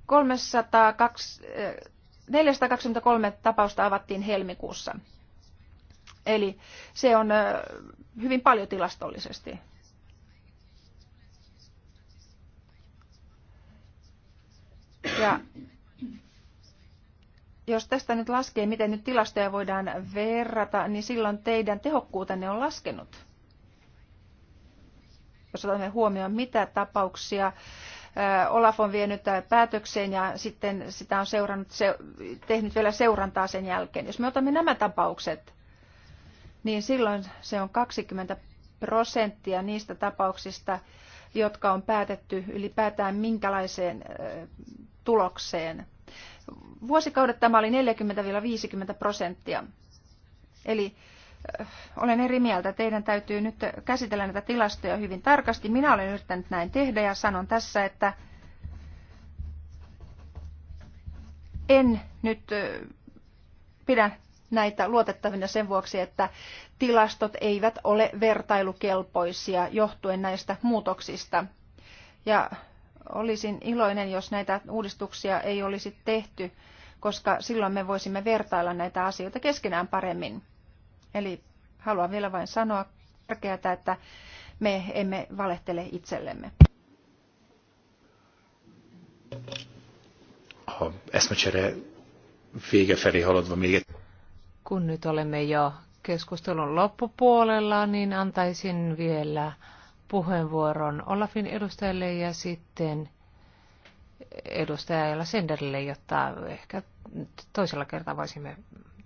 302, eh, 423 tapausta avattiin helmikuussa. Eli se on hyvin paljon tilastollisesti. Ja jos tästä nyt laskee, miten nyt tilastoja voidaan verrata, niin silloin teidän tehokkuutenne on laskenut. Jos otamme huomioon, mitä tapauksia Olaf on vienyt äh, päätökseen ja sitten sitä on seurannut, se, tehnyt vielä seurantaa sen jälkeen. Jos me otamme nämä tapaukset, niin silloin se on 20 prosenttia niistä tapauksista, jotka on päätetty ylipäätään minkälaiseen tulokseen. Vuosikaudet tämä oli 40-50 prosenttia. Eli olen eri mieltä. Teidän täytyy nyt käsitellä näitä tilastoja hyvin tarkasti. Minä olen yrittänyt näin tehdä ja sanon tässä, että en nyt pidä näitä luotettavina sen vuoksi, että tilastot eivät ole vertailukelpoisia johtuen näistä muutoksista. Ja olisin iloinen, jos näitä uudistuksia ei olisi tehty, koska silloin me voisimme vertailla näitä asioita keskenään paremmin. Eli haluan vielä vain sanoa tärkeää, että me emme valehtele itsellemme. Kun nyt olemme jo keskustelun loppupuolella, niin antaisin vielä puheenvuoron Olafin edustajalle ja sitten edustajalle Senderille, jotta ehkä toisella kertaa voisimme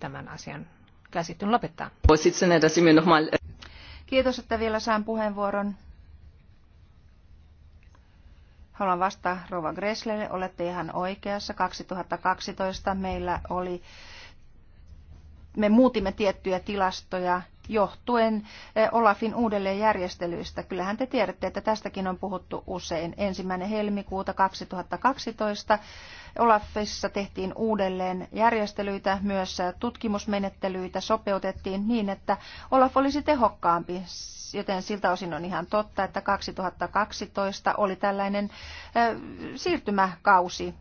tämän asian käsittelyn lopettaa. Kiitos, että vielä saan puheenvuoron. Haluan vastata Rova Greslelle. Olette ihan oikeassa. 2012 meillä oli, me muutimme tiettyjä tilastoja johtuen eh, Olafin uudelleenjärjestelyistä. Kyllähän te tiedätte, että tästäkin on puhuttu usein. Ensimmäinen helmikuuta 2012 Olafissa tehtiin uudelleen järjestelyitä, myös tutkimusmenettelyitä sopeutettiin niin, että Olaf olisi tehokkaampi. Joten siltä osin on ihan totta, että 2012 oli tällainen eh, siirtymäkausi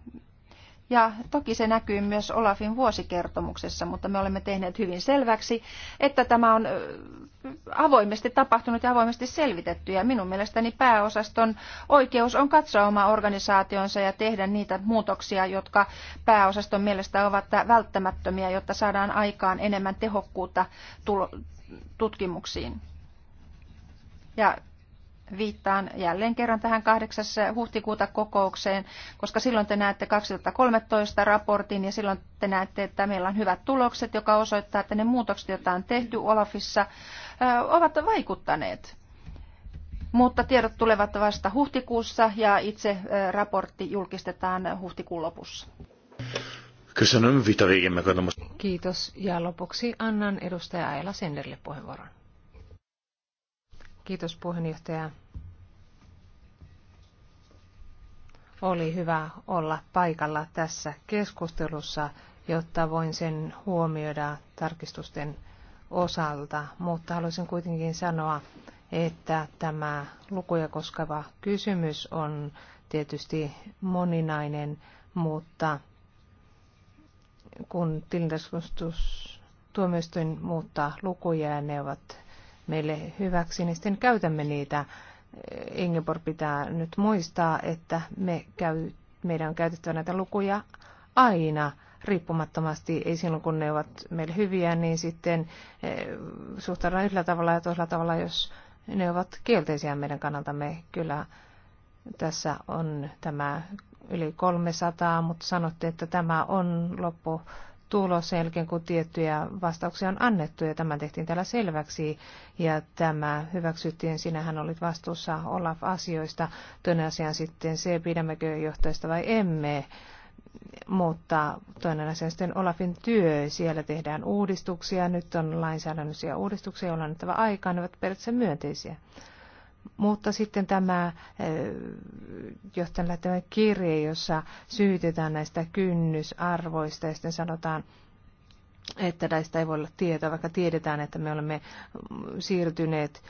ja toki se näkyy myös Olafin vuosikertomuksessa, mutta me olemme tehneet hyvin selväksi, että tämä on avoimesti tapahtunut ja avoimesti selvitetty. Ja minun mielestäni pääosaston oikeus on katsoa oma organisaationsa ja tehdä niitä muutoksia, jotka pääosaston mielestä ovat välttämättömiä, jotta saadaan aikaan enemmän tehokkuutta tutkimuksiin. Ja viittaan jälleen kerran tähän 8. huhtikuuta kokoukseen, koska silloin te näette 2013 raportin ja silloin te näette, että meillä on hyvät tulokset, joka osoittaa, että ne muutokset, joita on tehty Olafissa, ovat vaikuttaneet. Mutta tiedot tulevat vasta huhtikuussa ja itse raportti julkistetaan huhtikuun lopussa. Kiitos ja lopuksi annan edustaja Aila Senderille puheenvuoron. Kiitos puheenjohtaja. Oli hyvä olla paikalla tässä keskustelussa, jotta voin sen huomioida tarkistusten osalta, mutta haluaisin kuitenkin sanoa, että tämä lukuja koskeva kysymys on tietysti moninainen, mutta kun tilintarkastus tuomioistuin muuttaa lukuja ja ne ovat meille hyväksi, niin sitten käytämme niitä. Ingeborg pitää nyt muistaa, että me käy, meidän on käytettävä näitä lukuja aina riippumattomasti, ei silloin kun ne ovat meille hyviä, niin sitten eh, suhtaudutaan yhdellä tavalla ja toisella tavalla, jos ne ovat kielteisiä meidän kannaltamme. Kyllä tässä on tämä yli 300, mutta sanotte, että tämä on loppu tulos sen jälkeen, kun tiettyjä vastauksia on annettu, ja tämä tehtiin täällä selväksi, ja tämä hyväksyttiin. Sinähän olit vastuussa Olaf-asioista. Toinen asia sitten se, pidämmekö johtajista vai emme mutta toinen asia sitten Olafin työ. Siellä tehdään uudistuksia. Nyt on lainsäädännöllisiä uudistuksia, joilla on annettava aikaa. Ne ovat periaatteessa myönteisiä. Mutta sitten tämä eh, johtajan lähettämä kirje, jossa syytetään näistä kynnysarvoista ja sitten sanotaan, että näistä ei voi olla tietoa, vaikka tiedetään, että me olemme mm, siirtyneet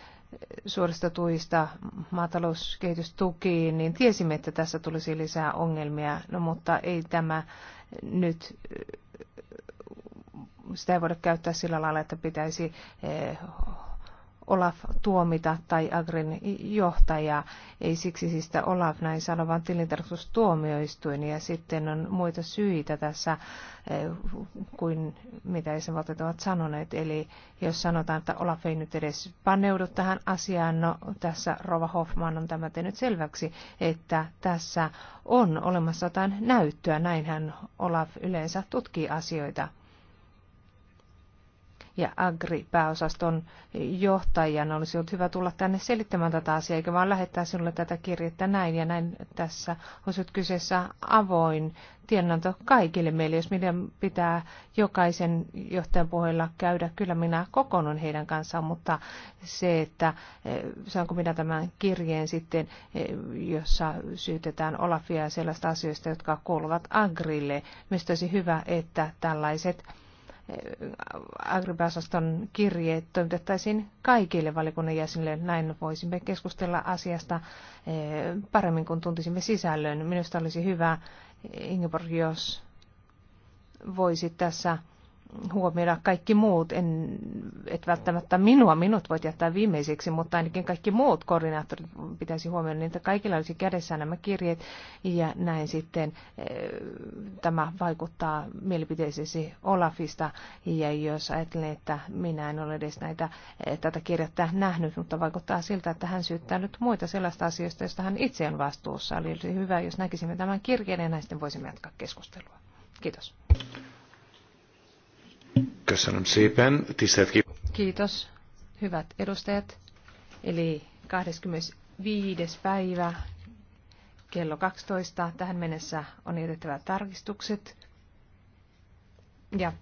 suorista tuista maatalouskehitystukiin, niin tiesimme, että tässä tulisi lisää ongelmia, no, mutta ei tämä nyt, eh, sitä ei voida käyttää sillä lailla, että pitäisi eh, Olaf tuomita tai Agrin johtajaa. Ei siksi siis Olaf näin sano, vaan tilintarkastustuomioistuin. Ja sitten on muita syitä tässä eh, kuin mitä jäsenvaltiot ovat sanoneet. Eli jos sanotaan, että Olaf ei nyt edes paneudu tähän asiaan, no tässä Rova Hoffman on tämä tehnyt selväksi, että tässä on olemassa jotain näyttöä. Näinhän Olaf yleensä tutkii asioita ja Agri-pääosaston johtajan olisi ollut hyvä tulla tänne selittämään tätä asiaa, eikä vaan lähettää sinulle tätä kirjettä näin ja näin tässä. Olisi kyseessä avoin tiedonanto kaikille meille, jos meidän pitää jokaisen johtajan puheilla käydä. Kyllä minä kokoonnun heidän kanssaan, mutta se, että e, saanko minä tämän kirjeen sitten, e, jossa syytetään Olafia sellaista asioista, jotka kuuluvat Agrille, mistä olisi hyvä, että tällaiset agribasaston kirjeet toimitettaisiin kaikille valikunnan jäsenille. Näin voisimme keskustella asiasta eh, paremmin, kun tuntisimme sisällön. Minusta olisi hyvä, Ingeborg, jos voisit tässä huomioida kaikki muut, en, et välttämättä minua, minut voit jättää viimeiseksi, mutta ainakin kaikki muut koordinaattorit pitäisi huomioida, niin että kaikilla olisi kädessään nämä kirjeet ja näin sitten e, tämä vaikuttaa mielipiteisesi Olafista ja jos ajattelen, että minä en ole edes näitä, e, tätä kirjettä nähnyt, mutta vaikuttaa siltä, että hän syyttää nyt muita sellaista asioista, joista hän itse on vastuussa. Eli olisi hyvä, jos näkisimme tämän kirjeen ja näin sitten voisimme jatkaa keskustelua. Kiitos. Kiitos, hyvät edustajat. Eli 25. päivä kello 12 tähän mennessä on jätettävä tarkistukset. Ja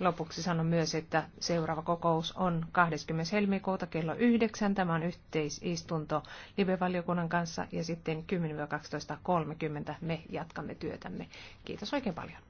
lopuksi sanon myös, että seuraava kokous on 20. helmikuuta kello 9. Tämä on yhteisistunto live-valiokunnan kanssa ja sitten 10-12.30 me jatkamme työtämme. Kiitos oikein paljon.